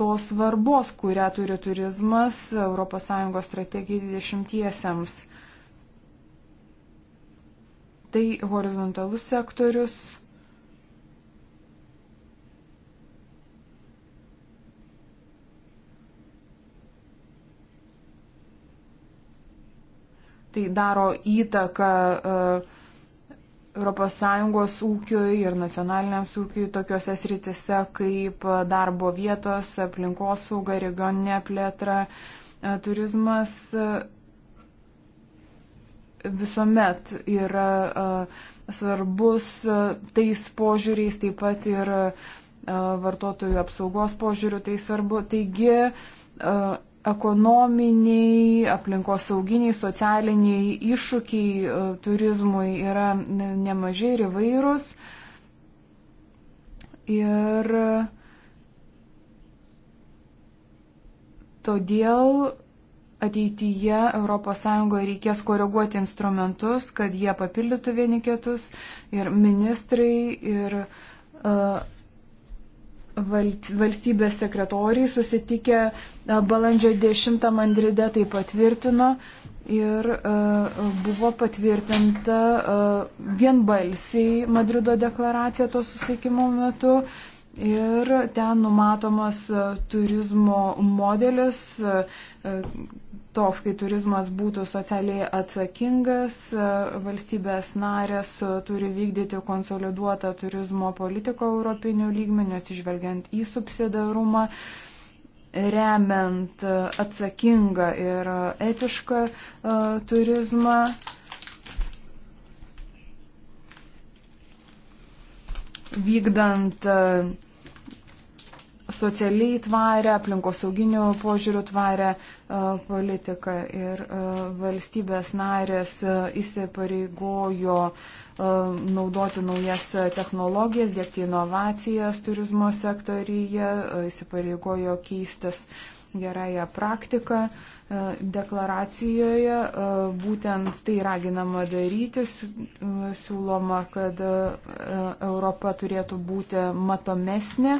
tos svarbos, kurią turi turizmas ES strategijai 20-iesiams. Tai horizontalus sektorius tai daro įtaką ES ūkiui ir nacionaliniams ūkiui tokiuose sritise kaip darbo vietos, aplinkosauga, regioninė plėtra, e, turizmas e, visuomet yra e, svarbus tais požiūriais, taip pat ir vartotojų apsaugos požiūrių tai svarbu. Taigi ekonominiai, aplinkosauginiai, socialiniai iššūkiai e, turizmui yra nemažai ir įvairūs. Ir e, todėl ateityje ES reikės koreguoti instrumentus, kad jie papildytų vieni kitus ir ministrai ir uh, valstybės sekretoriai susitikę e, balandžio 10 Mandride tai patvirtino ir e, buvo patvirtinta e, vienbalsiai Madrido deklaracija to susitikimo metu. Ir ten numatomas turizmo modelis, toks, kai turizmas būtų socialiai atsakingas, e, valstybės narės e, turi vykdyti konsoliduotą turizmo politiką europinių lygmenių, atsižvelgiant į subsidarumą, remiant e, atsakingą ir etišką turizmą. Vykdant uh, socialiai tvarę, aplinkosauginių požiūrių tvarę e, politiką ir e, valstybės narės e, įsipareigojo naudoti naujas technologijas, dėkti inovacijas turizmo sektoryje, įsipareigojo keistis gerąją praktiką. Deklaracijoje būtent tai raginama daryti, siūloma, kad Europa turėtų būti matomesnė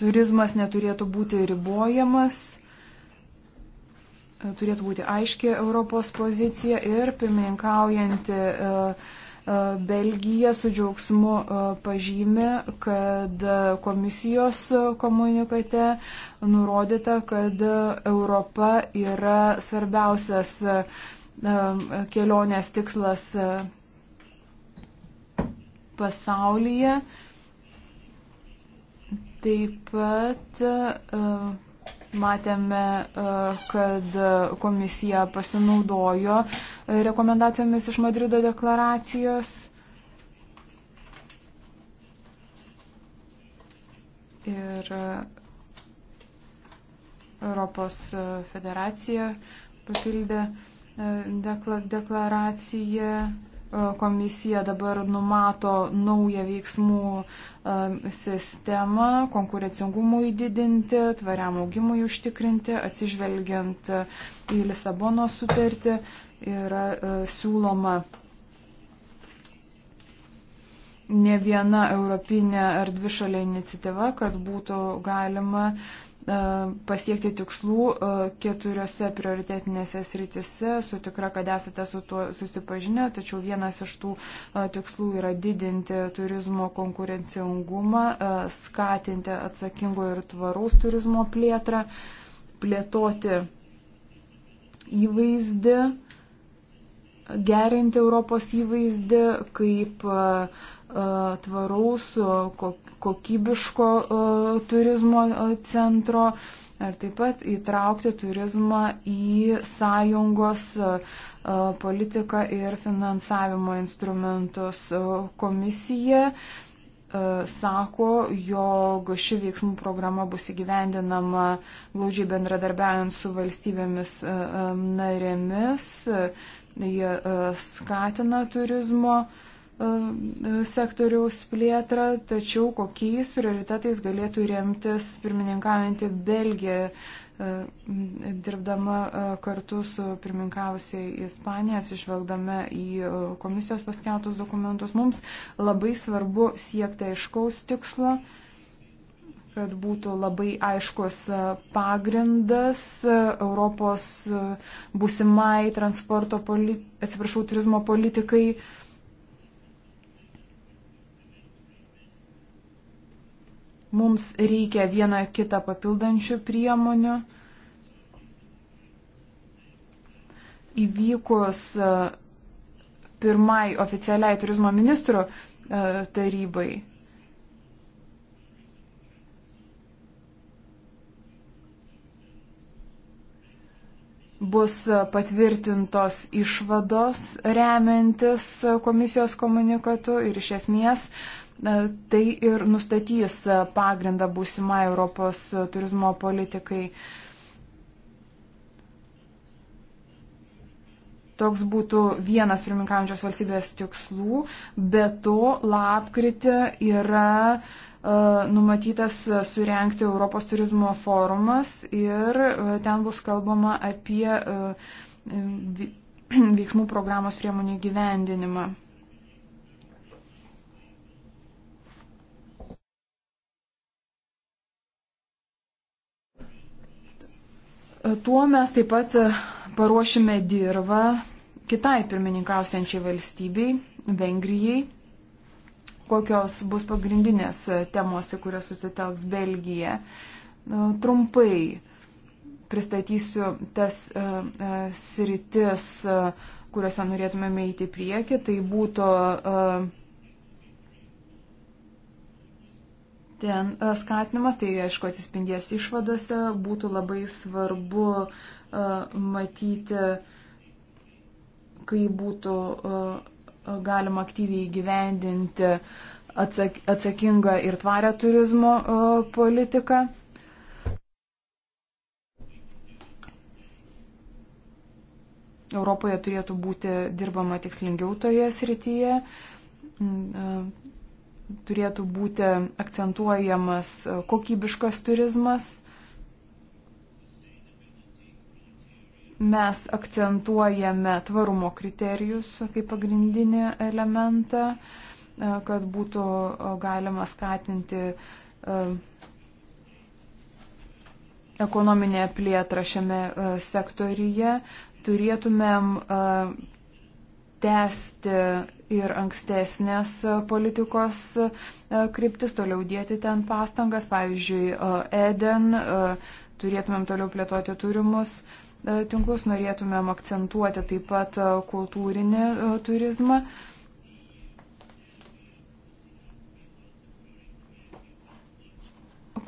Turizmas neturėtų būti ribojamas, e, turėtų būti aiški Europos pozicija ir pirmininkaujanti e, e, Belgija su džiaugsmu pažymė, kad komisijos komunikate nurodyta, kad Europa yra svarbiausias kelionės tikslas pasaulyje. Taip pat e, matėme, e, kad komisija pasinaudojo rekomendacijomis iš Madrido deklaracijos. Ir e, Europos federacija papildė deklaraciją Komisija dabar numato naują veiksmų sistemą konkurencingumui didinti, tvariam augimui užtikrinti, atsižvelgiant į Lisabono sutartį yra siūloma ne viena europinė ar dvišalė iniciatyva, kad būtų galima E, pasiekti tikslų e, keturiose prioritetinėse sritise. Su tikra, kad esate su tuo susipažinę, tačiau vienas iš tų e, tikslų yra didinti turizmo konkurencingumą, skatinti atsakingo ir tvaraus turizmo plėtrą, plėtoti įvaizdį gerinti Europos įvaizdį kaip E, tvaraus, e, kokybiško e, turizmo centro ir taip pat įtraukti turizmą į sąjungos politiką ir finansavimo instrumentus. Komisija sako, jog ši veiksmų programa bus įgyvendinama glaudžiai bendradarbiaujant su valstybėmis narėmis. Jie skatina turizmo uh, E, sektoriaus plėtrą, tačiau kokiais prioritetais galėtų remtis pirmininkaujantį Belgiją, e, dirbdama e, kartu su pirmininkavusiai Ispanija, atsižvelgdama į komisijos paskeltus dokumentus. Mums labai svarbu siekti aiškaus tikslo kad būtų labai aiškus pagrindas Europos būsimai transporto, politi atsiprašau, turizmo politikai, uh, Mums reikia vieną kitą papildančių priemonių. Įvykus e, pirmai oficialiai turizmo ministrų e, tarybai bus patvirtintos išvados remiantis komisijos komunikatu ir iš esmės uh, E, tai ir nustatys pagrindą būsimai Europos turizmo politikai. Toks būtų vienas pirmininkaujančios valstybės tikslų, bet to lapkritį yra e, numatytas surenkti Europos turizmo forumas ir e, ten bus kalbama apie veiksmų programos priemonių gyvendinimą. Tuo mes taip pat e, paruošime dirbą kitai pirmininkausiančiai valstybei, Vengrijai, kokios bus pagrindinės e, temos, į kurias susitelks Belgija. E, trumpai pristatysiu tas sritis, kuriuose norėtumėme eiti į priekį. Tai būtų ten e, skatinimas, tai aišku atsispindės išvadose, būtų labai svarbu uh, matyti, kai būtų uh, galima aktyviai gyvendinti atsak atsakingą ir tvarę turizmo uh, politiką. Europoje turėtų būti dirbama tikslingiau toje srityje. Mm, turėtų būti akcentuojamas kokybiškas turizmas. Mes akcentuojame tvarumo kriterijus kaip pagrindinį elementą, kad būtų galima skatinti e, ekonominė plėtra šiame e, sektoriuje, turėtumėm e, tęsti ir ankstesnės politikos e, kryptis, toliau dėti ten pastangas, pavyzdžiui, e, Eden, e, turėtumėm toliau plėtoti turimus tinklus, norėtumėm akcentuoti taip pat kultūrinį turizmą. Uh,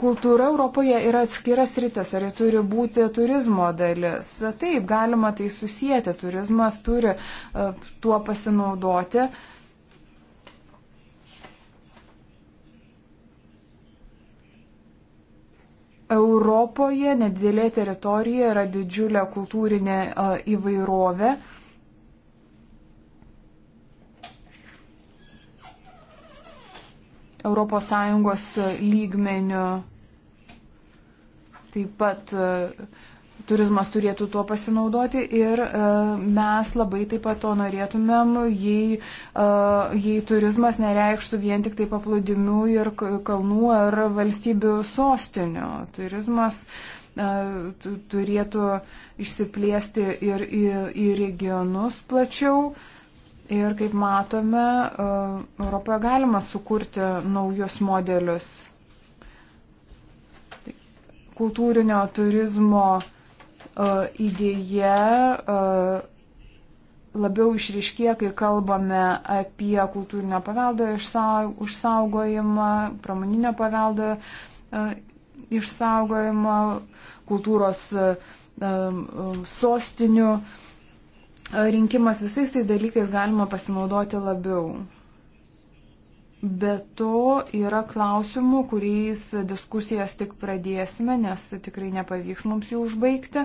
kultūra Europoje yra atskiras rytis, ar ji turi būti turizmo dalis. Taip, galima tai susijęti, turizmas turi e, tuo pasinaudoti. Europoje nedidelė teritorija yra didžiulė kultūrinė e, įvairovė. ES lygmenių taip pat e, turizmas turėtų tuo pasinaudoti ir e, mes labai taip pat to norėtumėm, jei, e, jei turizmas nereikštų vien tik tai paplūdimių ir kalnų ar valstybių sostinių. Turizmas turėtų išsiplėsti ir į, į regionus plačiau. Ir kaip matome, Europoje galima sukurti naujus modelius kultūrinio turizmo uh, idėja uh, labiau išriškė, kai kalbame apie kultūrinio paveldo išsaugojimą, pramoninio paveldo uh, išsaugojimą, kultūros uh, sostinių rinkimas, visais tais dalykais galima pasinaudoti labiau. Be to yra klausimų, kuriais diskusijas tik pradėsime, nes tikrai nepavyks mums jų užbaigti.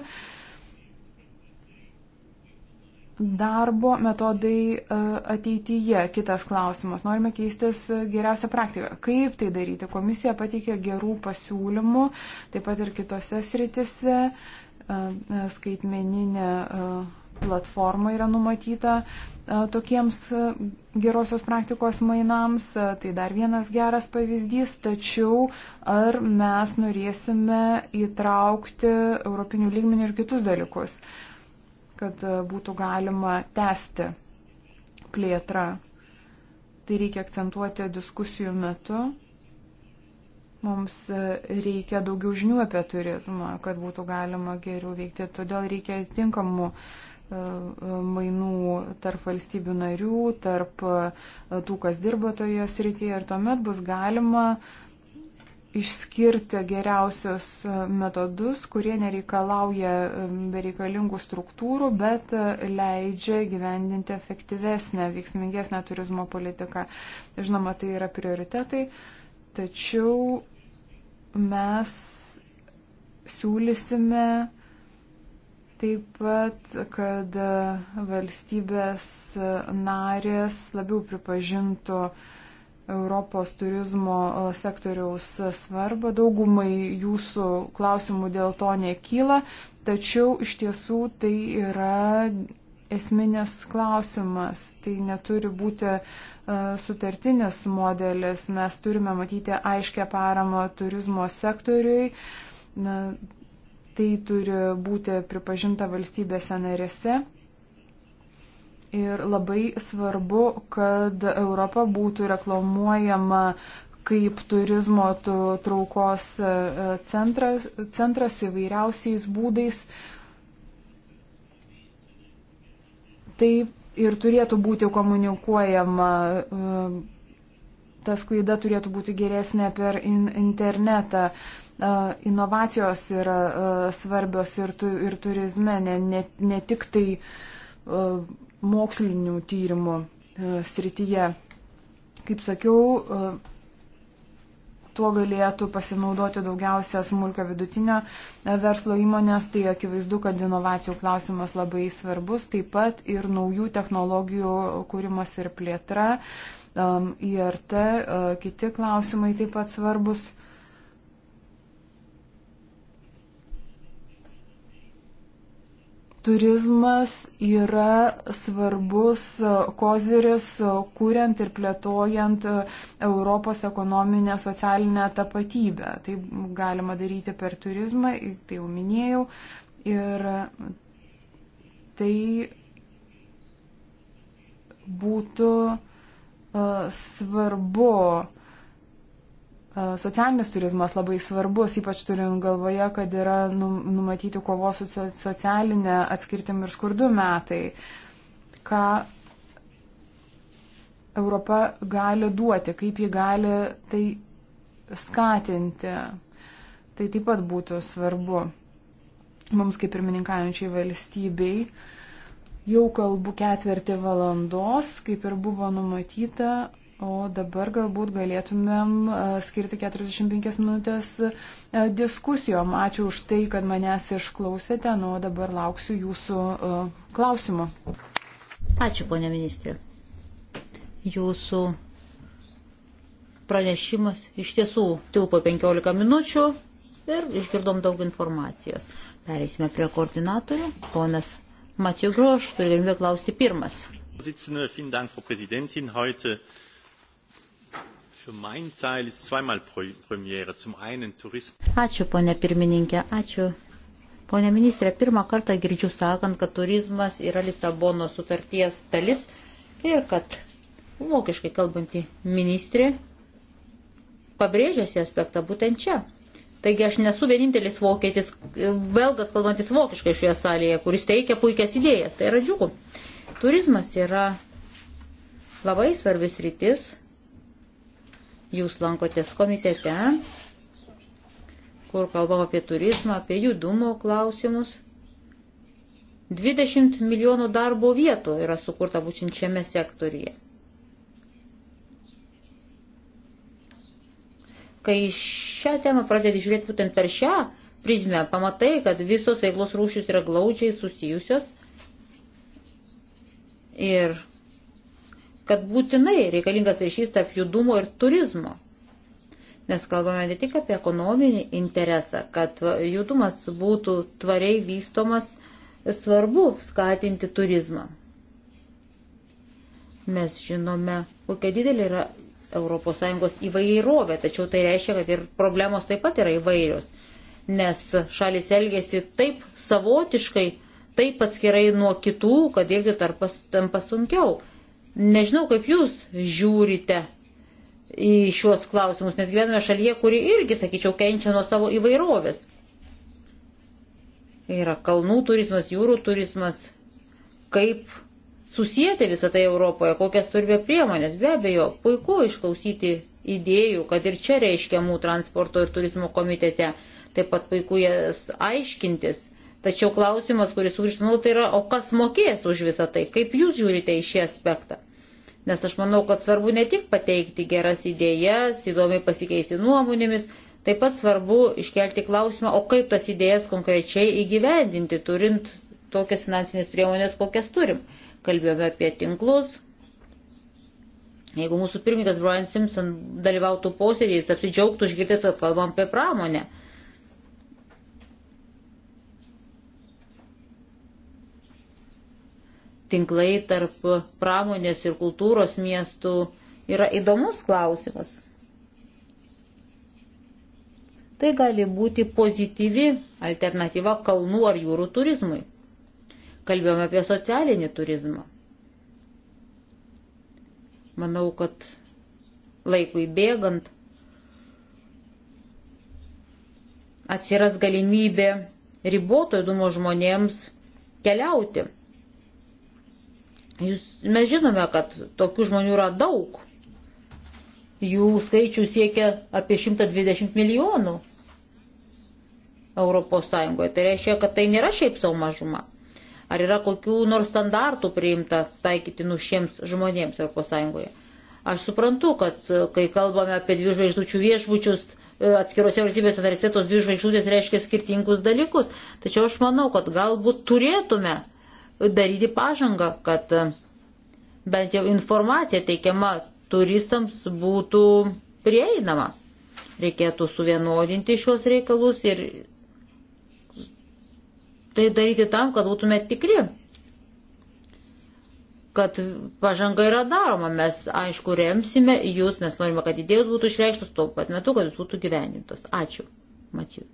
Darbo metodai e, ateityje. Kitas klausimas. Norime keistis e, geriausią praktiką. Kaip tai daryti? Komisija pateikė gerų pasiūlymų, taip pat ir kitose sritise e, skaitmeninė platforma yra numatyta tokiems gerosios praktikos mainams. Tai dar vienas geras pavyzdys, tačiau ar mes norėsime įtraukti Europinių lygmenių ir kitus dalykus, kad būtų galima tęsti plėtrą. Tai reikia akcentuoti diskusijų metu. Mums reikia daugiau žinių apie turizmą, kad būtų galima geriau veikti. Todėl reikia tinkamų uh, E, e, mainų tarp valstybių narių, tarp e, tų, kas dirba toje srityje ir tuomet bus galima išskirti geriausius metodus, kurie nereikalauja bereikalingų struktūrų, bet leidžia gyvendinti efektyvesnę, veiksmingesnę turizmo politiką. Žinoma, tai yra prioritetai, tačiau mes siūlysime Taip pat, kad e, valstybės e, narės labiau pripažintų Europos turizmo e, sektoriaus svarbą. Daugumai jūsų klausimų dėl to nekyla, tačiau iš tiesų tai yra esminės klausimas. Tai neturi būti sutartinis modelis. Mes turime matyti aiškę paramą turizmo sektoriui. Na, tai turi būti pripažinta valstybėse narėse. Ir labai svarbu, kad Europa būtų reklamuojama kaip turizmo traukos e, centras, centras įvairiausiais būdais. Tai ir turėtų būti komunikuojama, e, ta sklaida turėtų būti geresnė per in internetą inovacijos yra svarbios ir, tu, ir turizme, ne, ne, ne tik tai mokslinių tyrimų srityje. Kaip sakiau, tuo galėtų pasinaudoti daugiausia smulkio vidutinio verslo įmonės, tai akivaizdu, kad inovacijų klausimas labai svarbus, taip pat ir naujų technologijų kūrimas ir plėtra, IRT, kiti klausimai taip pat svarbus. Turizmas yra svarbus koziris, kuriant ir plėtojant Europos ekonominę socialinę tapatybę. Tai galima daryti per turizmą, tai jau minėjau. Ir tai būtų e, svarbu socialinis turizmas labai svarbus, ypač turint galvoje, kad yra numatyti kovos su socialinė atskirtim ir skurdu metai. Ką Europa gali duoti, kaip ji gali tai skatinti. Tai taip pat būtų svarbu mums kaip pirmininkaujančiai valstybei. Jau kalbu ketvirtį valandos, kaip ir buvo numatyta, O dabar galbūt galėtumėm e, skirti 45 minutės e, diskusijom. Ačiū už tai, kad manęs išklausėte, nu, o dabar lauksiu jūsų e, klausimų. Ačiū, ponė ministrė. Jūsų pranešimas iš tiesų tilpo 15 minučių ir išgirdom daug informacijos. Pereisime prie koordinatorių. Ponas Matijo Groš turi galimybę klausti pirmas. Vorsitzende, vielen Dank, Frau Präsidentin. Heute Ačiū, ponė pirmininkė, ačiū. Pone ministrė, pirmą kartą girdžiu sakant, kad turizmas yra Lisabono sutarties dalis ir kad vokiškai kalbanti ministrė pabrėžia šį aspektą būtent čia. Taigi aš nesu vienintelis vokietis, belgas kalbantis vokiškai šioje salėje, kuris teikia puikias idėjas. Tai yra džiugu. Turizmas yra labai svarbis rytis, Jūs lankotės komitete, kur kalbam apie turizmą, apie judumo klausimus. 20 milijonų darbo vietų yra sukurta būtent šiame sektorije. Kai šią temą pradedi žiūrėti būtent per šią prizmę, pamatai, kad visos veiklos rūšys yra glaudžiai susijusios ir kad būtinai reikalingas ryšys tarp judumo ir turizmo. Nes kalbame ne tik apie ekonominį interesą, kad judumas būtų tvariai vystomas, svarbu skatinti turizmą. Mes žinome, kokia didelė yra ES įvairovė, tačiau tai reiškia, kad ir problemos taip pat yra įvairios, nes šalis elgesi taip savotiškai, taip atskirai nuo kitų, kad irgi tarpas tampa sunkiau. Nežinau, kaip jūs žiūrite į šiuos klausimus, nes gyvename šalyje, kuri irgi, sakyčiau, kenčia nuo savo įvairovės. Yra kalnų turizmas, jūrų turizmas. Kaip susijęti visą tai Europoje, kokias turime priemonės. Be abejo, puiku išklausyti idėjų, kad ir čia reiškiamų transporto ir turizmo komitete. Taip pat puiku jas aiškintis. Tačiau klausimas, kuris užžinau, tai yra, o kas mokės už visą tai? Kaip jūs žiūrite į šį aspektą? Nes aš manau, kad svarbu ne tik pateikti geras idėjas, įdomiai pasikeisti nuomonėmis, taip pat svarbu iškelti klausimą, o kaip tas idėjas konkrečiai įgyvendinti, turint tokias finansinės priemonės, kokias turim. Kalbėjome apie tinklus. Jeigu mūsų pirmininkas Brian Simpson dalyvautų posėdėje, jis apsidžiaugtų išgirdęs, kad kalbam apie pramonę. tinklai tarp pramonės ir kultūros miestų yra įdomus klausimas. Tai gali būti pozityvi alternatyva kalnų ar jūrų turizmui. Kalbėjome apie socialinį turizmą. Manau, kad laikui bėgant atsiras galimybė riboto įdumo žmonėms keliauti. Jūs, mes žinome, kad tokių žmonių yra daug. Jų skaičių siekia apie 120 milijonų Europos Sąjungoje. Tai reiškia, kad tai nėra šiaip savo mažuma. Ar yra kokių nors standartų priimta taikytinų nu šiems žmonėms Europos Sąjungoje? Aš suprantu, kad e, kai kalbame apie dvi žvaigždučių viešbučius, e, atskirose valstybėse narėse tos dvi žvaigždutės reiškia skirtingus dalykus. Tačiau aš manau, kad galbūt turėtume daryti pažangą, kad e, bent jau informacija teikiama turistams būtų prieinama. Reikėtų suvienodinti šios reikalus ir tai daryti tam, kad būtume tikri, kad pažanga yra daroma. Mes, aišku, remsime jūs, mes norime, kad idėjos būtų išreikštos tuo pat metu, kad jūs būtų gyvendintos. Ačiū. Matiu.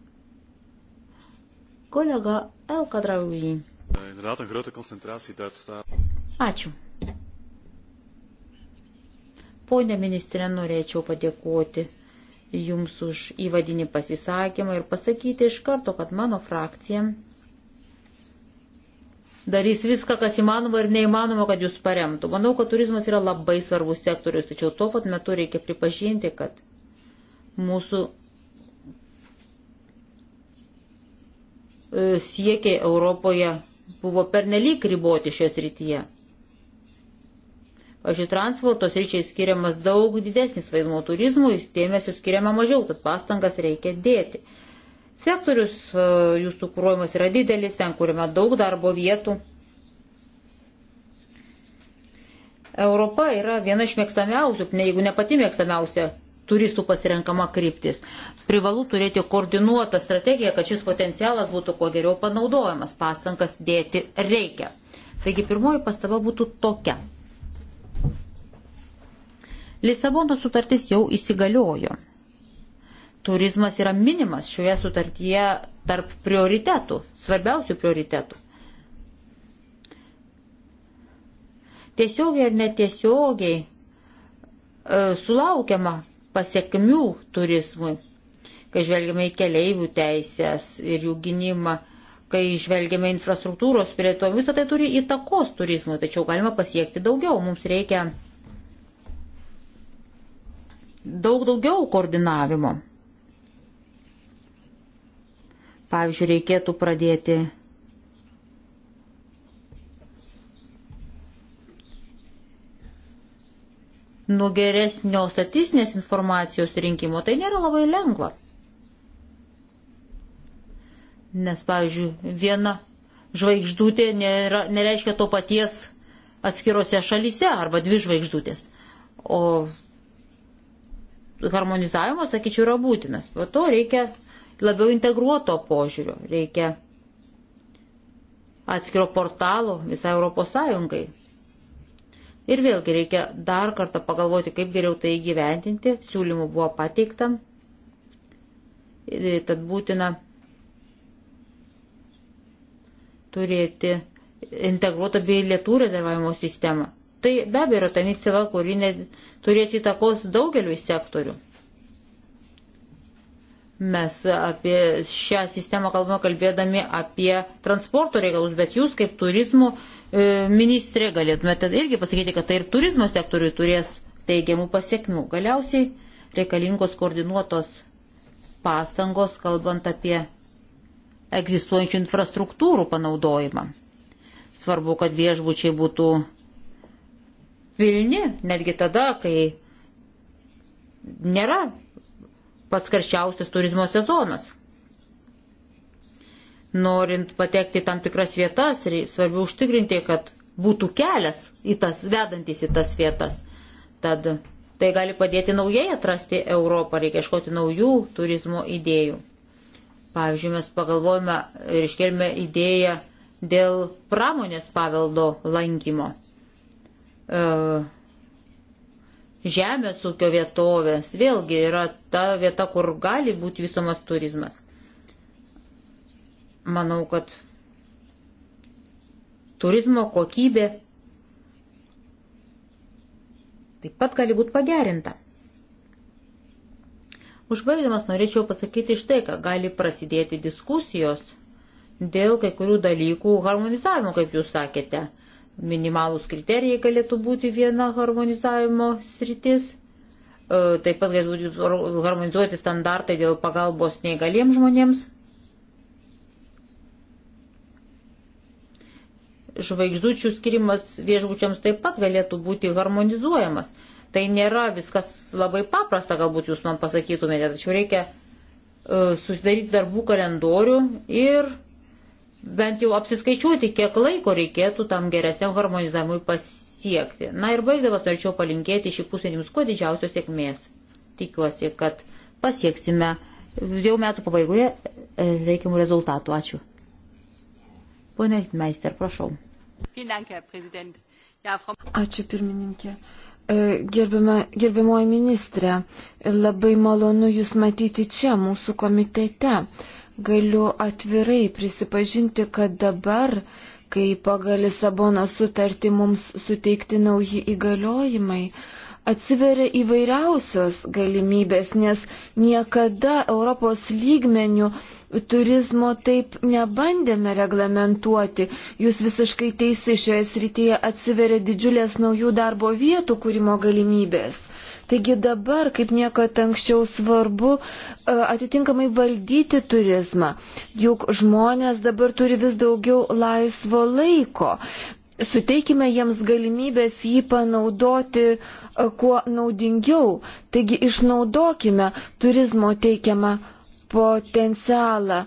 Kolega El Kadraujai. Eh, inderdaad, een grote concentratie Duitsstaat. Ačiū. Pone ministrė, norėčiau padėkoti Jums už įvadinį pasisakymą ir pasakyti iš karto, kad mano frakcija darys viską, kas įmanoma ir neįmanoma, kad Jūs paremtų. Manau, kad turizmas yra labai svarbus sektorius, tačiau tuo pat metu reikia pripažinti, kad mūsų e, siekiai Europoje buvo pernelyg riboti šios rytyje. Pavyzdžiui, transporto sričiai skiriamas daug didesnis vaidmo turizmui, dėmesio skiriama mažiau, tad pastangas reikia dėti. Sektorius e, jūsų kūruojamas yra didelis, ten kūrime daug darbo vietų. Europa yra viena iš mėgstamiausių, ne, jeigu ne pati mėgstamiausia turistų pasirenkama kryptis. Privalu turėti koordinuotą strategiją, kad šis potencialas būtų kuo geriau panaudojamas. Pastangas dėti reikia. Taigi pirmoji pastaba būtų tokia. Lisabono sutartis jau įsigaliojo. Turizmas yra minimas šioje sutartyje tarp prioritetų, svarbiausių prioritetų. Tiesiogiai ir netiesiogiai e, sulaukiama pasiekmių turizmui, kai žvelgiame į keleivių teisės ir jų gynimą, kai žvelgiame infrastruktūros prie to, visą tai turi įtakos turizmui, tačiau galima pasiekti daugiau. Mums reikia daug daugiau koordinavimo. Pavyzdžiui, reikėtų pradėti nuo geresnio statistinės informacijos rinkimo. Tai nėra labai lengva. Nes, pavyzdžiui, viena žvaigždutė nėra, nereiškia to paties atskirose šalyse arba dvi žvaigždutės. O harmonizavimas, sakyčiau, yra būtinas. Po to reikia labiau integruoto požiūrio, reikia atskiro portalo visai Europos Sąjungai. Ir vėlgi reikia dar kartą pagalvoti, kaip geriau tai įgyventinti. Siūlymų buvo pateikta. Tad būtina turėti integruotą bei lietų rezervavimo sistemą. Tai be abejo yra ta iniciatyva, kuri turės įtakos daugeliu sektorių. Mes apie šią sistemą kalbame kalbėdami apie transporto reikalus, bet jūs kaip turizmo E, ministrė, galėtumėte irgi pasakyti, kad tai ir turizmo sektoriui turės teigiamų pasiekmių. Galiausiai reikalingos koordinuotos pastangos, kalbant apie egzistuojančių infrastruktūrų panaudojimą. Svarbu, kad viešbučiai būtų pilni, netgi tada, kai nėra pats karščiausias turizmo sezonas norint patekti į tam tikras vietas, svarbu užtikrinti, kad būtų kelias į tas, vedantis į tas vietas. Tad tai gali padėti naujai atrasti Europą, reikia iškoti naujų turizmo idėjų. Pavyzdžiui, mes pagalvojame ir iškelme idėją dėl pramonės paveldo lankymo. E, žemės ūkio vietovės vėlgi yra ta vieta, kur gali būti visomas turizmas. Manau, kad turizmo kokybė taip pat gali būti pagerinta. Užbaigdamas norėčiau pasakyti štai, kad gali prasidėti diskusijos dėl kai kurių dalykų harmonizavimo, kaip jūs sakėte. Minimalūs kriterijai galėtų būti viena harmonizavimo sritis. E, taip pat galėtų būti harmonizuoti standartai dėl pagalbos neįgaliems žmonėms. žvaigždučių skirimas viešbučiams taip pat galėtų būti harmonizuojamas. Tai nėra viskas labai paprasta, galbūt jūs man pasakytumėte, tačiau reikia uh, susidaryti darbų kalendorių ir bent jau apsiskaičiuoti, kiek laiko reikėtų tam geresniam harmonizavimui pasiekti. Na ir baigdamas norėčiau palinkėti šį pusmetį jums kuo didžiausios sėkmės. Tikiuosi, kad pasieksime jau metų pabaigoje e, reikiamų rezultatų. Ačiū. Pone Meister, prašau. Ačiū pirmininkė. E, Gerbima, gerbiamoji ministrė, labai malonu Jūs matyti čia, mūsų komitete. Galiu atvirai prisipažinti, kad dabar, kai pagal Lisabono sutartį mums suteikti nauji įgaliojimai, uh, atsiveria įvairiausios galimybės, nes niekada Europos lygmenių turizmo taip nebandėme reglamentuoti. Jūs visiškai teisi, šioje srityje atsiveria didžiulės naujų darbo vietų kūrimo galimybės. Taigi dabar, kaip niekad anksčiau, svarbu e, atitinkamai valdyti turizmą, juk žmonės dabar turi vis daugiau laisvo laiko suteikime jiems galimybės jį panaudoti e, kuo naudingiau. Taigi išnaudokime turizmo teikiamą potencialą.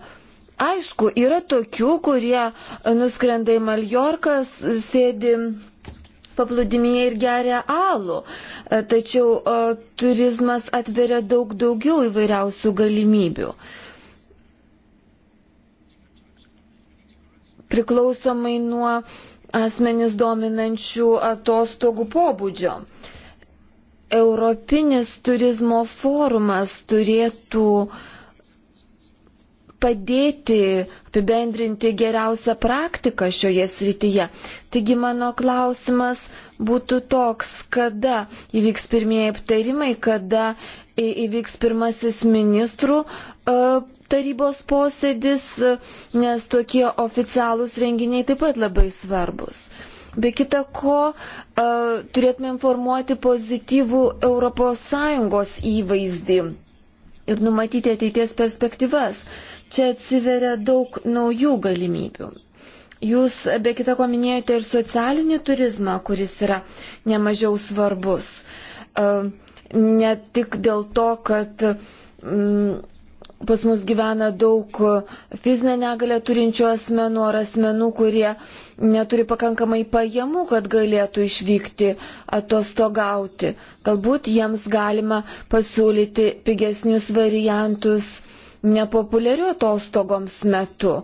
Aišku, yra tokių, kurie e, nuskrenda į Maljorką, sėdi paplūdimyje ir geria alų. E, tačiau o, turizmas atveria daug daugiau įvairiausių galimybių. Priklausomai nuo asmenis dominančių atostogų pobūdžio. Europinis turizmo forumas turėtų padėti apibendrinti geriausią praktiką šioje srityje. Taigi mano klausimas būtų toks, kada įvyks pirmieji aptarimai, kada įvyks pirmasis ministrų e, tarybos posėdis, nes tokie oficialūs renginiai taip pat labai svarbus. Be kita ko, e, turėtume informuoti pozityvų ES įvaizdį ir numatyti ateities perspektyvas. Čia atsiveria daug naujų galimybių. Jūs be kita ko minėjote ir socialinį turizmą, kuris yra nemažiau svarbus. E, ne tik dėl to, kad mm, pas mus gyvena daug fizinę negalę turinčių asmenų ar asmenų, kurie neturi pakankamai pajamų, kad galėtų išvykti atostogauti. Galbūt jiems galima pasiūlyti pigesnius variantus nepopuliarių atostogoms metu.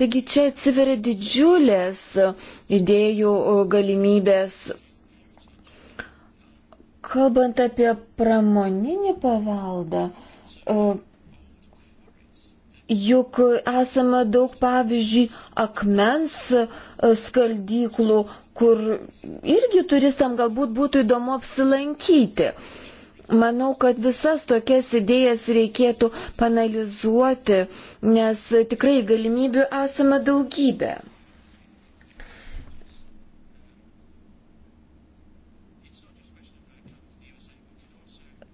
Taigi čia atsiveria didžiulės idėjų galimybės. Kalbant apie pramoninį pavaldą, e, Juk esame daug, pavyzdžiui, akmens e, skaldyklų, kur irgi turistam galbūt būtų įdomu apsilankyti. Manau, kad visas tokias idėjas reikėtų panalizuoti, nes tikrai galimybių esame daugybė.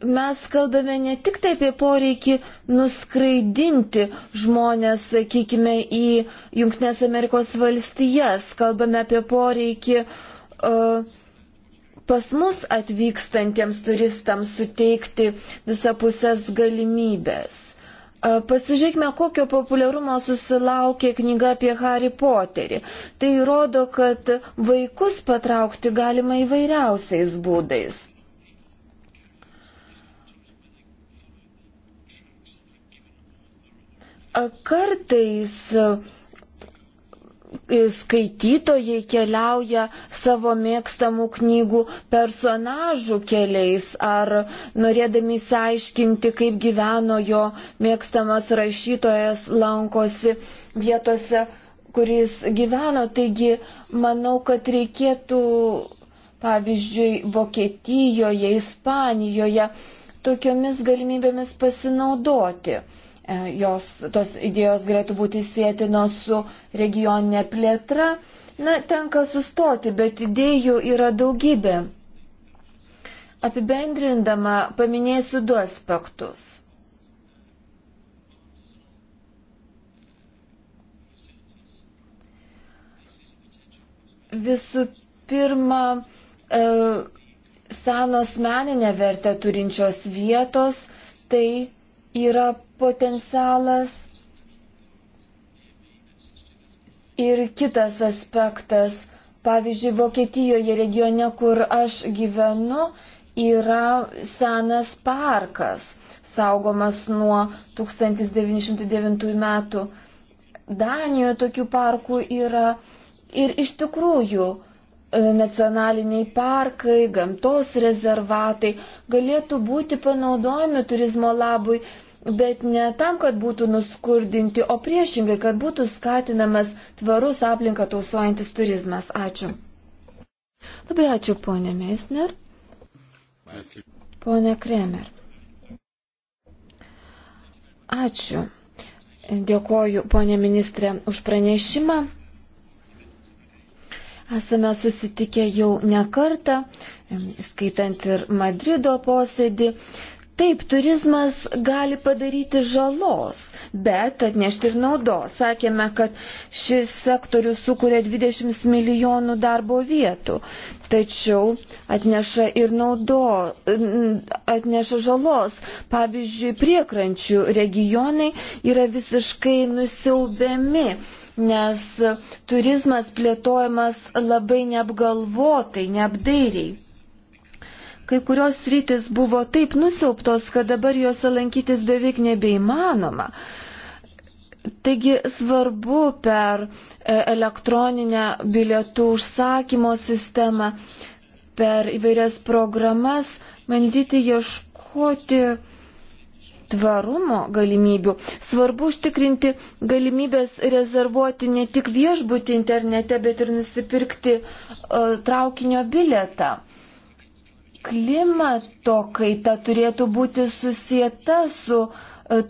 mes kalbame ne tik tai apie poreikį nuskraidinti žmonės, sakykime, į Junktinės Amerikos valstijas, kalbame apie poreikį uh, pas mus atvykstantiems turistams suteikti visapusės galimybės. Uh, pasižiūrėkime, kokio populiarumo susilaukė knyga apie Harry Potterį. Tai rodo, kad vaikus patraukti galima įvairiausiais būdais. Kartais e, skaitytojai keliauja savo mėgstamų knygų personažų keliais ar norėdami įsiaiškinti, kaip gyveno jo mėgstamas rašytojas, lankosi vietose, kuris gyveno. Taigi, manau, kad reikėtų, pavyzdžiui, Vokietijoje, Ispanijoje tokiomis galimybėmis pasinaudoti. E, jos, tos idėjos galėtų būti sėtinos su regioninė plėtra. Na, tenka sustoti, bet idėjų yra daugybė. Apibendrindama paminėsiu du aspektus. Visų pirma, e, senos meninę vertę turinčios vietos tai yra potencialas. Ir kitas aspektas, pavyzdžiui, Vokietijoje regione, kur aš gyvenu, yra senas parkas, saugomas nuo 1909 metų. Danijoje tokių parkų yra. Ir iš tikrųjų, E, nacionaliniai parkai, gamtos rezervatai galėtų būti panaudojami turizmo labui, bet ne tam, kad būtų nuskurdinti, o priešingai, kad būtų skatinamas tvarus aplinką tausojantis turizmas. Ačiū. Labai ačiū, ponė Meisner. Pone Kremer. Ačiū. Dėkoju, ponė ministrė, už pranešimą. Esame susitikę jau ne kartą, skaitant ir Madrido posėdį. Taip, turizmas gali padaryti žalos, bet atnešti ir naudos. Sakėme, kad šis sektorius sukuria 20 milijonų darbo vietų, tačiau atneša ir naudo, atneša žalos. Pavyzdžiui, priekrančių regionai yra visiškai nusiaubiami nes turizmas plėtojamas labai neapgalvotai, neapdairiai. Kai kurios rytis buvo taip nusiauptos, kad dabar juose lankytis beveik nebeįmanoma. Taigi svarbu per e, elektroninę bilietų užsakymo sistemą, per įvairias programas bandyti ieškoti tvarumo galimybių. Svarbu užtikrinti galimybės rezervuoti ne tik viešbutį internete, bet ir nusipirkti uh, traukinio biletą. Klimato kaita turėtų būti susieta su uh,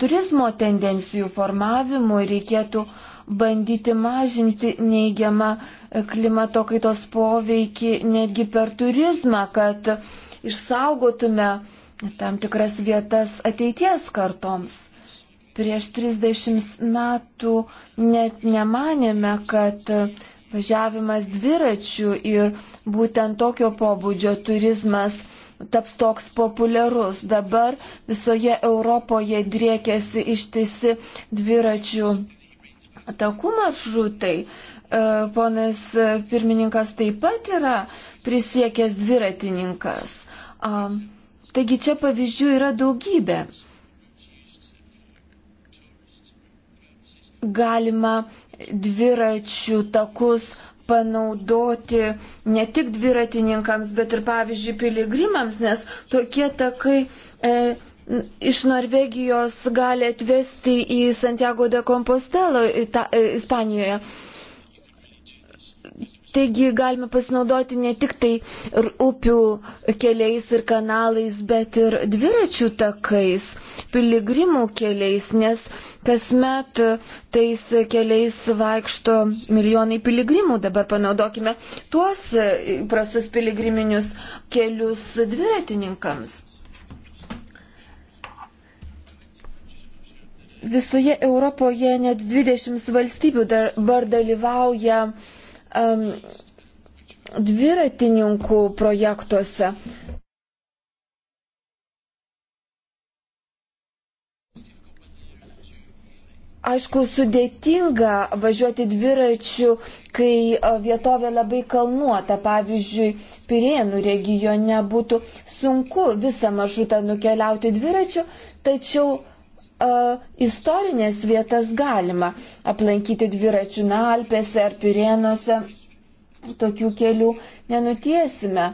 turizmo tendencijų formavimu ir reikėtų bandyti mažinti neigiamą e, klimato kaitos poveikį netgi per turizmą, kad išsaugotume uh, tam tikras vietas ateities kartoms. Prieš 30 metų net nemanėme, kad važiavimas dviračių ir būtent tokio pobūdžio turizmas taps toks populiarus. Dabar visoje Europoje driekiasi ištisi dviračių takų maršrutai. E, ponas pirmininkas taip pat yra prisiekęs dviratininkas. Um, Taigi čia pavyzdžių yra daugybė. Galima dviračių takus panaudoti ne tik dviratininkams, bet ir pavyzdžiui piligrimams, nes tokie takai e, iš Norvegijos gali atvesti į Santiago de Compostelo Ita, e, Ispanijoje. E, Taigi galime pasinaudoti ne tik tai upių keliais ir kanalais, bet ir dviračių takais, piligrimų keliais, nes kasmet tais keliais vaikšto milijonai piligrimų. Dabar panaudokime tuos prastus piligriminius kelius dviratininkams. Visoje Europoje net 20 valstybių dabar dalyvauja uh, um, dviratininkų projektuose. Aišku, sudėtinga važiuoti dviračiu, kai vietovė labai kalnuota. Pavyzdžiui, Pirėnų regione būtų sunku visą maršrutą nukeliauti dviračiu, tačiau istorinės vietas galima aplankyti dviračių Nalpėse ar Pirėnuose. Tokių kelių nenutiesime.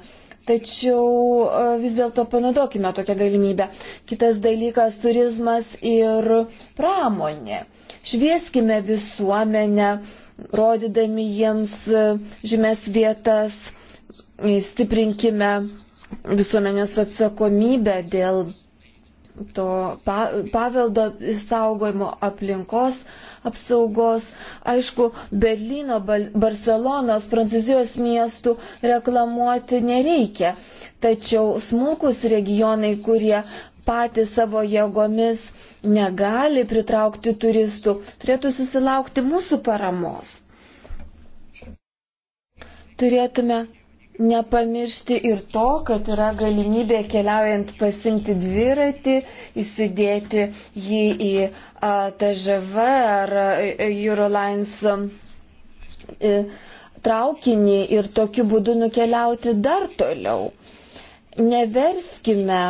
Tačiau vis dėlto panaudokime tokią galimybę. Kitas dalykas - turizmas ir pramonė. Švieskime visuomenę, rodydami jiems žymės vietas, stiprinkime visuomenės atsakomybę dėl to pa, paveldo saugojimo aplinkos apsaugos. Aišku, Berlyno, Bal Barcelonos, Prancūzijos miestų reklamuoti nereikia. Tačiau smulkus regionai, kurie patys savo jėgomis negali pritraukti turistų, turėtų susilaukti mūsų paramos. Turėtume nepamiršti ir to, kad yra galimybė keliaujant pasimti dviratį, įsidėti jį į TŽV ar Eurolines e, traukinį ir tokiu būdu nukeliauti dar toliau. Neverskime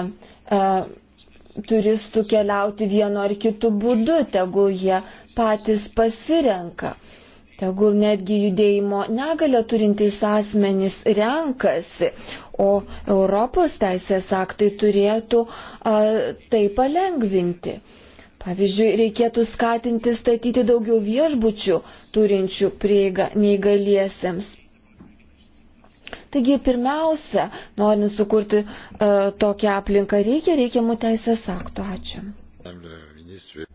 turistų keliauti vienu ar kitu būdu, tegul jie patys pasirenka. Tegul netgi judėjimo negalę turintys asmenys renkasi, o Europos teisės aktai turėtų a, tai palengvinti. Pavyzdžiui, reikėtų skatinti statyti daugiau viešbučių turinčių prieigą neįgaliesiems. Taigi, pirmiausia, norint sukurti e, tokią aplinką, reikia reikiamų teisės aktų. Ačiū.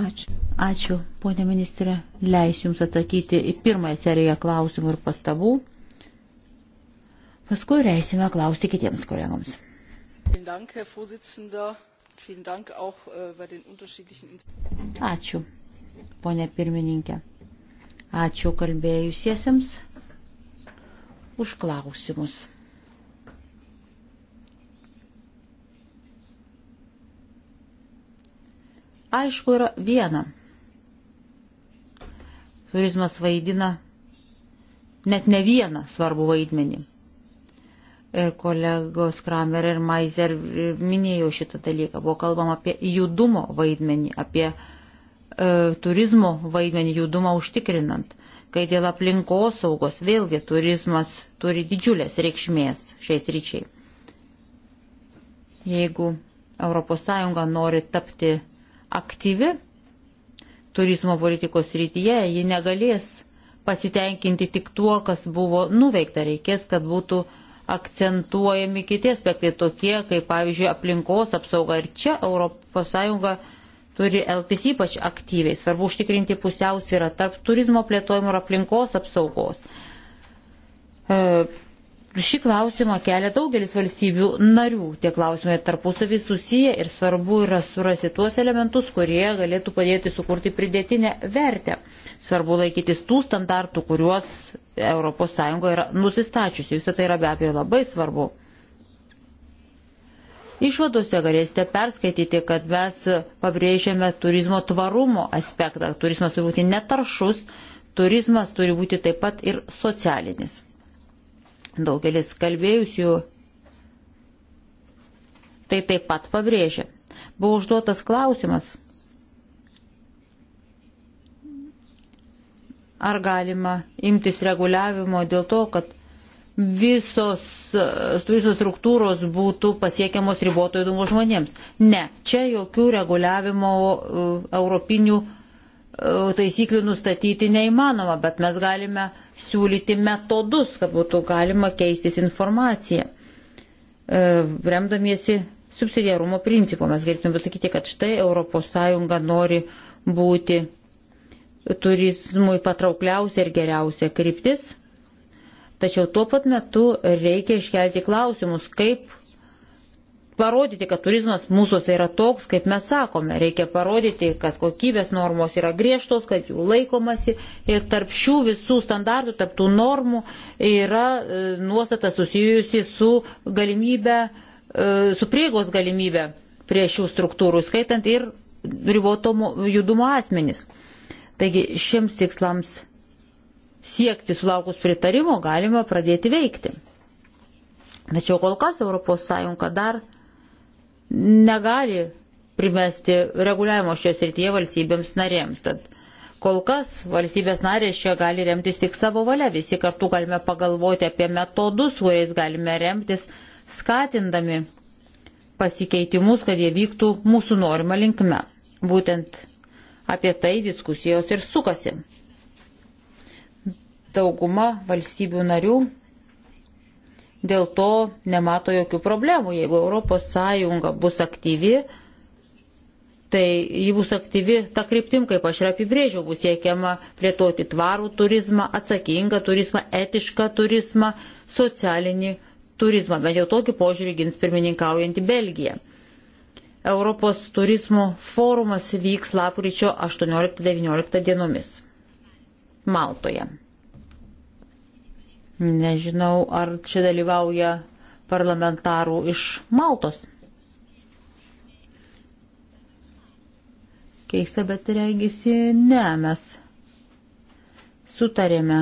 Ačiū. Ačiū, ponė ministrė. Leisiu Jums atsakyti į pirmąją seriją klausimų ir pastabų. Paskui leisime klausti kitiems kolegoms. Äh, Ačiū, ponė pirmininkė. Ačiū kalbėjusiesiems už klausimus. aišku yra viena. Turizmas vaidina net ne vieną svarbų vaidmenį. Ir kolegos Kramer ir Maiser minėjo šitą dalyką. Buvo kalbama apie judumo vaidmenį, apie e, turizmo vaidmenį judumą užtikrinant. Kai dėl aplinkos saugos, vėlgi turizmas turi didžiulės reikšmės šiais ryčiai. Jeigu ES nori tapti aktyvi turizmo politikos rytyje, ji negalės pasitenkinti tik tuo, kas buvo nuveikta. Reikės, kad būtų akcentuojami kiti aspektai, tokie kaip, pavyzdžiui, aplinkos apsauga. Ir čia ES turi elgtis ypač aktyviai. Svarbu užtikrinti pusiausvyrą tarp turizmo plėtojimo ir aplinkos apsaugos. E, Šį klausimą kelia daugelis valstybių narių. Tie klausimai tarpusavį susiję ir svarbu yra surasti tuos elementus, kurie galėtų padėti sukurti pridėtinę vertę. Svarbu laikytis tų standartų, kuriuos ES yra nusistačiusi. Visą tai yra be abejo labai svarbu. Išvadose galėsite perskaityti, kad mes pabrėžiame turizmo tvarumo aspektą. Turizmas turi būti netaršus, turizmas turi būti taip pat ir socialinis. Daugelis kalbėjusių tai taip pat pabrėžė. Buvo užduotas klausimas, ar galima imtis reguliavimo dėl to, kad visos turistų struktūros būtų pasiekiamos ribotojų dumo žmonėms. Ne, čia jokių reguliavimo uh, europinių uh, taisyklių nustatyti neįmanoma, bet mes galime siūlyti metodus, kad būtų galima keistis informaciją. E, remdamiesi subsidiarumo principu mes galėtume pasakyti, kad štai ES nori būti turizmui patraukliausia ir geriausia kryptis, tačiau tuo pat metu reikia iškelti klausimus, kaip parodyti, kad turizmas mūsųse yra toks, kaip mes sakome. Reikia parodyti, kad kokybės normos yra griežtos, kad jų laikomasi. Ir tarp šių visų standartų, tarp tų normų yra e, nuostata susijusi su galimybė, e, su priegos galimybė prie šių struktūrų, skaitant ir riboto judumo asmenys. Taigi šiems tikslams siekti sulaukus pritarimo galima pradėti veikti. Tačiau kol kas ES dar negali primesti reguliavimo šioje srityje valstybėms narėms. Tad kol kas valstybės narės čia gali remtis tik savo valia. Visi kartu galime pagalvoti apie metodus, kuriais galime remtis, skatindami pasikeitimus, kad jie vyktų mūsų norima linkme. Būtent apie tai diskusijos ir sukasi. Dauguma valstybių narių dėl to nemato jokių problemų. Jeigu ES bus aktyvi, tai ji bus aktyvi tą kryptim, kaip aš ir apibrėžiau, bus siekiama plėtoti tvarų turizmą, atsakingą turizmą, etišką turizmą, socialinį turizmą. Bent jau tokį požiūrį gins pirmininkaujantį Belgiją. Europos turizmo forumas vyks lapkričio 18-19 dienomis Maltoje. Nežinau, ar čia dalyvauja parlamentarų iš Maltos. Keista, bet regisi, ne, mes sutarėme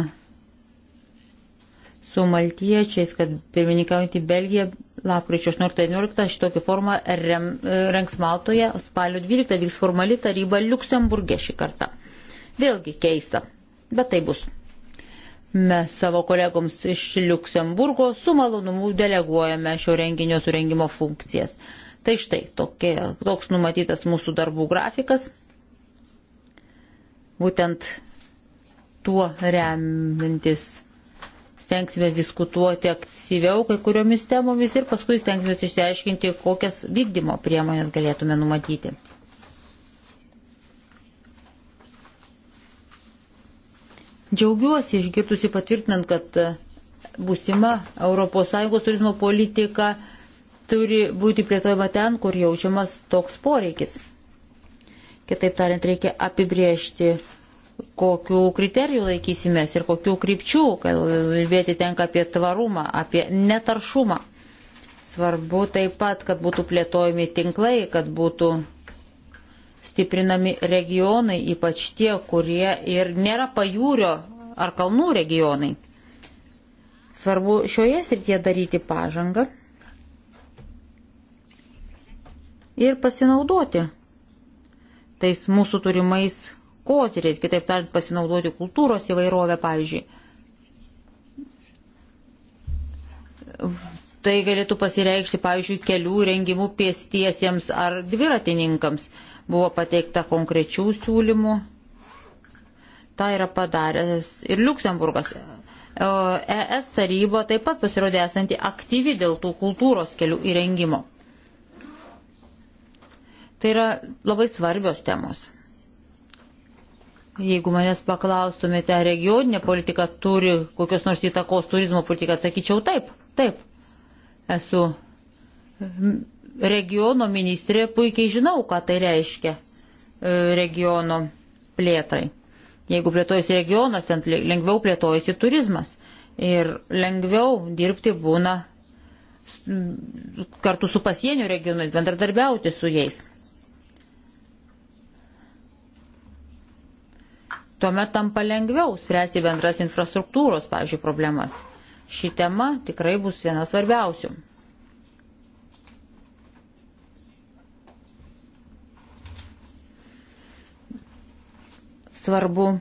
su maltiečiais, kad pirmininkaujantį Belgiją lapkričio 18-19 šitokį formą rem, renks Maltoje, spalio 12 vyks formali taryba Luksemburgė šį kartą. Vėlgi keista, bet tai bus. Mes savo kolegoms iš Luksemburgo su malonumu deleguojame šio renginio surengimo funkcijas. Tai štai tokie, toks numatytas mūsų darbų grafikas. Būtent tuo remintis stengsime diskutuoti aktyviau kai kuriomis temomis ir paskui stengsime išsiaiškinti, kokias vykdymo priemonės galėtume numatyti. Džiaugiuosi išgirdusi patvirtinant, kad e, būsima ES turizmo politika turi būti plėtojama ten, kur jaučiamas toks poreikis. Kitaip tariant, reikia apibriežti, kokiu kriteriju laikysimės ir kokiu krypčiu, kalbėti tenka apie tvarumą, apie netaršumą. Svarbu taip pat, kad būtų plėtojami tinklai, kad būtų stiprinami regionai, ypač tie, kurie ir nėra pajūrio ar kalnų regionai. Svarbu šioje srityje daryti pažangą ir pasinaudoti tais mūsų turimais kotyriais, kitaip tariant, pasinaudoti kultūros įvairovę, pavyzdžiui. Tai galėtų pasireikšti, pavyzdžiui, kelių rengimų pėstiesiems ar dviratininkams. Buvo pateikta konkrečių siūlymų. Ta yra padaręs ir Luksemburgas. ES e taryba taip pat pasirodė esanti aktyvi dėl tų kultūros kelių įrengimo. Tai yra labai svarbios temos. Jeigu manęs paklaustumėte, ar regioninė politika turi kokios nors įtakos turizmo politiką, atsakyčiau taip, taip. Esu regiono ministrė puikiai žinau, ką tai reiškia e, regiono plėtrai. Jeigu plėtojasi regionas, ten lengviau plėtojasi turizmas ir lengviau dirbti būna kartu su pasienio regionais, bendradarbiauti su jais. Tuomet tampa lengviau spręsti bendras infrastruktūros, pavyzdžiui, problemas. Ši tema tikrai bus viena svarbiausių. Svarbu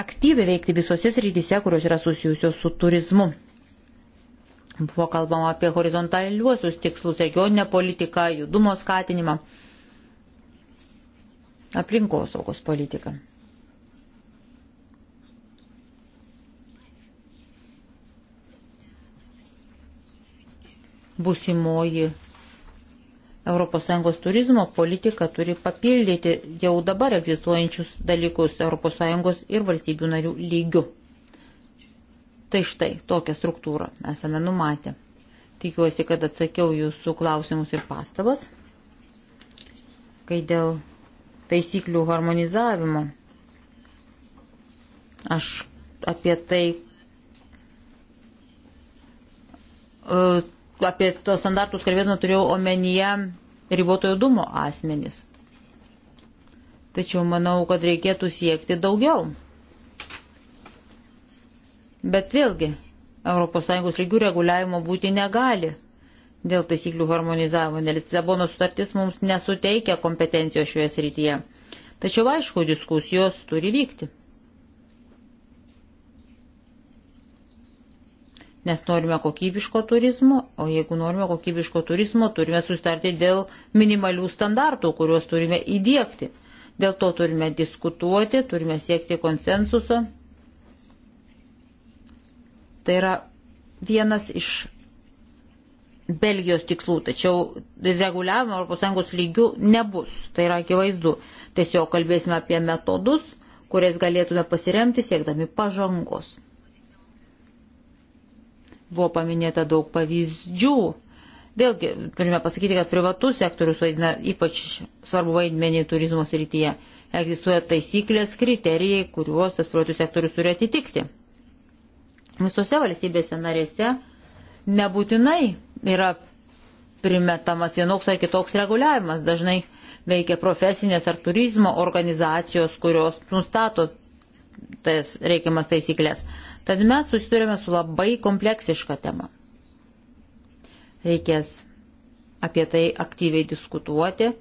aktyviai veikti visose srityse, kurios yra susijusios su turizmu. Buvo kalbama apie horizontaliuosius tikslus, regioninę politiką, judumo skatinimą, aplinkosaugos politiką. Būsimoji ES turizmo politika turi papildyti jau dabar egzistuojančius dalykus ES ir valstybių narių lygių. Tai štai tokią struktūrą esame numatę. Tikiuosi, kad atsakiau jūsų klausimus ir pastabas, kai dėl taisyklių harmonizavimo aš apie tai e, apie tos standartus kalbėdama turėjau omenyje riboto judumo asmenys. Tačiau manau, kad reikėtų siekti daugiau. Bet vėlgi, ES lygių reguliavimo būti negali dėl taisyklių harmonizavimo, nes Lisabono sutartis mums nesuteikia kompetencijos šioje srityje. Tačiau aišku, diskusijos turi vykti. nes norime kokybiško turizmo, o jeigu norime kokybiško turizmo, turime sustarti dėl minimalių standartų, kuriuos turime įdėkti. Dėl to turime diskutuoti, turime siekti konsensuso. Tai yra vienas iš Belgijos tikslų, tačiau reguliavimo ES lygių nebus. Tai yra akivaizdu. Tiesiog kalbėsime apie metodus, kuriais galėtume pasiremti siekdami pažangos. Buvo paminėta daug pavyzdžių. Vėlgi, turime pasakyti, kad privatus sektorius vaidina ypač svarbu vaidmenį turizmo srityje. Egzistuoja taisyklės, kriterijai, kuriuos tas privatus sektorius turi atitikti. Visose valstybėse narėse nebūtinai yra primetamas vienoks ar kitoks reguliavimas. Dažnai veikia profesinės ar turizmo organizacijos, kurios nustato tas reikiamas taisyklės. Tad mes susidurėme su labai kompleksiška tema. Reikės apie tai aktyviai diskutuoti.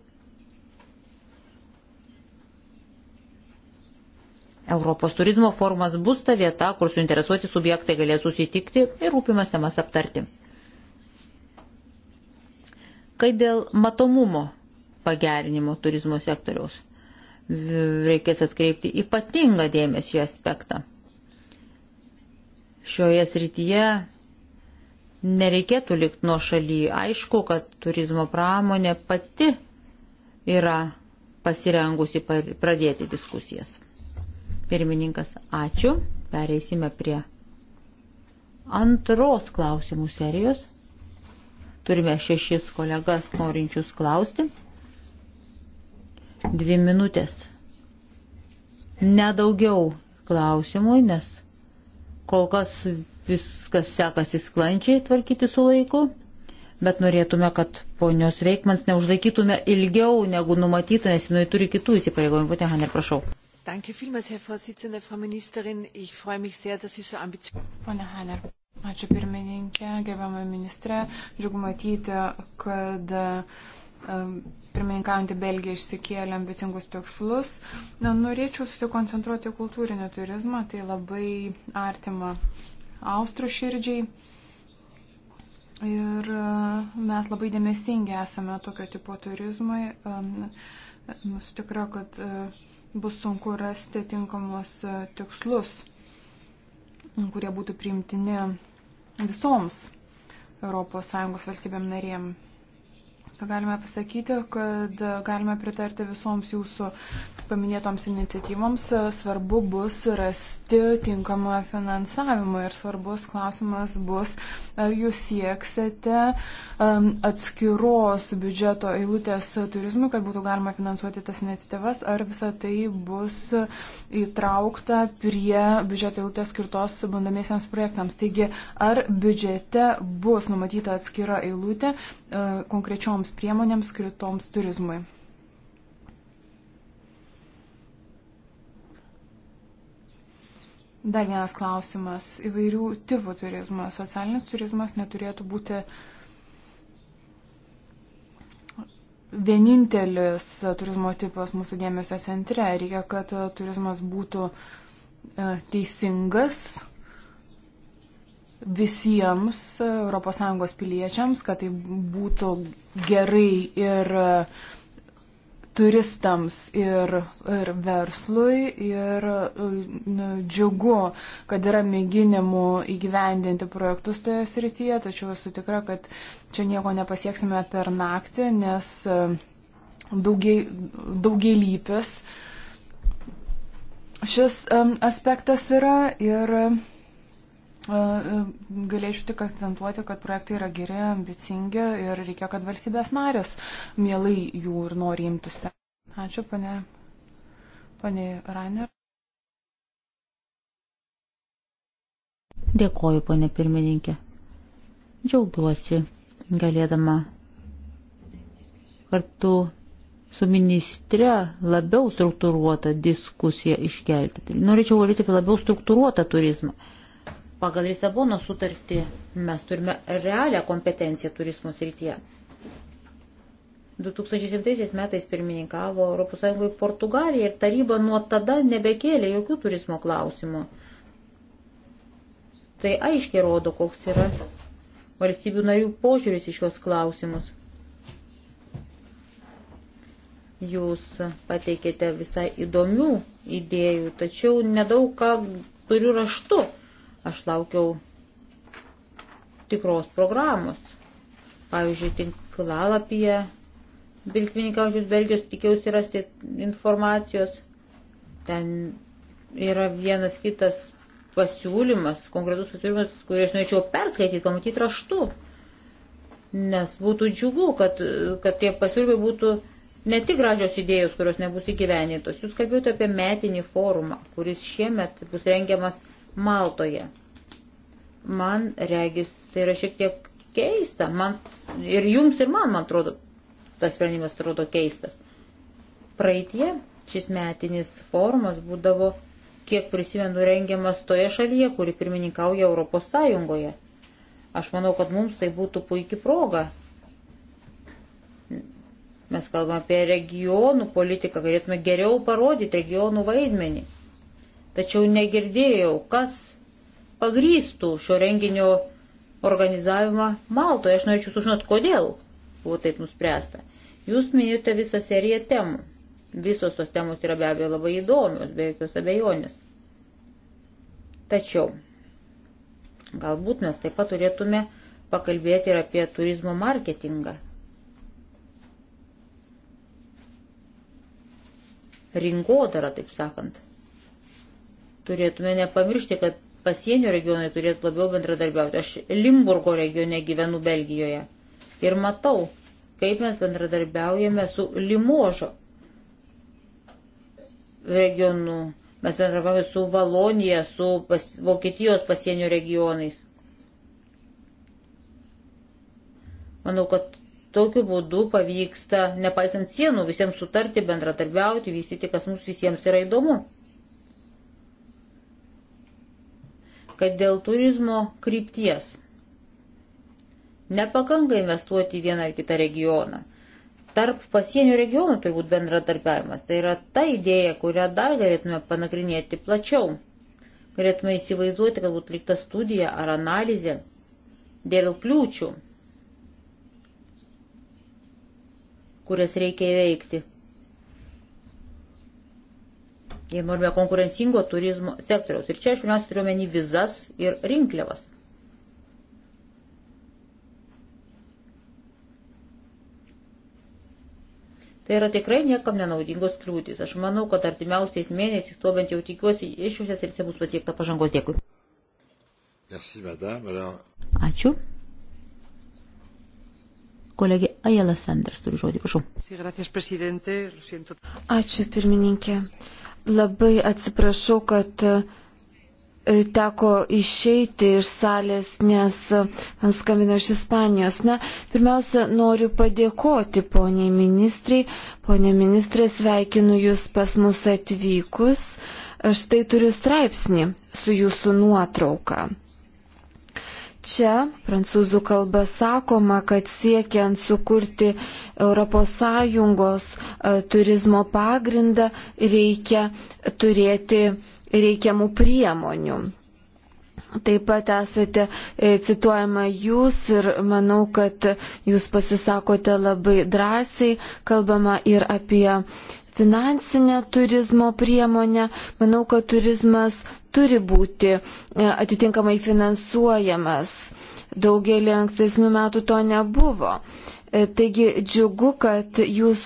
Europos turizmo formas bus ta vieta, kur suinteresuoti subjektai galės susitikti ir rūpimas temas aptarti. Kai dėl matomumo pagerinimo turizmo sektoriaus reikės atkreipti ypatingą dėmesį aspektą šioje srityje nereikėtų likti nuo šaly. Aišku, kad turizmo pramonė pati yra pasirengusi pradėti diskusijas. Pirmininkas, ačiū. Pereisime prie antros klausimų serijos. Turime šešis kolegas norinčius klausti. Dvi minutės. Nedaugiau klausimui, nes Kol kas viskas sekasi sklandžiai tvarkyti su laiku, bet norėtume, kad ponios Veikmans neužlaikytume ilgiau negu numatyta, nes jinai turi kitų įsipareigojimų. Pate Haner, prašau. Danke vielmals, Herr Vorsitzender, Frau Ministerin. Ich freue mich sehr, dass Sie so ambitioniert sind. Pone Haner, ačiū pirmininkė, gerbiamą ministrę. Džiugu matyti, kad uh, pirmininkaujantį Belgiją išsikėlė ambicingus tikslus. Na, norėčiau susikoncentruoti kultūrinį turizmą, tai labai artima austrų širdžiai. Ir e, mes labai dėmesingi esame tokio tipo turizmui. Esu tikra, kad e, bus sunku rasti tinkamus e, tikslus, kurie būtų priimtini visoms ES valstybėm narėm. Galime pasakyti, kad galime pritarti visoms jūsų paminėtoms iniciatyvoms. Svarbu bus rasti tinkamą finansavimą ir svarbus klausimas bus, ar jūs sieksite um, atskiros biudžeto eilutės turizmui, kad būtų galima finansuoti tas iniciatyvas, ar visa tai bus įtraukta prie biudžeto eilutės skirtos bandomiesiams projektams. Taigi, ar biudžete bus numatyta atskira eilutė uh, konkrečioms papildomoms priemonėms skirtoms turizmui. Dar vienas klausimas. Įvairių tipų turizmas. Socialinis turizmas neturėtų būti vienintelis turizmo tipas mūsų dėmesio centre. Reikia, kad turizmas būtų e, teisingas, visiems ES piliečiams, kad tai būtų gerai ir e, turistams ir, ir verslui. Ir e, nu, džiugu, kad yra mėginimų įgyvendinti projektus toje srityje, tačiau esu tikra, kad čia nieko nepasieksime per naktį, nes e, daugiai, daugialypis šis um, aspektas yra ir um, E, galėčiau tik akcentuoti, kad projektai yra geri, ambicingi ir reikia, kad valstybės narės mielai jų ir nori imtųsi. Ačiū, pane, pane Rainer. Dėkoju, pane pirmininkė. Džiaugiuosi galėdama kartu su ministre labiau struktūruotą diskusiją iškelti. Norėčiau galvoti apie labiau struktūruotą turizmą. Pagal Lisabono sutartį mes turime realią kompetenciją turizmo srityje. 2007 metais pirmininkavo ES Portugalija ir taryba nuo tada nebekėlė jokių turizmo klausimų. Tai aiškiai rodo, koks yra valstybių narių požiūris į šios klausimus. Jūs pateikėte visai įdomių idėjų, tačiau nedaug ką turiu raštu Aš laukiau tikros programos. Pavyzdžiui, tinklalapyje Bilkininkaučius Belgijos tikėjausi rasti informacijos. Ten yra vienas kitas pasiūlymas, konkretus pasiūlymas, kurį aš norėčiau perskaityti, pamatyti raštu. Nes būtų džiugu, kad, kad tie pasiūlymai būtų ne tik gražios idėjos, kurios nebus įgyvenintos. Jūs kalbėjote apie metinį forumą, kuris šiemet bus rengiamas Maltoje. Man regis, tai yra šiek tiek keista. Man, ir jums, ir man, man atrodo, tas sprendimas atrodo keistas. Praeitie šis metinis forumas būdavo, kiek prisimenu, rengiamas toje šalyje, kuri pirmininkauja Europos Sąjungoje. Aš manau, kad mums tai būtų puikia proga. Mes kalbame apie regionų politiką, galėtume geriau parodyti regionų vaidmenį tačiau negirdėjau, kas pagrystų šio renginio organizavimą Maltoje. Aš norėčiau sužinoti, kodėl buvo taip nuspręsta. Jūs minėjote visą seriją temų. Visos tos temos yra be abejo labai įdomios, be jokios abejonės. Tačiau galbūt mes taip pat turėtume pakalbėti ir apie turizmo marketingą. Rinkodara, taip sakant turėtume nepamiršti, kad pasienio regionai turėtų labiau bendradarbiauti. Aš Limburgo regione gyvenu Belgijoje ir matau, kaip mes bendradarbiaujame su Limožo regionu. Mes bendradarbiaujame su Valonija, su pas, Vokietijos pasienio regionais. Manau, kad tokiu būdu pavyksta, nepaisant sienų, visiems sutarti, bendradarbiauti, vystyti, kas mums visiems yra įdomu. kad dėl turizmo krypties nepakanka investuoti į vieną ar kitą regioną. Tarp pasienio regionų turbūt bendradarbiavimas. Tai yra ta idėja, kurią dar galėtume panagrinėti plačiau. Galėtume įsivaizduoti, kad būtų likta studija ar analizė dėl kliūčių, kurias reikia įveikti, jei norime konkurencingo turizmo sektoriaus. Ir čia aš pirmiausia turiu menį vizas ir rinkliavas. Tai yra tikrai niekam nenaudingos kliūtis. Aš manau, kad artimiausiais mėnesiais, tuo bent jau tikiuosi, iš šios srityse bus pasiekta pažangos. Dėkui. Merci, madame. Alors... Ačiū. Kolegė Ajela Sanders turi žodį, prašau. Ačiū, pirmininkė. Labai atsiprašau, kad e, teko išeiti iš salės, nes e, man skambino iš Ispanijos. Na, pirmiausia, noriu padėkoti poniai ministrai. Pone ministrė, sveikinu Jūs pas mus atvykus. Aš tai turiu straipsnį su Jūsų nuotrauka. Čia prancūzų kalba sakoma, kad siekiant sukurti ES e, turizmo pagrindą reikia turėti reikiamų priemonių. Taip pat esate e, cituojama jūs ir manau, kad jūs pasisakote labai drąsiai, kalbama ir apie finansinę turizmo priemonę. Manau, kad turizmas turi būti e, atitinkamai finansuojamas. Daugelį ankstesnių metų to nebuvo. E, taigi džiugu, kad jūs,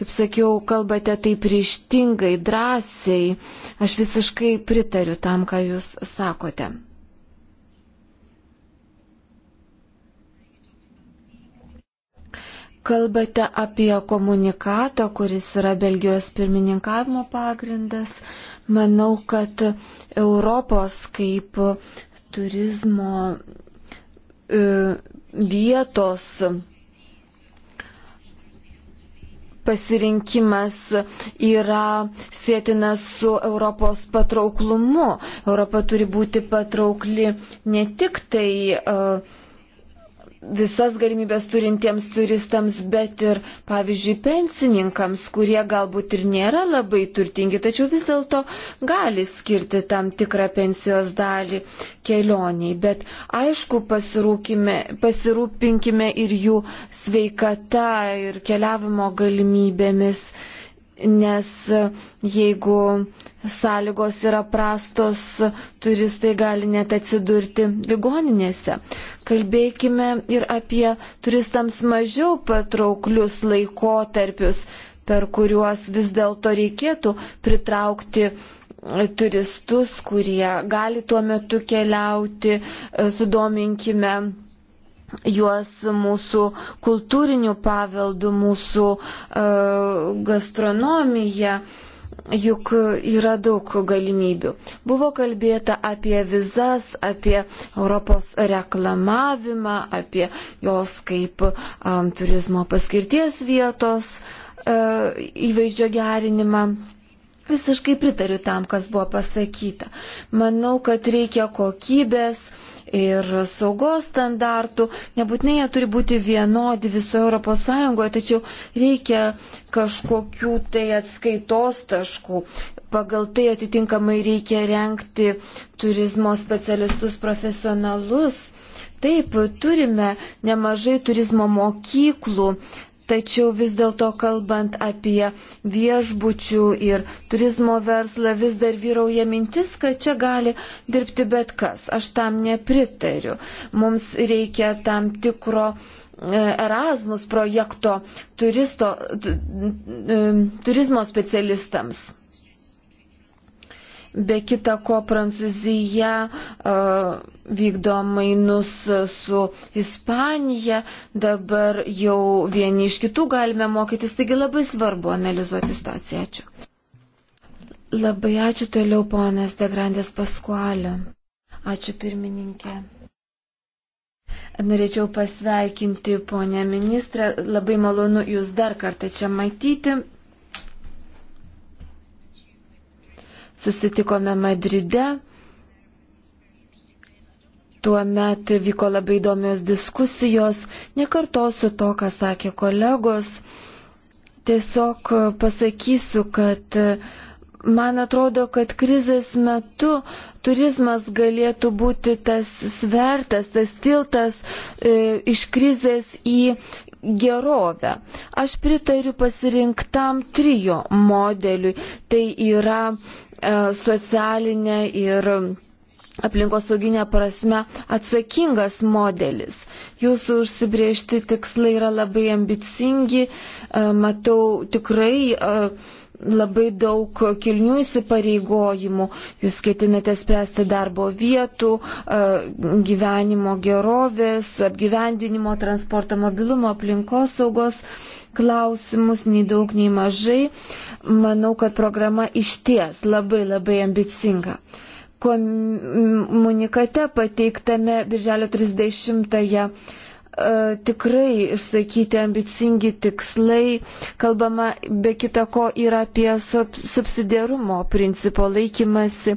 kaip sakiau, kalbate taip ryštingai, drąsiai. Aš visiškai pritariu tam, ką jūs sakote. kalbate apie komunikatą, kuris yra Belgijos pirmininkavimo pagrindas. Manau, kad Europos kaip turizmo e, vietos pasirinkimas yra sėtinas su Europos patrauklumu. Europa turi būti patraukli ne tik tai uh, visas galimybės turintiems turistams, bet ir, pavyzdžiui, pensininkams, kurie galbūt ir nėra labai turtingi, tačiau vis dėlto gali skirti tam tikrą pensijos dalį kelioniai. Bet aišku, pasirūpinkime ir jų sveikata ir keliavimo galimybėmis nes jeigu sąlygos yra prastos, turistai gali net atsidurti ligoninėse. Kalbėkime ir apie turistams mažiau patrauklius laikotarpius, per kuriuos vis dėlto reikėtų pritraukti e, turistus, kurie gali tuo metu keliauti, e, sudominkime juos mūsų kultūriniu paveldu, mūsų uh, gastronomija. Juk yra daug galimybių. Buvo kalbėta apie vizas, apie Europos reklamavimą, apie jos kaip um, turizmo paskirties vietos uh, įvaizdžio gerinimą. Visiškai pritariu tam, kas buvo pasakyta. Manau, kad reikia kokybės, uh, ir saugos standartų. Nebūtinai jie turi būti vienodi visoje ES, tačiau reikia kažkokių tai atskaitos taškų. Pagal tai atitinkamai reikia renkti turizmo specialistus profesionalus. Taip, turime nemažai turizmo mokyklų, Tačiau vis dėlto kalbant apie viešbučių ir turizmo verslą, vis dar vyrauja mintis, kad čia gali dirbti bet kas. Aš tam nepritariu. Mums reikia tam tikro e, Erasmus projekto turisto, e, turizmo specialistams. Be kita ko, Prancūzija uh, vykdo mainus su Ispanija, dabar jau vieni iš kitų galime mokytis, taigi labai svarbu analizuoti situaciją. Ačiū. Labai ačiū toliau, ponas Degrandės Paskualio. Ačiū pirmininkė. Norėčiau pasveikinti ponę ministrę. Labai malonu jūs dar kartą čia matyti. susitikome Madride. Tuomet vyko labai įdomios diskusijos, nekartosiu to, ką sakė kolegos. Tiesiog pasakysiu, kad man atrodo, kad krizės metu turizmas galėtų būti tas svertas, tas tiltas e, iš krizės į gerovę. Aš pritariu pasirinktam trijo modeliui. Tai yra E, socialinė ir aplinkosauginė prasme atsakingas modelis. Jūsų užsibriežti tikslai yra labai ambicingi, e, matau tikrai e, labai daug kilnių įsipareigojimų. Jūs ketinate spręsti darbo vietų, gyvenimo gerovės, apgyvendinimo, transporto mobilumo, aplinkosaugos klausimus, nei daug, nei mažai. Manau, kad programa išties labai labai ambicinga. Komunikate pateiktame birželio 30-ąją e, tikrai išsakyti ambicingi tikslai, kalbama be kita ko ir apie subsidiarumo principo laikymasi,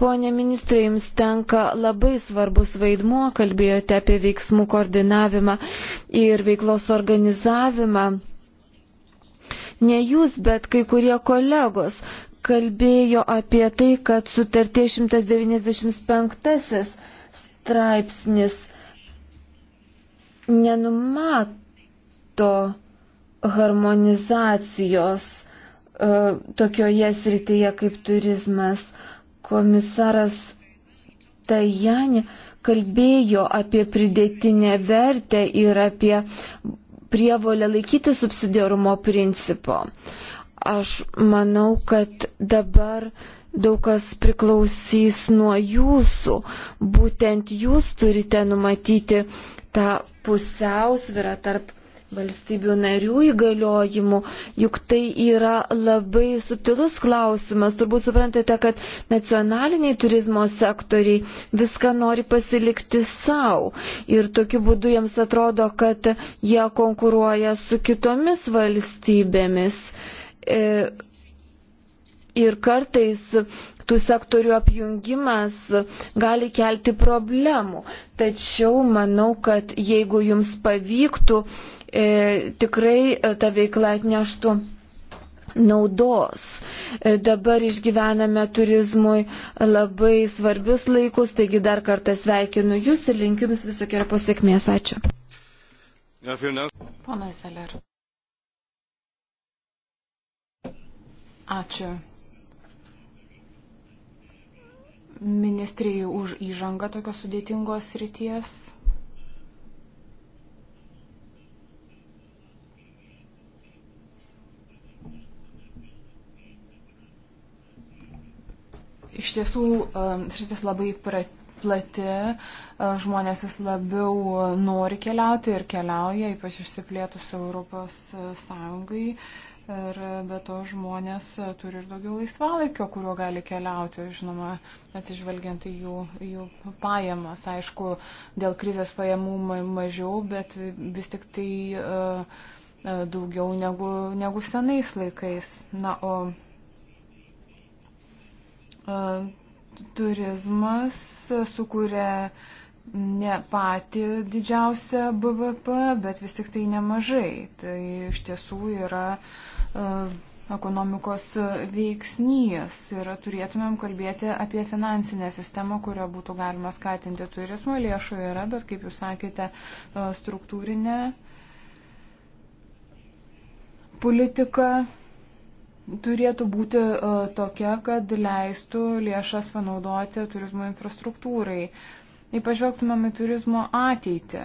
Pone ministrė, jums tenka labai svarbus vaidmuo, kalbėjote apie veiksmų koordinavimą ir veiklos organizavimą. Ne jūs, bet kai kurie kolegos kalbėjo apie tai, kad sutartie 195 straipsnis nenumato harmonizacijos e, tokioje srityje kaip turizmas. E, komisaras Tajani kalbėjo apie pridėtinę vertę ir apie prievolę laikyti subsidiarumo principo. Aš manau, kad dabar daug kas priklausys nuo jūsų. Būtent jūs turite numatyti tą pusiausvyrą tarp valstybių narių įgaliojimų, juk tai yra labai subtilus klausimas. Turbūt suprantate, kad nacionaliniai turizmo sektoriai viską nori pasilikti savo ir tokiu būdu jiems atrodo, kad jie konkuruoja su kitomis valstybėmis. E, ir kartais tų sektorių apjungimas gali kelti problemų. Tačiau manau, kad jeigu jums pavyktų E, tikrai e, ta veikla atneštų naudos. E, dabar išgyvename turizmui labai svarbius laikus, taigi dar kartą sveikinu Jūs ir linkiu Jums visokio pasiekmės. Ačiū. Ponas Zeller. Ačiū ministrijai už įžangą tokios sudėtingos ryties. iš tiesų šitas um, labai plati, uh, žmonės vis labiau uh, nori keliauti ir keliauja, ypač išsiplėtus Europos uh, Sąjungai. Ir be to žmonės turi ir daugiau laisvalaikio, kuriuo gali keliauti, žinoma, atsižvelgiant į jų, jų pajamas. Aišku, dėl krizės pajamų mažiau, bet vis tik tai daugiau negu, negu senais laikais. Na, o turizmas sukuria ne pati didžiausia BVP, bet vis tik tai nemažai. Tai iš tiesų yra ekonomikos veiksnys ir turėtumėm kalbėti apie finansinę sistemą, kurią būtų galima skatinti turizmo. Lėšų yra, bet kaip jūs sakėte, struktūrinė politika turėtų būti e, tokia, kad leistų lėšas panaudoti turizmo infrastruktūrai. Jei pažvelgtumėm į turizmo ateitį,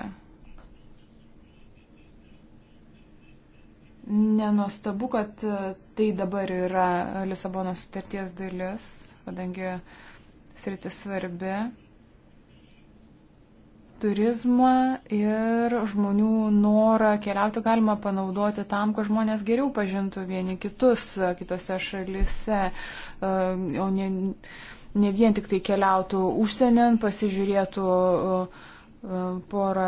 nenostabu, kad e, tai dabar yra Lisabono sutarties dalis, kadangi sritis svarbi turizmą ir žmonių norą keliauti galima panaudoti tam, kad žmonės geriau pažintų vieni kitus e, kitose šalise, e, o ne, ne vien tik tai keliautų užsienien, pasižiūrėtų e, porą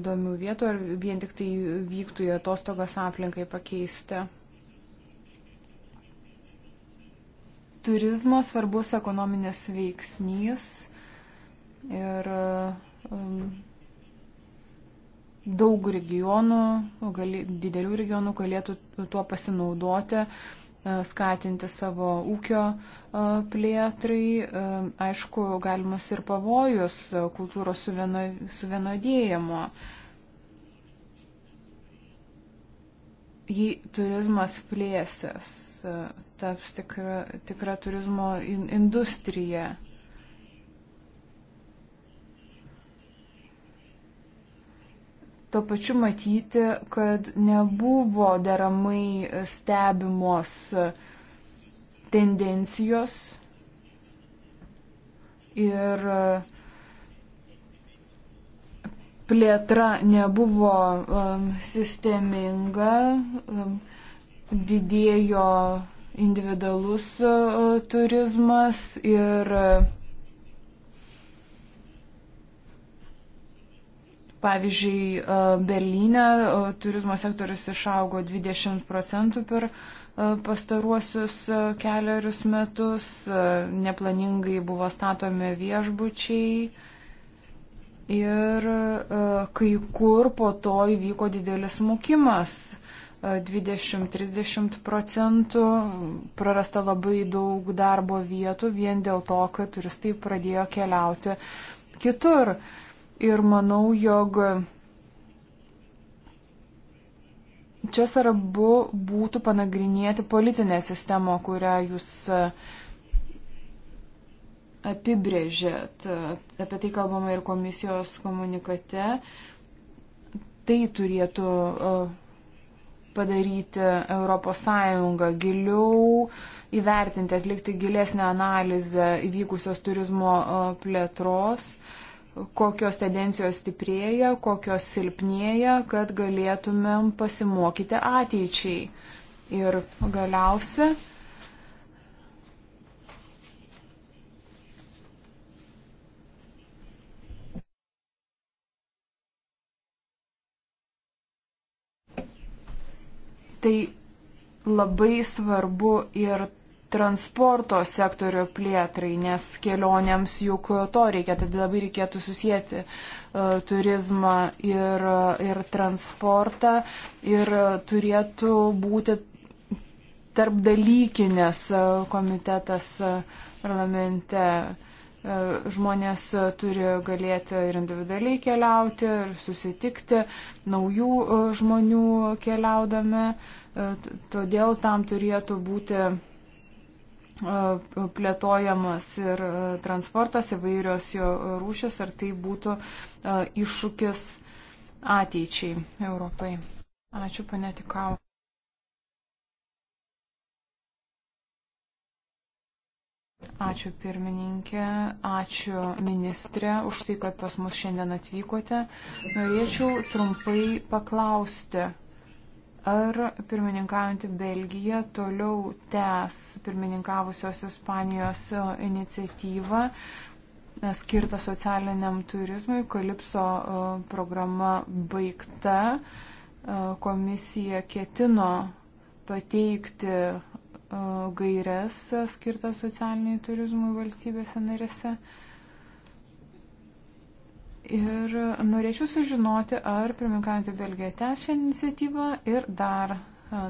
įdomių vietų ir vien tik tai vyktų į atostogas aplinkai pakeisti. Turizmas svarbus ekonominis veiksnys ir uh, Um, daug regionų, gali, didelių regionų galėtų tuo pasinaudoti, e, skatinti savo ūkio e, plėtrai. E, aišku, galimas ir pavojus kultūros suvienodėjimo. Jei turizmas plėsis, taps tikra, tikra turizmo industrija. Tuo pačiu matyti, kad nebuvo deramai stebimos tendencijos ir plėtra nebuvo um, sisteminga, um, didėjo individualus uh, turizmas ir uh, Pavyzdžiui, e, Berlyne e, turizmo sektorius išaugo 20 procentų per e, pastaruosius keliarius metus, neplaningai buvo statomi viešbučiai ir kai kur po to įvyko didelis smukimas. 20-30 procentų prarasta labai daug darbo vietų vien dėl to, kad turistai pradėjo keliauti kitur. Uh, ir manau, jog čia svarbu būtų panagrinėti politinę sistemą, kurią jūs e, apibrėžėt. Apie tai kalbama ir komisijos komunikate. Tai turėtų e, padaryti ES giliau, įvertinti, atlikti gilesnę analizę įvykusios turizmo e, plėtros. Uh, kokios tendencijos stiprėja, kokios silpnėja, kad galėtumėm pasimokyti ateičiai. Ir galiausia, tai labai svarbu ir transporto sektorio plėtrai, nes kelionėms juk to reikia, tad labai reikėtų susijęti uh, turizmą ir, ir transportą ir turėtų būti tarp dalykinės e, komitetas e, parlamente. Žmonės turi galėti ir individualiai keliauti, ir susitikti naujų žmonių keliaudami, todėl tam turėtų būti plėtojamas ir transportas įvairios jo rūšis, ar tai būtų iššūkis ateičiai Europai. Ačiū, pane Tikau. Ačiū pirmininkė, ačiū ministrė už tai, kad pas mus šiandien atvykote. Norėčiau trumpai paklausti Ar pirmininkaujantį Belgiją toliau tęs pirmininkavusios Ispanijos iniciatyvą e, skirtą socialiniam turizmui. Kalipso e, programa baigta. E, komisija ketino pateikti gairias skirtą socialiniai turizmui valstybėse narėse. Ir norėčiau sužinoti, ar pirmininkaujantį Belgiją tęs šią iniciatyvą ir dar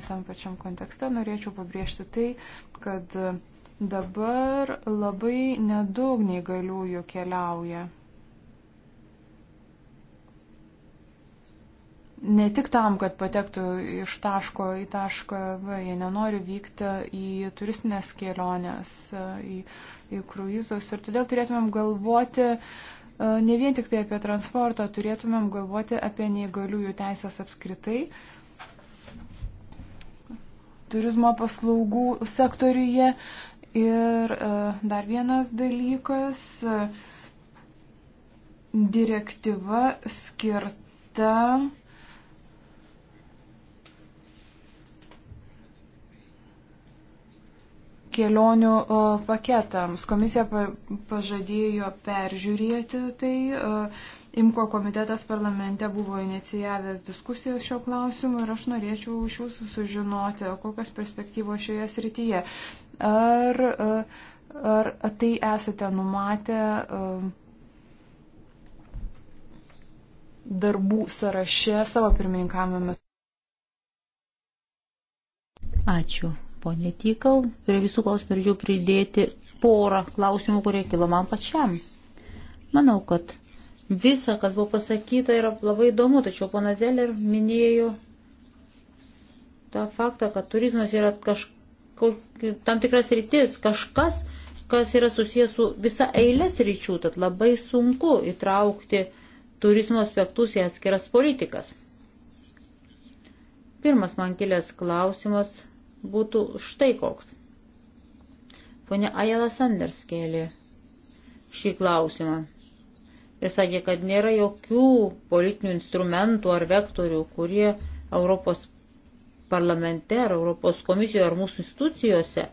tam pačiam kontekste norėčiau pabrėžti tai, kad dabar labai nedaug neįgaliųjų keliauja. Ne tik tam, kad patektų iš taško į tašką, va, jie nenori vykti į turistinės keliones, į, į kruizus ir todėl turėtumėm galvoti, uh, E, ne vien tik tai apie transportą, turėtumėm galvoti apie neįgaliųjų teisės apskritai. Turizmo paslaugų sektoriuje. Ir e, dar vienas dalykas. E, direktyva skirta kelionių paketams. Komisija pažadėjo peržiūrėti tai. Imko komitetas parlamente buvo inicijavęs diskusijas šio klausimu ir aš norėčiau iš jūsų sužinoti, kokios perspektyvos šioje srityje. Ar, ar tai esate numatę darbų sąraše savo pirmininkavimo metu? Ačiū. Pone Tykal, prie visų klausimų norėčiau pridėti porą klausimų, kurie kilo man pačiam. Manau, kad visa, kas buvo pasakyta, yra labai įdomu, tačiau pana Zeller minėjo tą faktą, kad turizmas yra kažko, tam tikras rytis, kažkas, kas yra susijęs su visa eilės ryčių, tad labai sunku įtraukti turizmo aspektus į atskiras politikas. Pirmas man kilęs klausimas būtų štai koks. Pone Ajala Sanders kėlė šį klausimą ir sakė, kad nėra jokių politinių instrumentų ar vektorių, kurie Europos parlamente ar Europos komisijoje ar mūsų institucijose e,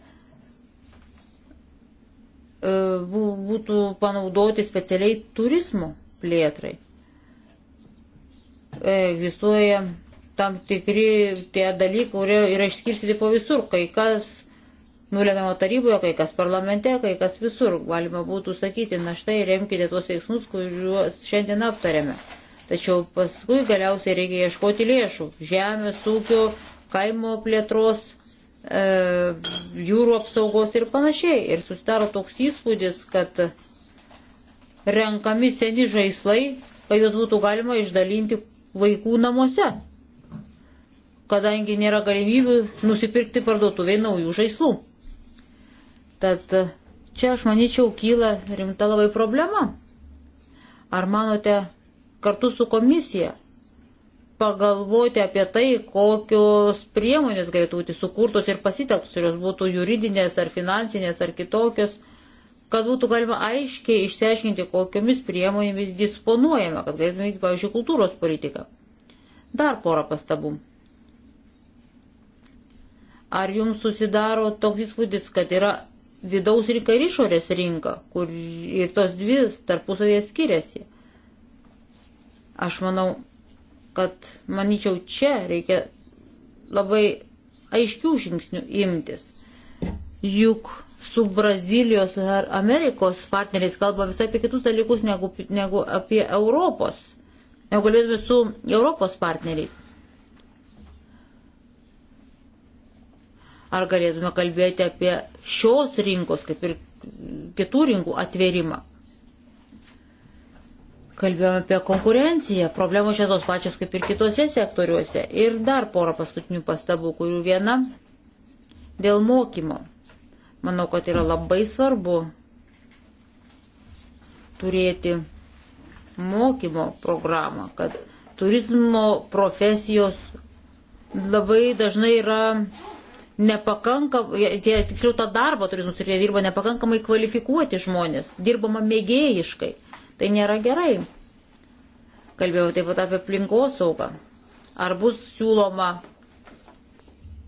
būtų panaudoti specialiai turizmo plėtrai. Egzistuoja tam tikri tie dalykai, kurie yra išskirstyti po visur, kai kas nulemiama taryboje, kai kas parlamente, kai kas visur. Galima būtų sakyti, na štai remkite tuos veiksmus, kuriuos šiandien aptarėme. Tačiau paskui galiausiai reikia ieškoti lėšų - žemės, ūkio, kaimo plėtros, e, jūrų apsaugos ir panašiai. Ir susidaro toks įspūdis, kad renkami seni žaislai, kad juos būtų galima išdalinti vaikų namuose kadangi nėra galimybių nusipirkti parduotuviai naujų žaislų. Tad e, čia aš manyčiau kyla rimta labai problema. Ar manote kartu su komisija pagalvoti apie tai, kokios priemonės galėtų būti sukurtos ir pasitelktos, jos būtų juridinės ar finansinės ar kitokios, kad būtų galima aiškiai išsiaiškinti, kokiomis priemonėmis disponuojame, kad galėtume vykdyti, pavyzdžiui, kultūros politiką. Dar porą pastabų. Ar jums susidaro toks įspūdis, kad yra vidaus rinka ir išorės rinka, kur ir tos dvi tarpusavėje skiriasi? Aš manau, kad, manyčiau, čia reikia labai aiškių žingsnių imtis. Juk su Brazilijos ar Amerikos partneriais kalba visai apie kitus dalykus negu, negu apie Europos. Negu kalbėtume su Europos partneriais. Ar galėtume kalbėti apie šios rinkos, kaip ir kitų rinkų atvėrimą? Kalbėjome apie konkurenciją, problemos čia tos pačios kaip ir kitose sektoriuose. Ir dar porą paskutinių pastabų, kurių viena dėl mokymo. Manau, kad yra labai svarbu turėti mokymo programą, kad turizmo profesijos labai dažnai yra nepakankamai, tie tiksliau to darbo turizmus ir jie dirba nepakankamai kvalifikuoti žmonės, dirbama mėgėjiškai. Tai nėra gerai. Kalbėjau taip pat apie aplinkosaugą. Ar bus siūloma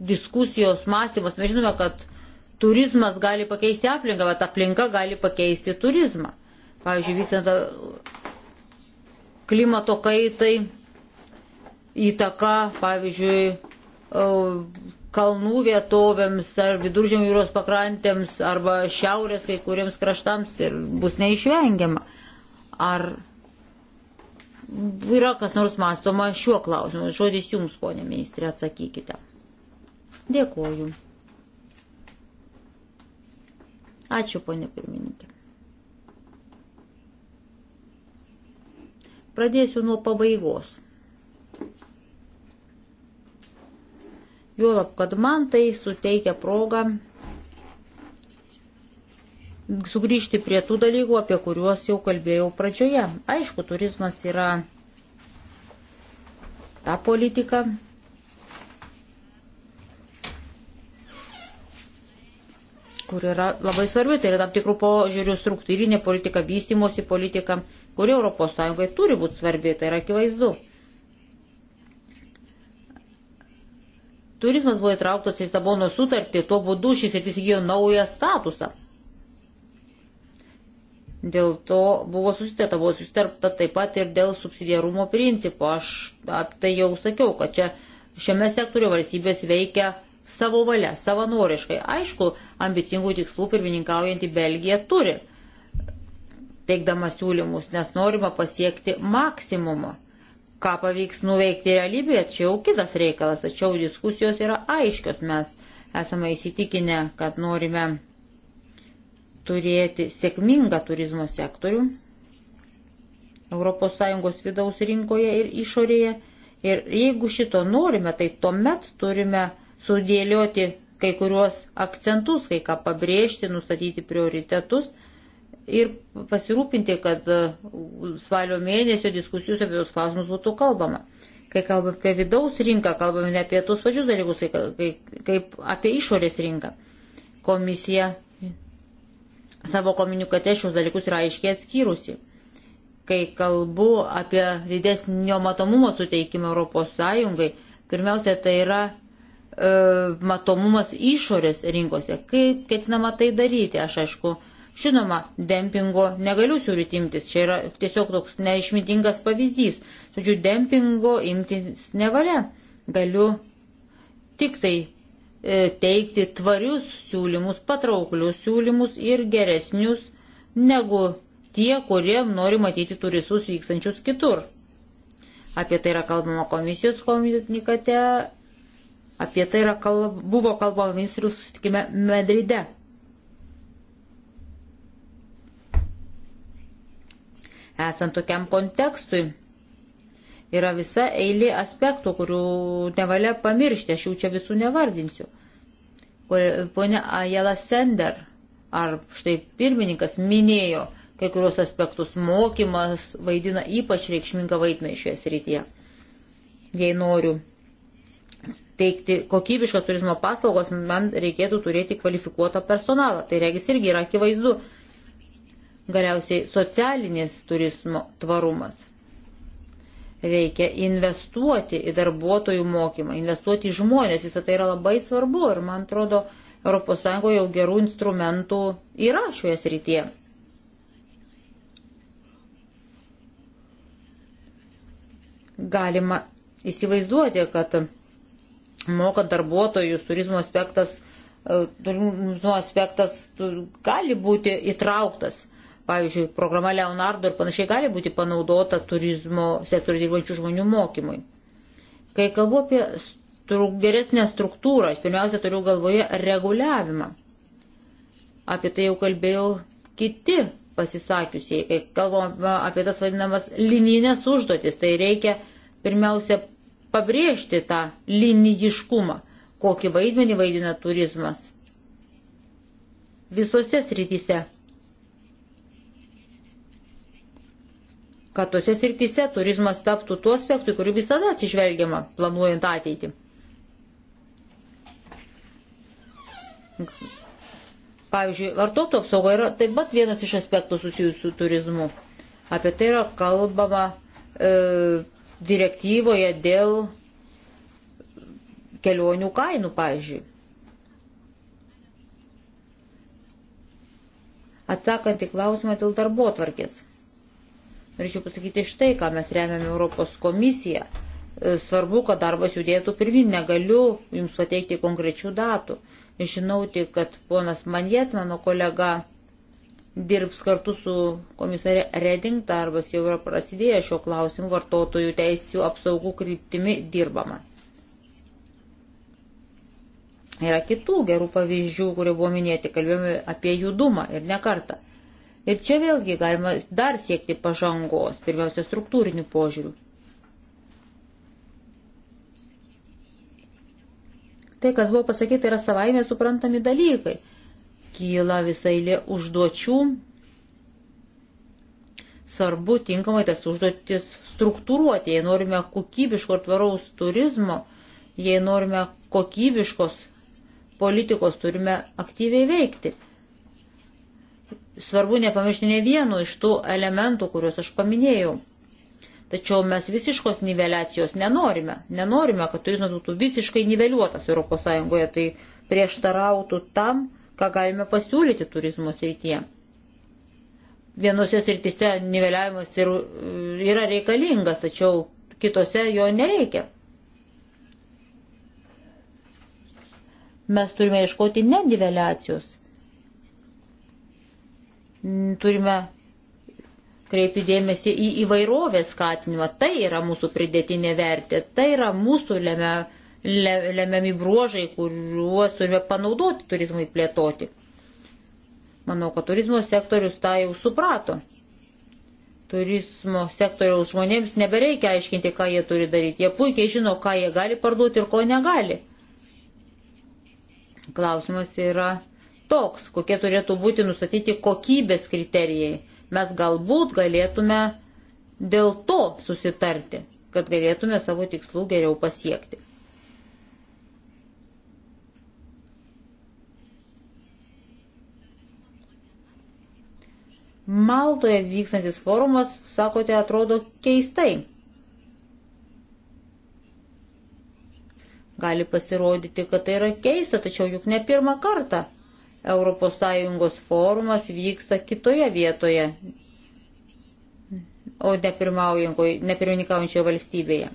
diskusijos mąstymas? Mes žinome, kad turizmas gali pakeisti aplinką, bet aplinka gali pakeisti turizmą. Pavyzdžiui, vykstant klimato kaitai įtaka, pavyzdžiui, kalnų vietovėms ar viduržėmio jūros pakrantėms arba šiaurės kai kuriems kraštams ir bus neišvengiama. Ar yra kas nors mąstoma šiuo klausimu? Žodis jums, ponė ministrė, atsakykite. Dėkuoju. Ačiū, ponė pirmininkė. Pradėsiu nuo pabaigos. Juolab, kad man tai suteikia progą sugrįžti prie tų dalykų, apie kuriuos jau kalbėjau pradžioje. Aišku, turizmas yra ta politika, kur yra labai svarbi, tai yra tam tikrų požiūrių struktūrinė politika, vystimosi politika, kuri ES turi būti svarbi, tai yra akivaizdu. turizmas buvo įtrauktas į Sabono sutartį, tuo būdu šis sritis įgyjo naują statusą. Dėl to buvo susitarta, buvo susitarta taip pat ir dėl subsidiarumo principo. Aš tai jau sakiau, kad čia šiame sektoriu valstybės veikia savo valia, savanoriškai. Aišku, ambicingų tikslų pirmininkaujantį Belgiją turi, teikdama siūlymus, nes norima pasiekti maksimumą ką pavyks nuveikti realybėje, čia jau kitas reikalas, tačiau diskusijos yra aiškios, mes esame įsitikinę, kad norime turėti sėkmingą turizmo sektorių ES vidaus rinkoje ir išorėje. Ir jeigu šito norime, tai tuomet turime sudėlioti kai kuriuos akcentus, kai ką pabrėžti, nustatyti prioritetus ir pasirūpinti, kad e, spalio mėnesio diskusijos apie jos klausimus būtų kalbama. Kai kalbame apie vidaus rinką, kalbame ne apie tos pačius dalykus, kaip, kaip apie išorės rinką. Komisija savo komunikate šios dalykus yra aiškiai atskyrusi. Kai kalbu apie didesnio matomumo suteikimą Europos Sąjungai, pirmiausia, tai yra e, matomumas išorės rinkose. Kaip ketinama tai daryti? Aš aišku, Žinoma, dempingo negaliu siūlyti imtis, čia yra tiesiog toks neišmintingas pavyzdys. Tačiau dempingo imtis nevalia. Galiu tik tai e, teikti tvarius siūlymus, patrauklius siūlymus ir geresnius negu tie, kurie nori matyti turistus vykstančius kitur. Apie tai yra kalbama komisijos komunikate, apie tai yra kalb... buvo kalbama ministrų susitikime Medride. Esant tokiam kontekstui, yra visa eilė aspektų, kurių nevalia pamiršti, aš jų čia visų nevardinsiu. Pone Ajela Sender ar štai pirmininkas minėjo kai kurios aspektus mokymas vaidina ypač reikšmingą vaidmenį šioje srityje. Jei noriu teikti kokybiškas turizmo paslaugos, man reikėtų turėti kvalifikuotą personalą. Tai regis irgi yra akivaizdu. Galiausiai socialinis turizmo tvarumas. Reikia investuoti į darbuotojų mokymą, investuoti į žmonės, visą tai yra labai svarbu ir man atrodo, ES jau gerų instrumentų yra šioje srityje. Galima įsivaizduoti, kad mokant darbuotojus turizmo aspektas e, turizmo aspektas gali būti įtrauktas Pavyzdžiui, programa Leonardo ir panašiai gali būti panaudota turizmo sektorių dirbančių žmonių mokymui. Kai kalbu apie stru, geresnę struktūrą, aš pirmiausia turiu galvoje reguliavimą. Apie tai jau kalbėjau kiti pasisakiusiai, kai kalbam apie tas vadinamas linijinės užduotis, tai reikia pirmiausia pabrėžti tą linijiškumą, kokį vaidmenį vaidina turizmas visose srityse kad tose srityse turizmas taptų tuo aspektu, kuriuo visada atsižvelgiama planuojant ateitį. Pavyzdžiui, vartotojų apsauga yra taip pat vienas iš aspektų susijusių su turizmu. Apie tai yra kalbama e, direktyvoje dėl kelionių kainų, pavyzdžiui. Atsakant į klausimą dėl darbo tvarkės. Norėčiau pasakyti štai, ką mes remiame Europos komisiją. E, svarbu, kad darbas judėtų pirmin, negaliu jums pateikti konkrečių datų. Žinau tik, kad ponas Manjet, mano kolega, dirbs kartu su komisarė Reding, darbas jau yra prasidėjęs šio klausimu vartotojų teisų apsaugų kryptimi dirbama. Yra kitų gerų pavyzdžių, kurie buvo minėti, kalbėjome apie judumą ir ne kartą. Ir čia vėlgi galima dar siekti pažangos, pirmiausia, struktūrinių požiūrių. Tai, kas buvo pasakyta, yra savaime suprantami dalykai. Kyla visai lė užduočių. Svarbu tinkamai tas užduotis struktūruoti, jei norime kokybiško ir tvaraus turizmo, jei norime kokybiškos politikos, turime aktyviai veikti svarbu nepamiršti ne vieno iš tų elementų, kuriuos aš paminėjau. Tačiau mes visiškos niveliacijos nenorime. Nenorime, kad turizmas būtų visiškai niveliuotas ES. Tai prieštarautų tam, ką galime pasiūlyti turizmo srityje. Vienose srityse niveliavimas ir, e, yra reikalingas, tačiau kitose jo nereikia. Mes turime iškoti nediveliacijos turime kreipti dėmesį į įvairovės skatinimą. Tai yra mūsų pridėtinė vertė, tai yra mūsų lemia, le, lemiami bruožai, kuriuos turime panaudoti turizmui plėtoti. Manau, kad turizmo sektorius tą jau suprato. Turizmo sektoriaus žmonėms nebereikia aiškinti, ką jie turi daryti. Jie puikiai žino, ką jie gali parduoti ir ko negali. Klausimas yra toks, kokie turėtų būti nustatyti kokybės kriterijai. Mes galbūt galėtume dėl to susitarti, kad galėtume savo tikslų geriau pasiekti. Maltoje vykstantis forumas, sakote, atrodo keistai. Gali pasirodyti, kad tai yra keista, tačiau juk ne pirmą kartą ES forumas vyksta kitoje vietoje, o ne pirmininkaujančioje valstybėje.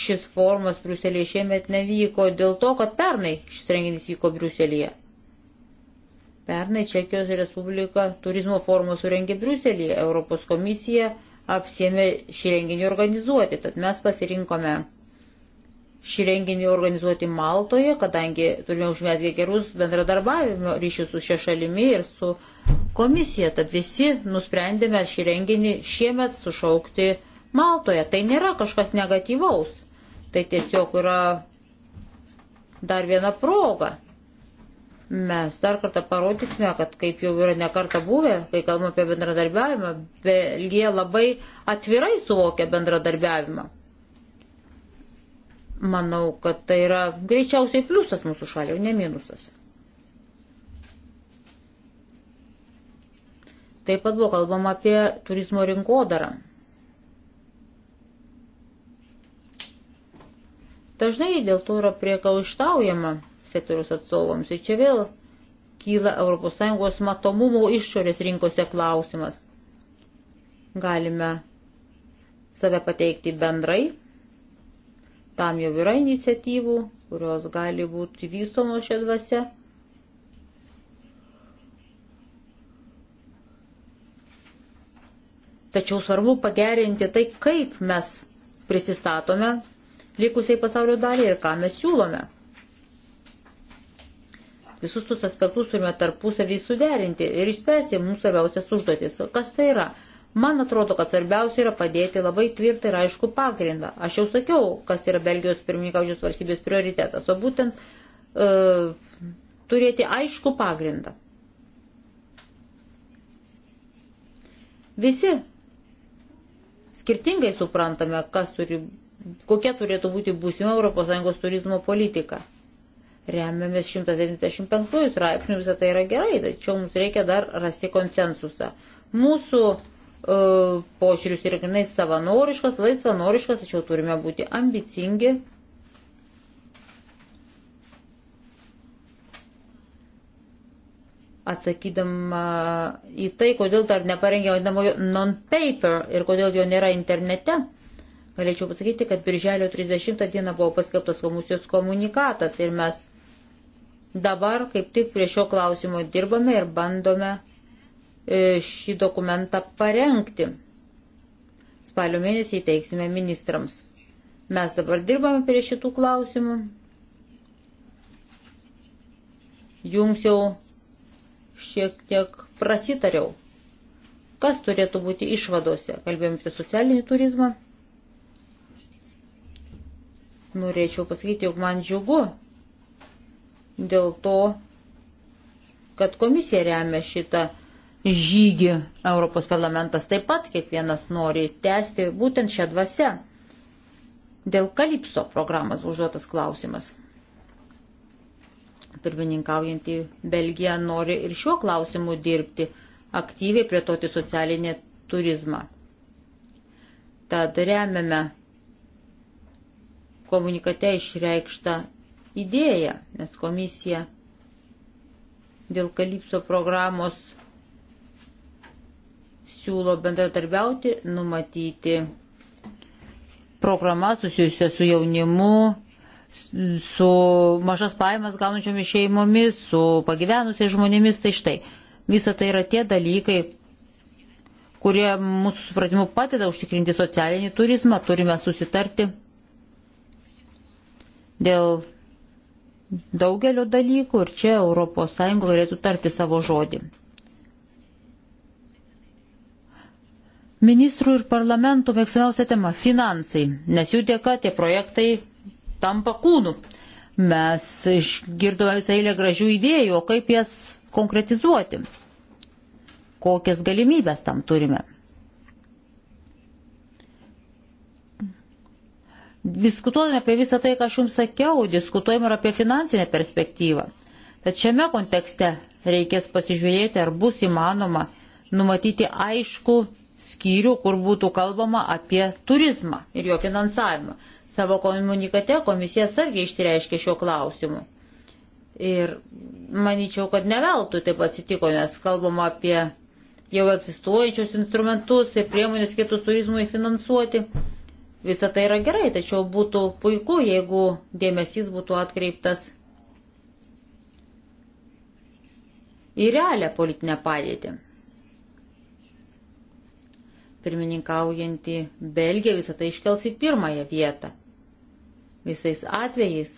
Šis forumas Briuselėje šiemet nevyko dėl to, kad pernai šis renginys vyko Briuselėje. Pernai Čekijos Respublika turizmo forumą surengė Briuselėje, Europos komisija apsėmė šį renginį organizuoti, tad mes pasirinkome šį renginį organizuoti Maltoje, kadangi turime užmesgę gerus bendradarbiavimo ryšius su šia šalimi ir su komisija. Tad visi nusprendėme šį renginį šiemet sušaukti Maltoje. Tai nėra kažkas negatyvaus. Tai tiesiog yra dar viena proga. Mes dar kartą parodysime, kad kaip jau yra nekarta buvę, kai kalbame apie bendradarbiavimą, Belgija labai atvirai suvokia bendradarbiavimą. Manau, kad tai yra greičiausiai pliusas mūsų šaliai, ne minusas. Taip pat buvo kalbama apie turizmo rinkodarą. Dažnai dėl to yra priekaištaujama sektoriaus atstovams. Ir čia vėl kyla ES matomumo išorės rinkose klausimas. Galime save pateikti bendrai Tam jau yra iniciatyvų, kurios gali būti vystomos šią dvasę. Tačiau svarbu pagerinti tai, kaip mes prisistatome likusiai pasaulio daliai ir ką mes siūlome. Visus tuos aspektus turime tarpusavį suderinti ir išspręsti mums svarbiausias užduotis. Kas tai yra? Man atrodo, kad svarbiausia yra padėti labai tvirtą ir aišku pagrindą. Aš jau sakiau, kas yra Belgijos pirmininkaujančios valstybės prioritetas, o būtent e, turėti aišku pagrindą. Visi skirtingai suprantame, kas turi, kokia turėtų būti būsima ES turizmo politika. Remiamės 195 straipsnių, visą tai yra gerai, tačiau mums reikia dar rasti konsensusą. Mūsų E, požiūrius ir jinai savanoriškas, laisvanoriškas, tačiau turime būti ambicingi. Atsakydama į tai, kodėl dar neparengė vadinamojo non-paper ir kodėl jo nėra internete, galėčiau pasakyti, kad birželio 30 dieną buvo paskelbtas komisijos komunikatas ir mes dabar kaip tik prie šio klausimo dirbame ir bandome uh, E, šį dokumentą parengti. Spalio mėnesį įteiksime ministrams. Mes dabar dirbame prie šitų klausimų. Jums jau šiek tiek prasitariau, kas turėtų būti išvadose. Kalbėjom apie socialinį turizmą. Norėčiau pasakyti, jog man džiugu dėl to, kad komisija remia šitą žygį Europos parlamentas taip pat kiekvienas nori tęsti būtent šią dvasę. Dėl Kalipso programos užduotas klausimas. Pirmininkaujantį Belgiją nori ir šiuo klausimu dirbti, aktyviai plėtoti socialinį turizmą. Tad remiame komunikate išreikštą idėją, nes komisija dėl Kalipso programos siūlo bendradarbiauti, numatyti programas susijusias su jaunimu, su mažas pajamas gaunančiomis šeimomis, su pagyvenusiais žmonėmis. Tai štai, visa tai yra tie dalykai, kurie mūsų supratimu padeda užtikrinti socialinį turizmą. Turime susitarti dėl daugelio dalykų ir čia ES galėtų tarti savo žodį. Ministrų ir parlamentų mėgstamiausia tema - finansai, nes jų dėka tie projektai tampa kūnu. Mes išgirdome visą eilę gražių idėjų, o kaip jas konkretizuoti, kokias galimybės tam turime. Diskutuodami apie visą tai, ką aš jums sakiau, diskutuojame ir apie finansinę perspektyvą. Tad šiame kontekste reikės pasižiūrėti, ar bus įmanoma numatyti aišku skyrių, kur būtų kalbama apie turizmą ir jo finansavimą. Savo komunikate komisija atsargiai ištreiškė šio klausimu. Ir manyčiau, kad neveltui taip atsitiko, nes kalbama apie jau egzistuojančius instrumentus ir priemonės skirtus turizmui finansuoti. Visa tai yra gerai, tačiau būtų puiku, jeigu dėmesys būtų atkreiptas į realią politinę padėtį pirmininkaujantį Belgiją visą tai iškels į pirmąją vietą. Visais atvejais.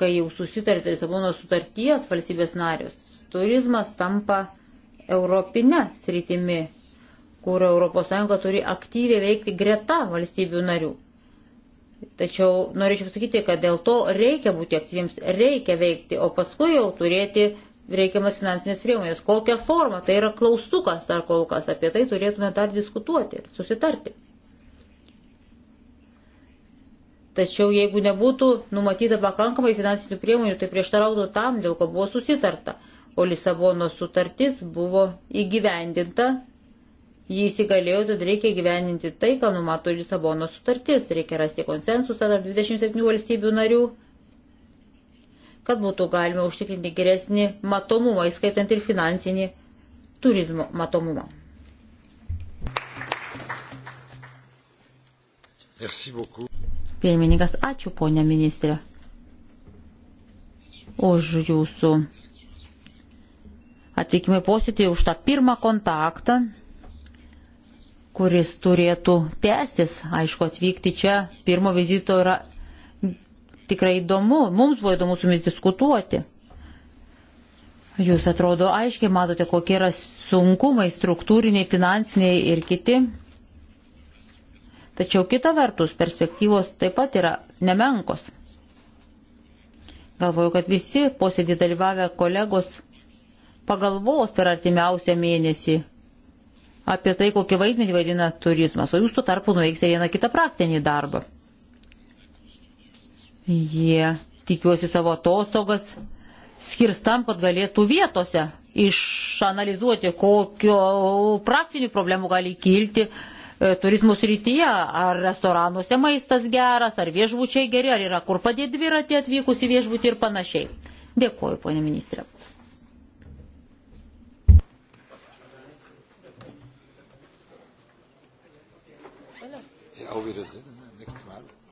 Kai jau susitartė Lisabono sutarties valstybės narius, turizmas tampa europinė sritimi, kur ES turi aktyviai veikti greta valstybių narių. Tačiau norėčiau pasakyti, kad dėl to reikia būti aktyviems, reikia veikti, o paskui jau turėti reikiamas finansinės priemonės. Kokią formą, tai yra klaustukas dar kol kas, apie tai turėtume dar diskutuoti, susitarti. Tačiau jeigu nebūtų numatyta pakankamai finansinių priemonių, tai prieštarautų tam, dėl ko buvo susitarta. O Lisabono sutartis buvo įgyvendinta jį įsigalėjo, tad reikia gyveninti tai, ką numato Lisabono sutartis. Reikia rasti konsensusą tarp 27 valstybių narių, kad būtų galima užtikrinti geresnį matomumą, įskaitant ir finansinį turizmo matomumą. Pirmininkas, ačiū ponė ministrė už jūsų atvykimą į posėdį, už tą pirmą kontaktą kuris turėtų tęstis. Aišku, atvykti čia pirmo vizito yra tikrai įdomu. Mums buvo įdomu su jumis diskutuoti. Jūs atrodo aiškiai matote, kokie yra sunkumai struktūriniai, finansiniai ir kiti. Tačiau kita vertus perspektyvos taip pat yra nemenkos. Galvoju, kad visi posėdį dalyvavę kolegos pagalvos per artimiausią mėnesį apie tai, kokį vaidmenį vaidina turizmas, o jūs tuo tarpu nuveikti vieną kitą praktinį darbą. Jie tikiuosi savo atostogas skirstam, kad galėtų vietose išanalizuoti, kokio praktinių problemų gali kilti e, turizmo srityje, ar restoranuose maistas geras, ar viešbučiai geri, ar yra kur padėti dviratį atvykus į viešbutį ir panašiai. Dėkuoju, ponė ministrė. auf Wiedersehen.